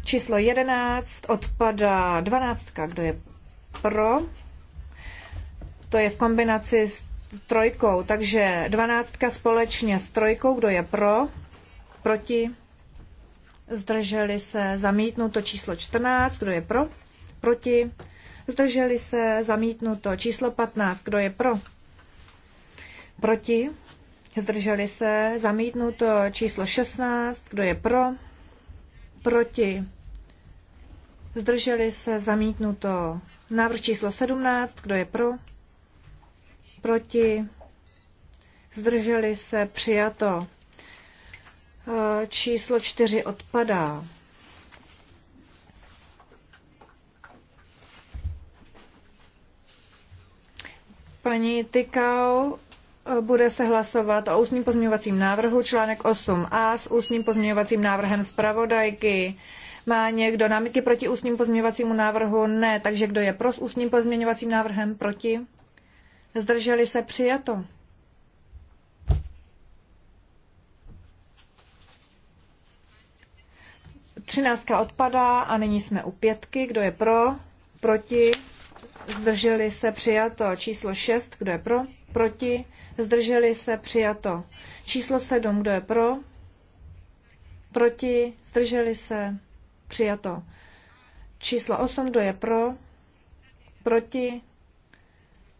[SPEAKER 3] Číslo 11 odpadá 12. Kdo je pro? To je v kombinaci s trojkou, takže 12 společně s trojkou. Kdo je pro? Proti? Zdrželi se zamítnuto číslo 14. Kdo je pro? Proti? Zdrželi se zamítnuto číslo 15. Kdo je pro? Proti? Zdrželi se zamítnuto číslo 16. Kdo je pro? Proti? zdrželi se, zamítnuto. Návrh číslo 17, kdo je pro, proti, zdrželi se, přijato. Eh, číslo 4 odpadá. Paní Tykau eh, bude se hlasovat o ústním pozměňovacím návrhu článek 8a s ústním pozměňovacím návrhem zpravodajky. Má někdo námitky proti ústním pozměňovacímu návrhu? Ne. Takže kdo je pro s ústním pozměňovacím návrhem? Proti? Zdrželi se? Přijato. Třináctka odpadá a nyní jsme u pětky. Kdo je pro? Proti? Zdrželi se? Přijato. Číslo šest. Kdo je pro? Proti? Zdrželi se? Přijato. Číslo sedm. Kdo je pro? Proti? Zdrželi se? Přijato. Číslo 8, kdo je pro? Proti?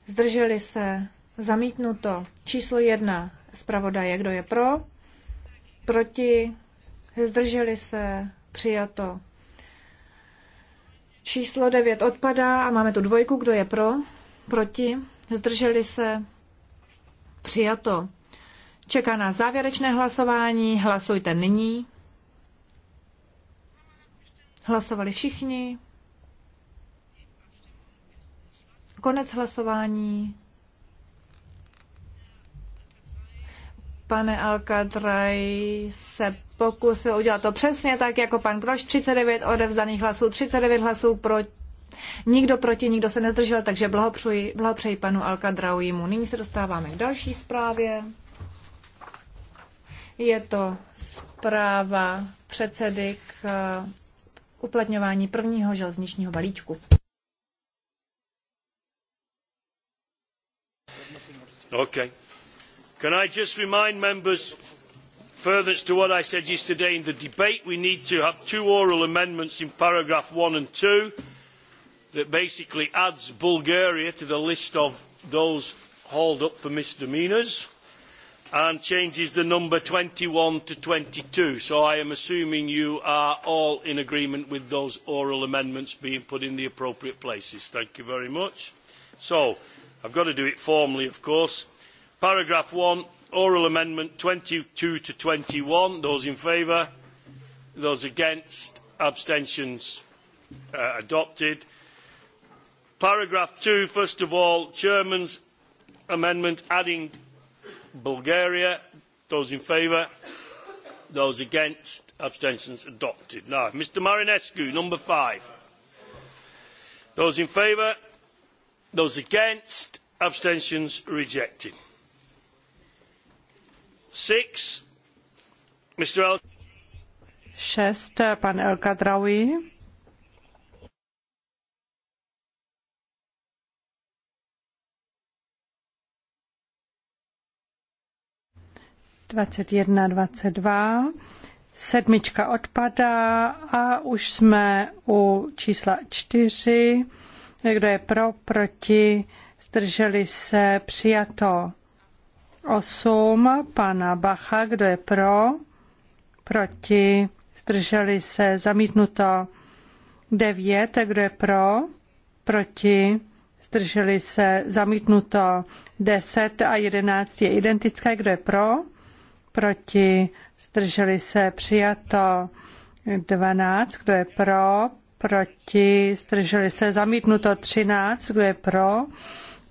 [SPEAKER 3] Zdrželi se? Zamítnuto. Číslo 1, zpravodaje, kdo je pro? Proti? Zdrželi se? Přijato. Číslo 9 odpadá a máme tu dvojku, kdo je pro? Proti? Zdrželi se? Přijato. Čeká nás závěrečné hlasování. Hlasujte nyní. Hlasovali všichni. Konec hlasování. Pane Alcatraj se pokusil udělat to přesně tak, jako pan Kvaš. 39 odevzdaných hlasů, 39 hlasů pro, nikdo proti, nikdo se nezdržel, takže blahopřeji, blahopřeji panu Alcadrauimu. Nyní se dostáváme k další zprávě. Je to zpráva předsedy k uplatňování prvního železničního balíčku.
[SPEAKER 2] Okay. Can I just remind members further to what I said yesterday in the debate, we need to have two oral amendments in paragraph one and two that basically adds Bulgaria to the list of those hauled up for misdemeanours and changes the number 21 to 22. So I am assuming you are all in agreement with those oral amendments being put in the appropriate places. Thank you very much. So I've got to do it formally, of course. Paragraph 1, oral amendment 22 to 21. Those in favour? Those against? Abstentions? Uh, adopted. Paragraph 2, first of all, Chairman's amendment adding Bulgaria. Those in favour? Those against? Abstentions adopted. Now, Mr Marinescu, number five. Those in favour? Those against? Abstentions rejected. Six. Mr El.
[SPEAKER 4] Šest, pan El 21, Sedmička odpadá a už jsme u čísla čtyři. Kdo je pro, proti, zdrželi se, přijato. Osm pana Bacha, kdo je pro, proti, zdrželi se, zamítnuto. Devět, kdo je pro, proti, zdrželi se, zamítnuto. Deset a jedenáct je identické, kdo je pro, proti, zdrželi se, přijato 12, kdo je pro, proti, zdrželi se, zamítnuto 13, kdo je pro,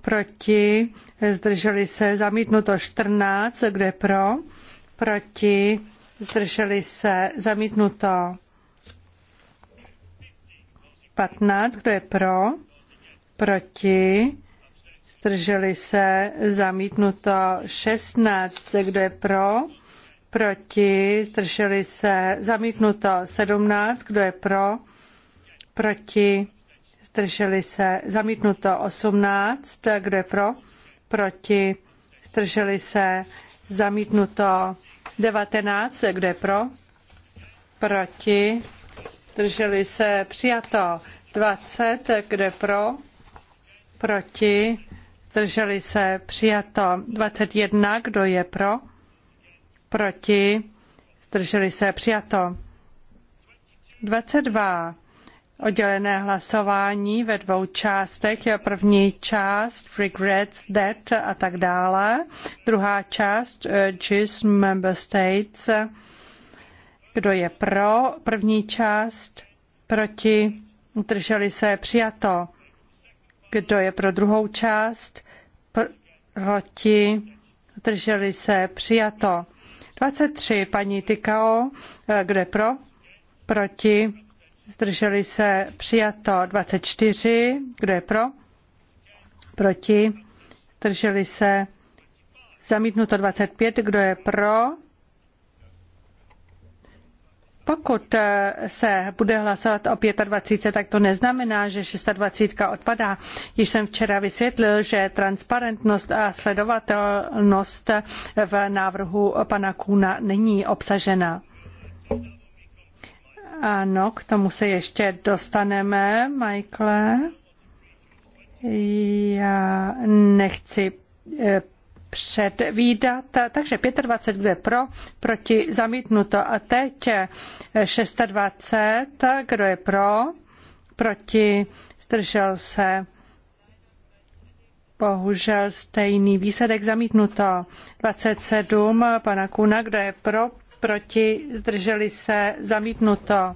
[SPEAKER 4] proti, zdrželi se, zamítnuto 14, kdo je pro, proti, zdrželi se, zamítnuto 15, kdo je pro, proti, zdrželi se, zamítnuto 16, kdo je pro, proti, zdrželi se, zamítnuto 17, kdo je pro, proti, zdrželi se, zamítnuto 18, kdo je pro, proti, zdrželi se, zamítnuto 19, kdo je pro, proti, zdrželi se, přijato 20, kdo je pro, proti, zdrželi se, přijato 21, kdo je pro, proti, zdrželi se, přijato 22. Oddělené hlasování ve dvou částech. Je první část regrets, debt a tak dále. Druhá část eh, urges, member states. Kdo je pro? První část proti. zdrželi se přijato. Kdo je pro druhou část? Proti? Drželi se? Přijato. 23. Paní Tykao. Eh, kdo je pro? Proti? Zdrželi se? Přijato. 24. Kdo je pro? Proti? Zdrželi se? Zamítnuto 25. Kdo je pro? Pokud eh, se bude hlasovat o 25, tak to neznamená, že 26 odpadá. Již jsem včera vysvětlil, že transparentnost a sledovatelnost v návrhu pana Kůna není obsažena. Ano, k tomu se ještě dostaneme, Michael. Já nechci eh, předvídat. Takže 25 bude pro, proti zamítnuto. A teď 26, kdo je pro, proti, zdržel se. Bohužel stejný výsledek zamítnuto. 27 pana Kuna, kdo je pro, proti, zdrželi se, zamítnuto.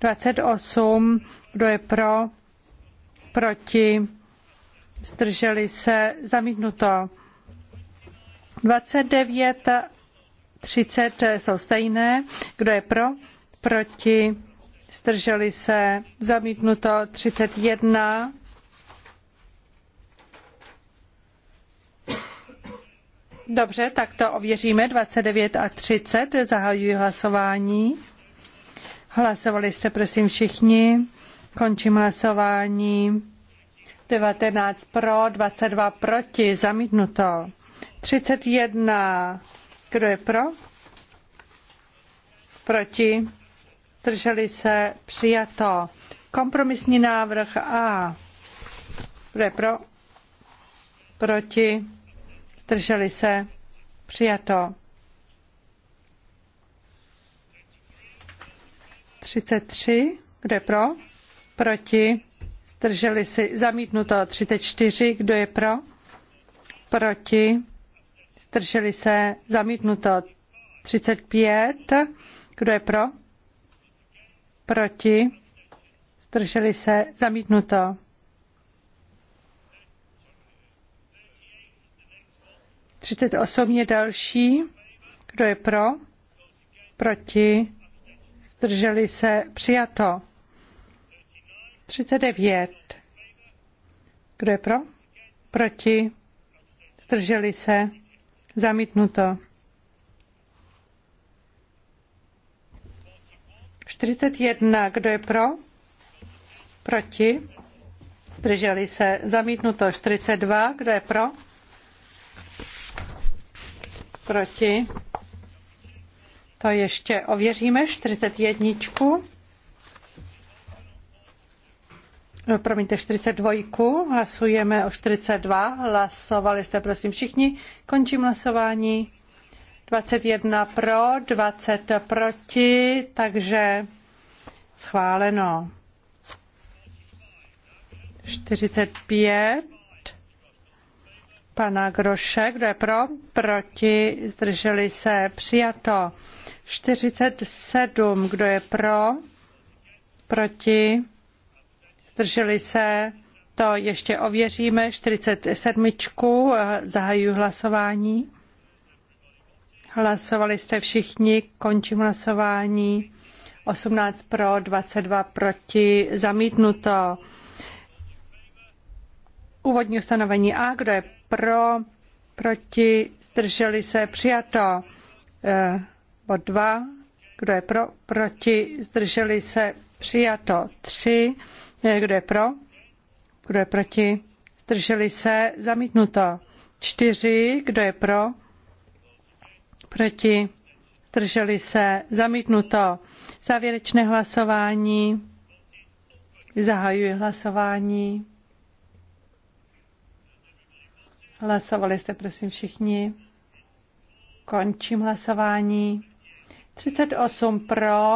[SPEAKER 4] 28, kdo je pro, proti, zdrželi se, zamítnuto. 29, 30 jsou stejné. Kdo je pro? Proti? Zdrželi se? Zamítnuto 31. Dobře, tak to ověříme. 29 a 30. Zahajuji hlasování. Hlasovali jste, prosím, všichni. Končím hlasování. 19 pro, 22 proti. Zamítnuto. 31. Kdo je pro? Proti? Drželi se? Přijato. Kompromisní návrh A. Kdo je pro? Proti? Drželi se? Přijato. 33. Kdo je pro? Proti? Zdrželi si. Zamítnuto 34. Kdo je pro? Proti? zdrželi se, zamítnuto 35. Kdo je pro? Proti? Zdrželi se, zamítnuto. Třicet osm je další. Kdo je pro? Proti? Zdrželi se, přijato. Třicet devět. Kdo je pro? Proti? Zdrželi se? Zamítnuto. 41. Kdo je pro? Proti? Zdrželi se. Zamítnuto. 42. Kdo je pro? Proti? To ještě ověříme. 41. No, promiňte, 42. Hlasujeme o 42. Hlasovali jste, prosím, všichni. Končím hlasování. 21 pro, 20 proti, takže schváleno. 45 pana Groše, kdo je pro, proti, zdrželi se, přijato. 47, kdo je pro, proti, zdrželi se, to ještě ověříme, 47. Zahajuji hlasování. Hlasovali jste všichni, končím hlasování. 18 pro, 22 proti, zamítnuto. Úvodní ustanovení A, kdo je pro, proti, zdrželi se, přijato. Eh, bod 2, kdo je pro, proti, zdrželi se, přijato. 3, Eh, kdo je pro? Kdo je proti? Zdrželi se? Zamítnuto. Čtyři. Kdo je pro? Proti? Zdrželi se? Zamítnuto. Závěrečné hlasování. Zahajuji hlasování. Hlasovali jste, prosím, všichni. Končím hlasování. 38 pro,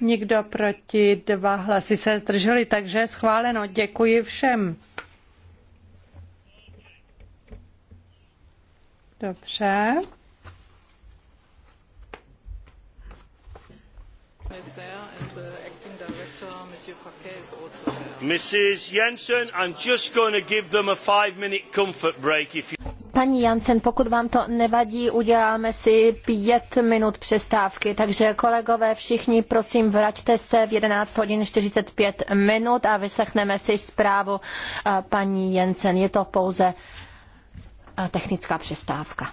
[SPEAKER 4] Nikdo proti, dva hlasy se zdrželi, takže schváleno. Děkuji všem. Dobře.
[SPEAKER 2] Mrs. Jensen, I'm just going to give them a five-minute comfort break if you
[SPEAKER 1] Paní Jansen, pokud vám to nevadí, uděláme si pět minut přestávky, takže kolegové všichni, prosím, vraťte se v 11 hodin 45 minut a vyslechneme si zprávu paní Jensen. Je to pouze technická přestávka.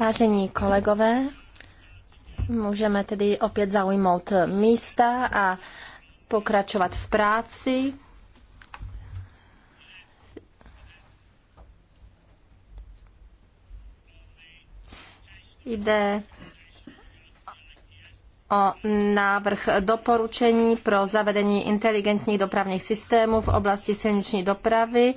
[SPEAKER 1] Vážení kolegové, můžeme tedy opět zaujmout místa a pokračovat v práci. Jde o návrh doporučení pro zavedení inteligentních dopravních systémů v oblasti silniční dopravy.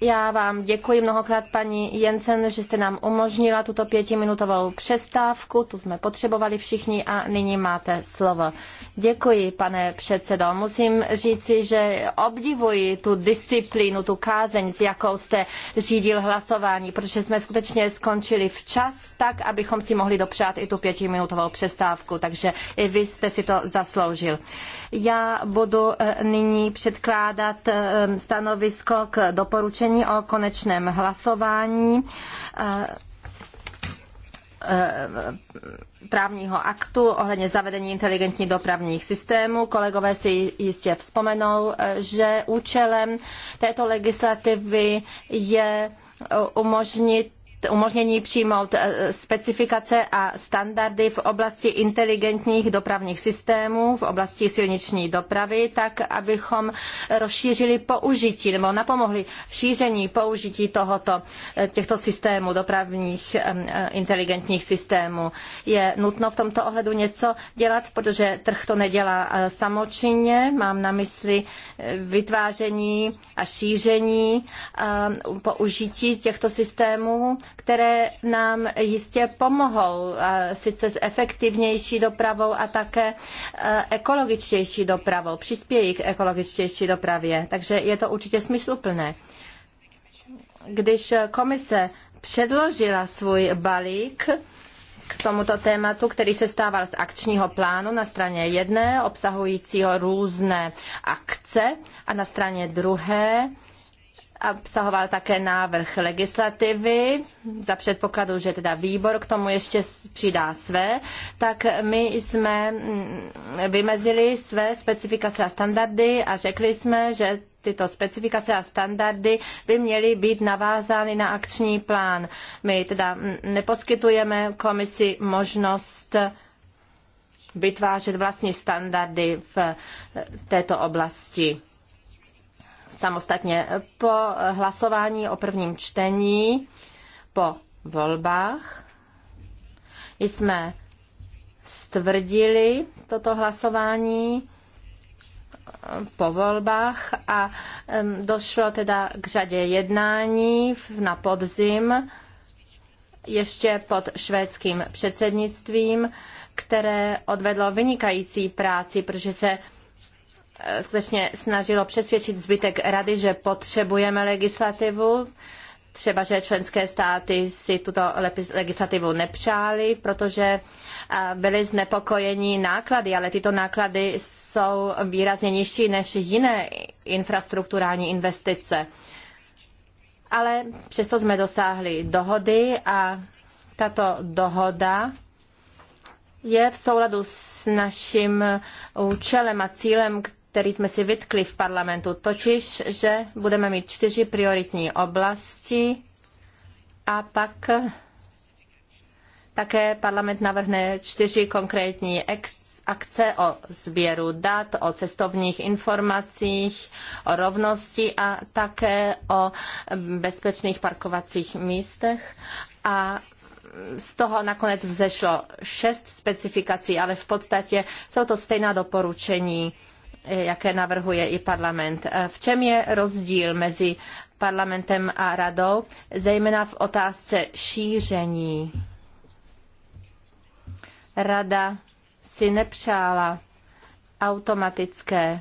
[SPEAKER 1] Já vám děkuji mnohokrát, paní Jensen, že jste nám umožnila tuto pětiminutovou přestávku. Tu jsme potřebovali všichni a nyní máte slovo. Děkuji, pane předsedo. Musím říci, že obdivuji tu disciplínu, tu kázeň, s jakou jste řídil hlasování, protože jsme skutečně skončili včas tak, abychom si mohli dopřát i tu pětiminutovou přestávku. Takže i vy jste si to zasloužil. Já budu eh, nyní předkládat eh, stanovisko k doporučení prohlášení o konečném hlasování eh, eh, právního aktu ohledně zavedení inteligentních dopravních systémů. Kolegové si jistě vzpomenou, eh, že účelem této legislativy je umožnit umožnění přijmout eh, specifikace a standardy v oblasti inteligentních dopravních systémů, v oblasti silniční dopravy, tak abychom rozšířili použití nebo napomohli šíření použití tohoto, eh, těchto systémů, dopravních eh, inteligentních systémů. Je nutno v tomto ohledu něco dělat, protože trh to nedělá samočinně. Mám na mysli vytváření a šíření použití těchto systémů které nám jistě pomohou, sice s efektivnější dopravou a také e, ekologičtější dopravou, přispějí k ekologičtější dopravě. Takže je to určitě smysluplné. Když komise předložila svůj balík, k tomuto tématu, který se stával z akčního plánu na straně jedné, obsahujícího různé akce, a na straně druhé a obsahoval také návrh legislativy za předpokladu, že teda výbor k tomu ještě přidá své, tak my jsme mm, vymezili své specifikace a standardy a řekli jsme, že tyto specifikace a standardy by měly být navázány na akční plán. My teda mm, neposkytujeme komisi možnost vytvářet vlastní standardy v e, této oblasti samostatně. Po hlasování o prvním čtení, po volbách, jsme stvrdili toto hlasování eh, po volbách a došlo teda k řadě jednání na podzim ještě pod švédským předsednictvím, které odvedlo vynikající práci, protože se Eh, skutečně snažilo přesvědčit zbytek rady, že potřebujeme legislativu. Třeba, že členské státy si tuto legislativu nepřáli, protože eh, byly znepokojeni náklady, ale tyto náklady jsou výrazně nižší než jiné infrastrukturální investice. Ale přesto jsme dosáhli dohody a tato dohoda je v souladu s naším účelem a cílem, který jsme si vytkli v parlamentu, totiž, že budeme mít čtyři prioritní oblasti a pak také parlament navrhne čtyři konkrétní akce o sběru dat, o cestovních informacích, o rovnosti a také o bezpečných parkovacích místech. A z toho nakonec vzešlo šest specifikací, ale v podstatě jsou to stejná doporučení jaké navrhuje i parlament. E, v čem je rozdíl mezi parlamentem a radou, zejména v otázce šíření? Rada si nepřála automatické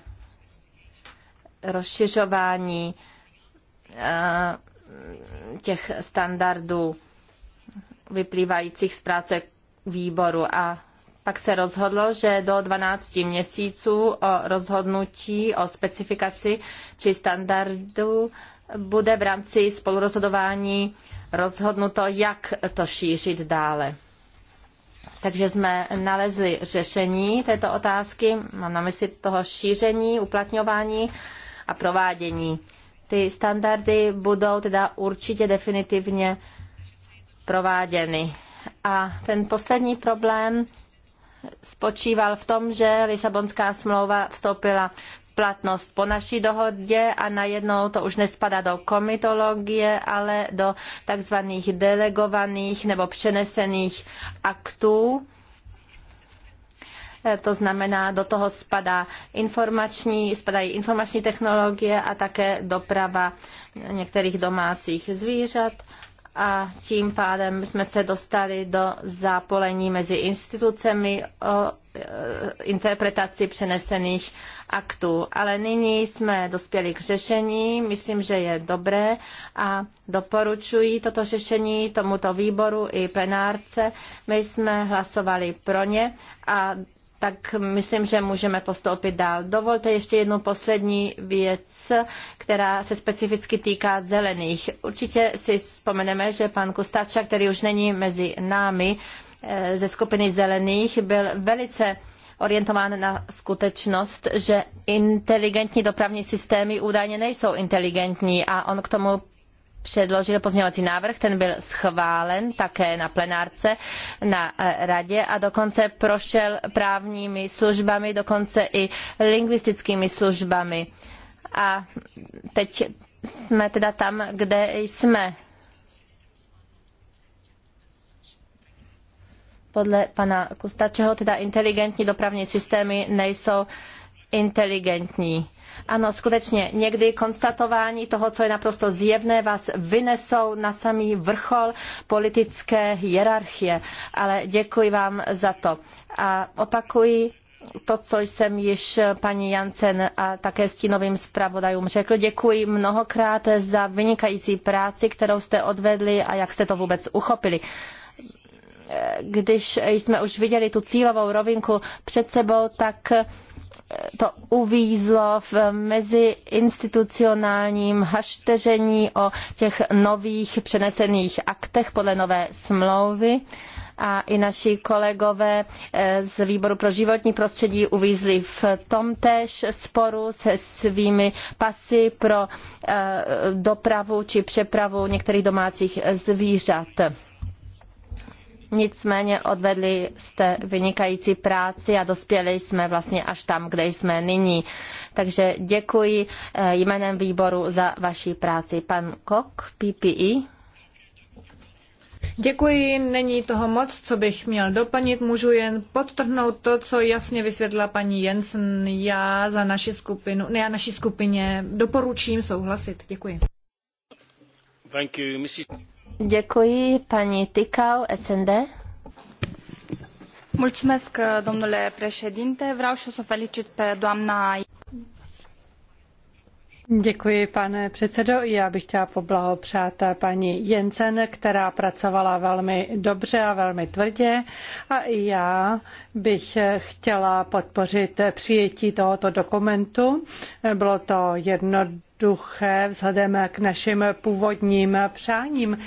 [SPEAKER 1] rozšiřování e, těch standardů vyplývajících z práce výboru a pak se rozhodlo, že do 12 měsíců o rozhodnutí o specifikaci či standardu bude v rámci spolurozhodování rozhodnuto, jak to šířit dále. Takže jsme nalezli řešení této otázky, mám na mysli toho šíření, uplatňování a provádění. Ty standardy budou teda určitě definitivně prováděny. A ten poslední problém spočíval v tom, že Lisabonská smlouva vstoupila v platnost po naší dohodě a najednou to už nespadá do komitologie, ale do takzvaných delegovaných nebo přenesených aktů. E, to znamená, do toho spadá informační, spadají informační technologie a také doprava některých domácích zvířat a tím pádem jsme se dostali do zápolení mezi institucemi o e, interpretaci přenesených aktů. Ale nyní jsme dospěli k řešení, myslím, že je dobré a doporučuji toto řešení tomuto výboru i plenárce. My jsme hlasovali pro ně a tak myslím, že můžeme postoupit dál. Dovolte ještě jednu poslední věc, která se specificky týká zelených. Určitě si vzpomeneme, že pan Kustača, který už není mezi námi, eh, ze skupiny zelených, byl velice orientován na skutečnost, že inteligentní dopravní systémy údajně nejsou inteligentní a on k tomu předložil pozměňovací návrh, ten byl schválen také na plenárce na eh, radě a dokonce prošel právními službami, dokonce i lingvistickými službami. A teď jsme teda tam, kde jsme. Podle pana Kustačeho teda inteligentní dopravní systémy nejsou inteligentní ano, skutečně někdy konstatování toho, co je naprosto zjevné, vás vynesou na samý vrchol politické hierarchie. Ale děkuji vám za to. A opakuji, to, co jsem již paní Jansen a také stínovým zpravodajům řekl. Děkuji mnohokrát za vynikající práci, kterou jste odvedli a jak jste to vůbec uchopili když jsme už viděli tu cílovou rovinku před sebou, tak to uvízlo v meziinstitucionálním hašteření o těch nových přenesených aktech podle nové smlouvy a i naši kolegové eh, z výboru pro životní prostředí uvízli v tomtéž sporu se svými pasy pro eh, dopravu či přepravu některých domácích zvířat. Nicméně odvedli jste vynikající práci a dospěli jsme vlastně až tam, kde jsme nyní. Takže děkuji eh, jménem výboru za vaši práci. Pan Kok, PPE.
[SPEAKER 3] Děkuji, není toho moc, co bych měl doplnit. Můžu jen podtrhnout to, co jasně vysvětlila paní Jensen. Já za naši skupinu, ne, já naší skupině doporučím souhlasit. Děkuji.
[SPEAKER 2] Thank you, Mrs.
[SPEAKER 1] Děkuji paní Tikau, SND.
[SPEAKER 3] Mulțumesc, domnule președinte. Vreau și o să felicit pe doamna
[SPEAKER 4] Děkuji, pane předsedo. Já bych chtěla poblahopřát paní Jensen, která pracovala velmi dobře a velmi tvrdě. A i já bych chtěla podpořit přijetí tohoto dokumentu. Bylo to jedno duché vzhledem k našim původním přáním.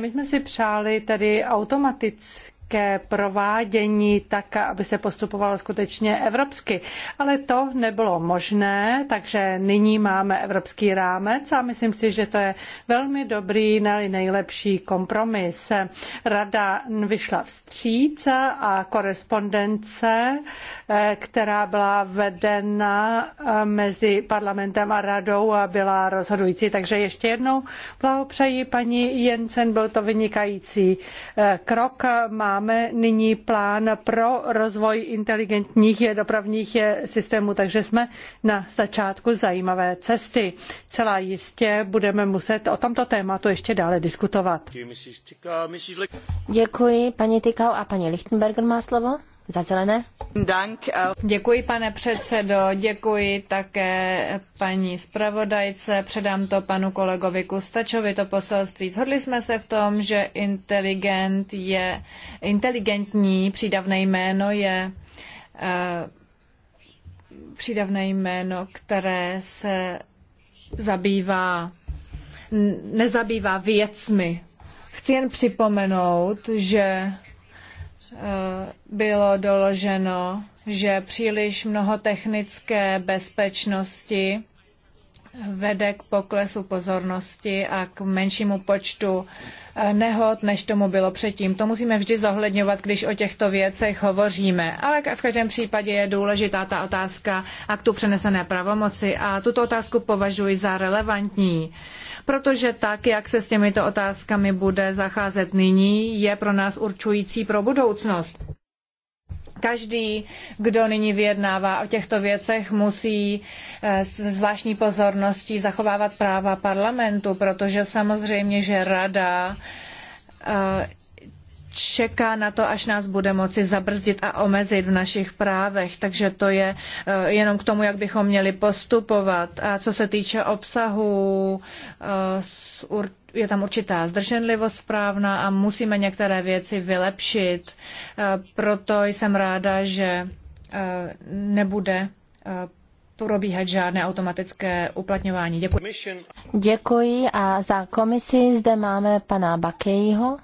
[SPEAKER 4] My jsme si přáli tedy automatický ke provádění tak, aby se postupovalo skutečně evropsky. Ale to nebylo možné, takže nyní máme evropský rámec a myslím si, že to je velmi dobrý, ne nejlepší kompromis. Rada vyšla vstříc a korespondence, eh, která byla vedena eh, mezi parlamentem a radou, eh, byla rozhodující. Takže ještě jednou blahopřeji paní Jensen, byl to vynikající krok. Má máme nyní plán pro rozvoj inteligentních dopravních systémů, takže jsme na začátku zajímavé cesty. Celá jistě budeme
[SPEAKER 1] muset o tomto tématu ještě dále diskutovat. Děkuji, paní Tykau a paní Lichtenberger má slovo. Za zelené?
[SPEAKER 2] Eh. Děkuji, pane
[SPEAKER 3] předsedo, děkuji také paní zpravodajce, předám to panu kolegovi Kustačovi, to poselství. Zhodli jsme se v tom, že inteligent je, inteligentní přídavné jméno je uh, přídavné jméno, které se zabývá, nezabývá věcmi. Chci jen připomenout, že Eh, bylo doloženo, že příliš mnoho technické bezpečnosti vede k poklesu pozornosti a k menšímu počtu Eh, nehod, než tomu bylo předtím. To musíme vždy zohledňovat, když o těchto věcech hovoříme. Ale v každém případě je důležitá ta otázka aktu přenesené pravomoci a tuto otázku považuji za relevantní, protože tak, jak se s těmito otázkami bude zacházet nyní, je pro nás určující pro budoucnost každý, kdo nyní vyjednává o těchto věcech, musí eh, s zvláštní pozorností zachovávat práva parlamentu, protože samozřejmě, že rada eh, čeká na to, až nás bude moci zabrzdit a omezit v našich právech. Takže to je eh, jenom k tomu, jak bychom měli postupovat. A co se týče obsahu, eh, je tam určitá zdrženlivost správná a musíme některé věci vylepšit. Eh, proto jsem ráda, že nebude probíhat žádné automatické uplatňování. Děkuji. Děkuji
[SPEAKER 1] a za komisi zde máme pana Bakejho.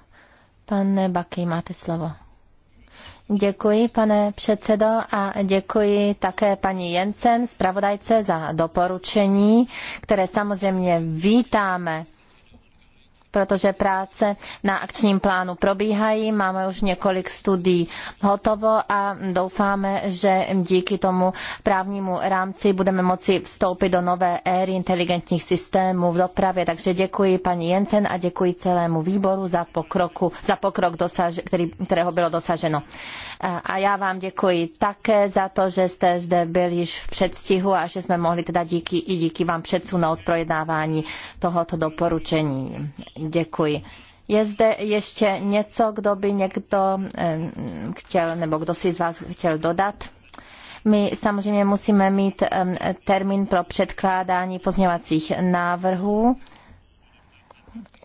[SPEAKER 1] Pane Baky, máte slovo. Děkuji, pane předsedo, a děkuji také paní Jensen, zpravodajce, za doporučení, které samozřejmě vítáme protože práce na akčním plánu probíhají, máme už několik studií hotovo a doufáme, že díky tomu právnímu rámci budeme moci vstoupit do nové éry inteligentních systémů v dopravě. Takže děkuji paní Jensen a děkuji celému výboru za, pokroku, za pokrok, dosaž, který, kterého bylo dosaženo. A já vám děkuji také za to, že jste zde byl již v předstihu a že jsme mohli teda díky, i díky vám předsunout projednávání tohoto doporučení. Děkuji. Je zde ještě něco, kdo by někdo chtěl, nebo kdo si z vás chtěl dodat? My samozřejmě musíme mít termín pro předkládání pozměňovacích návrhů,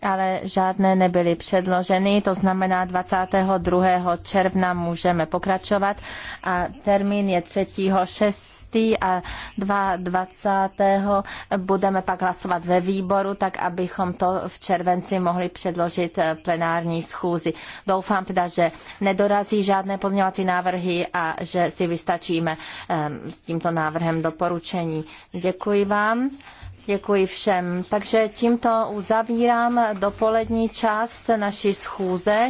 [SPEAKER 1] ale žádné nebyly předloženy, to znamená 22. června můžeme pokračovat a termín je 3. 6 a 22. budeme pak hlasovat ve výboru, tak abychom to v červenci mohli předložit eh, plenární schůzi. Doufám teda, že nedorazí žádné pozměňovací návrhy a že si vystačíme ehm, s tímto návrhem doporučení. Děkuji vám. Děkuji všem. Takže tímto uzavírám dopolední část naší schůze.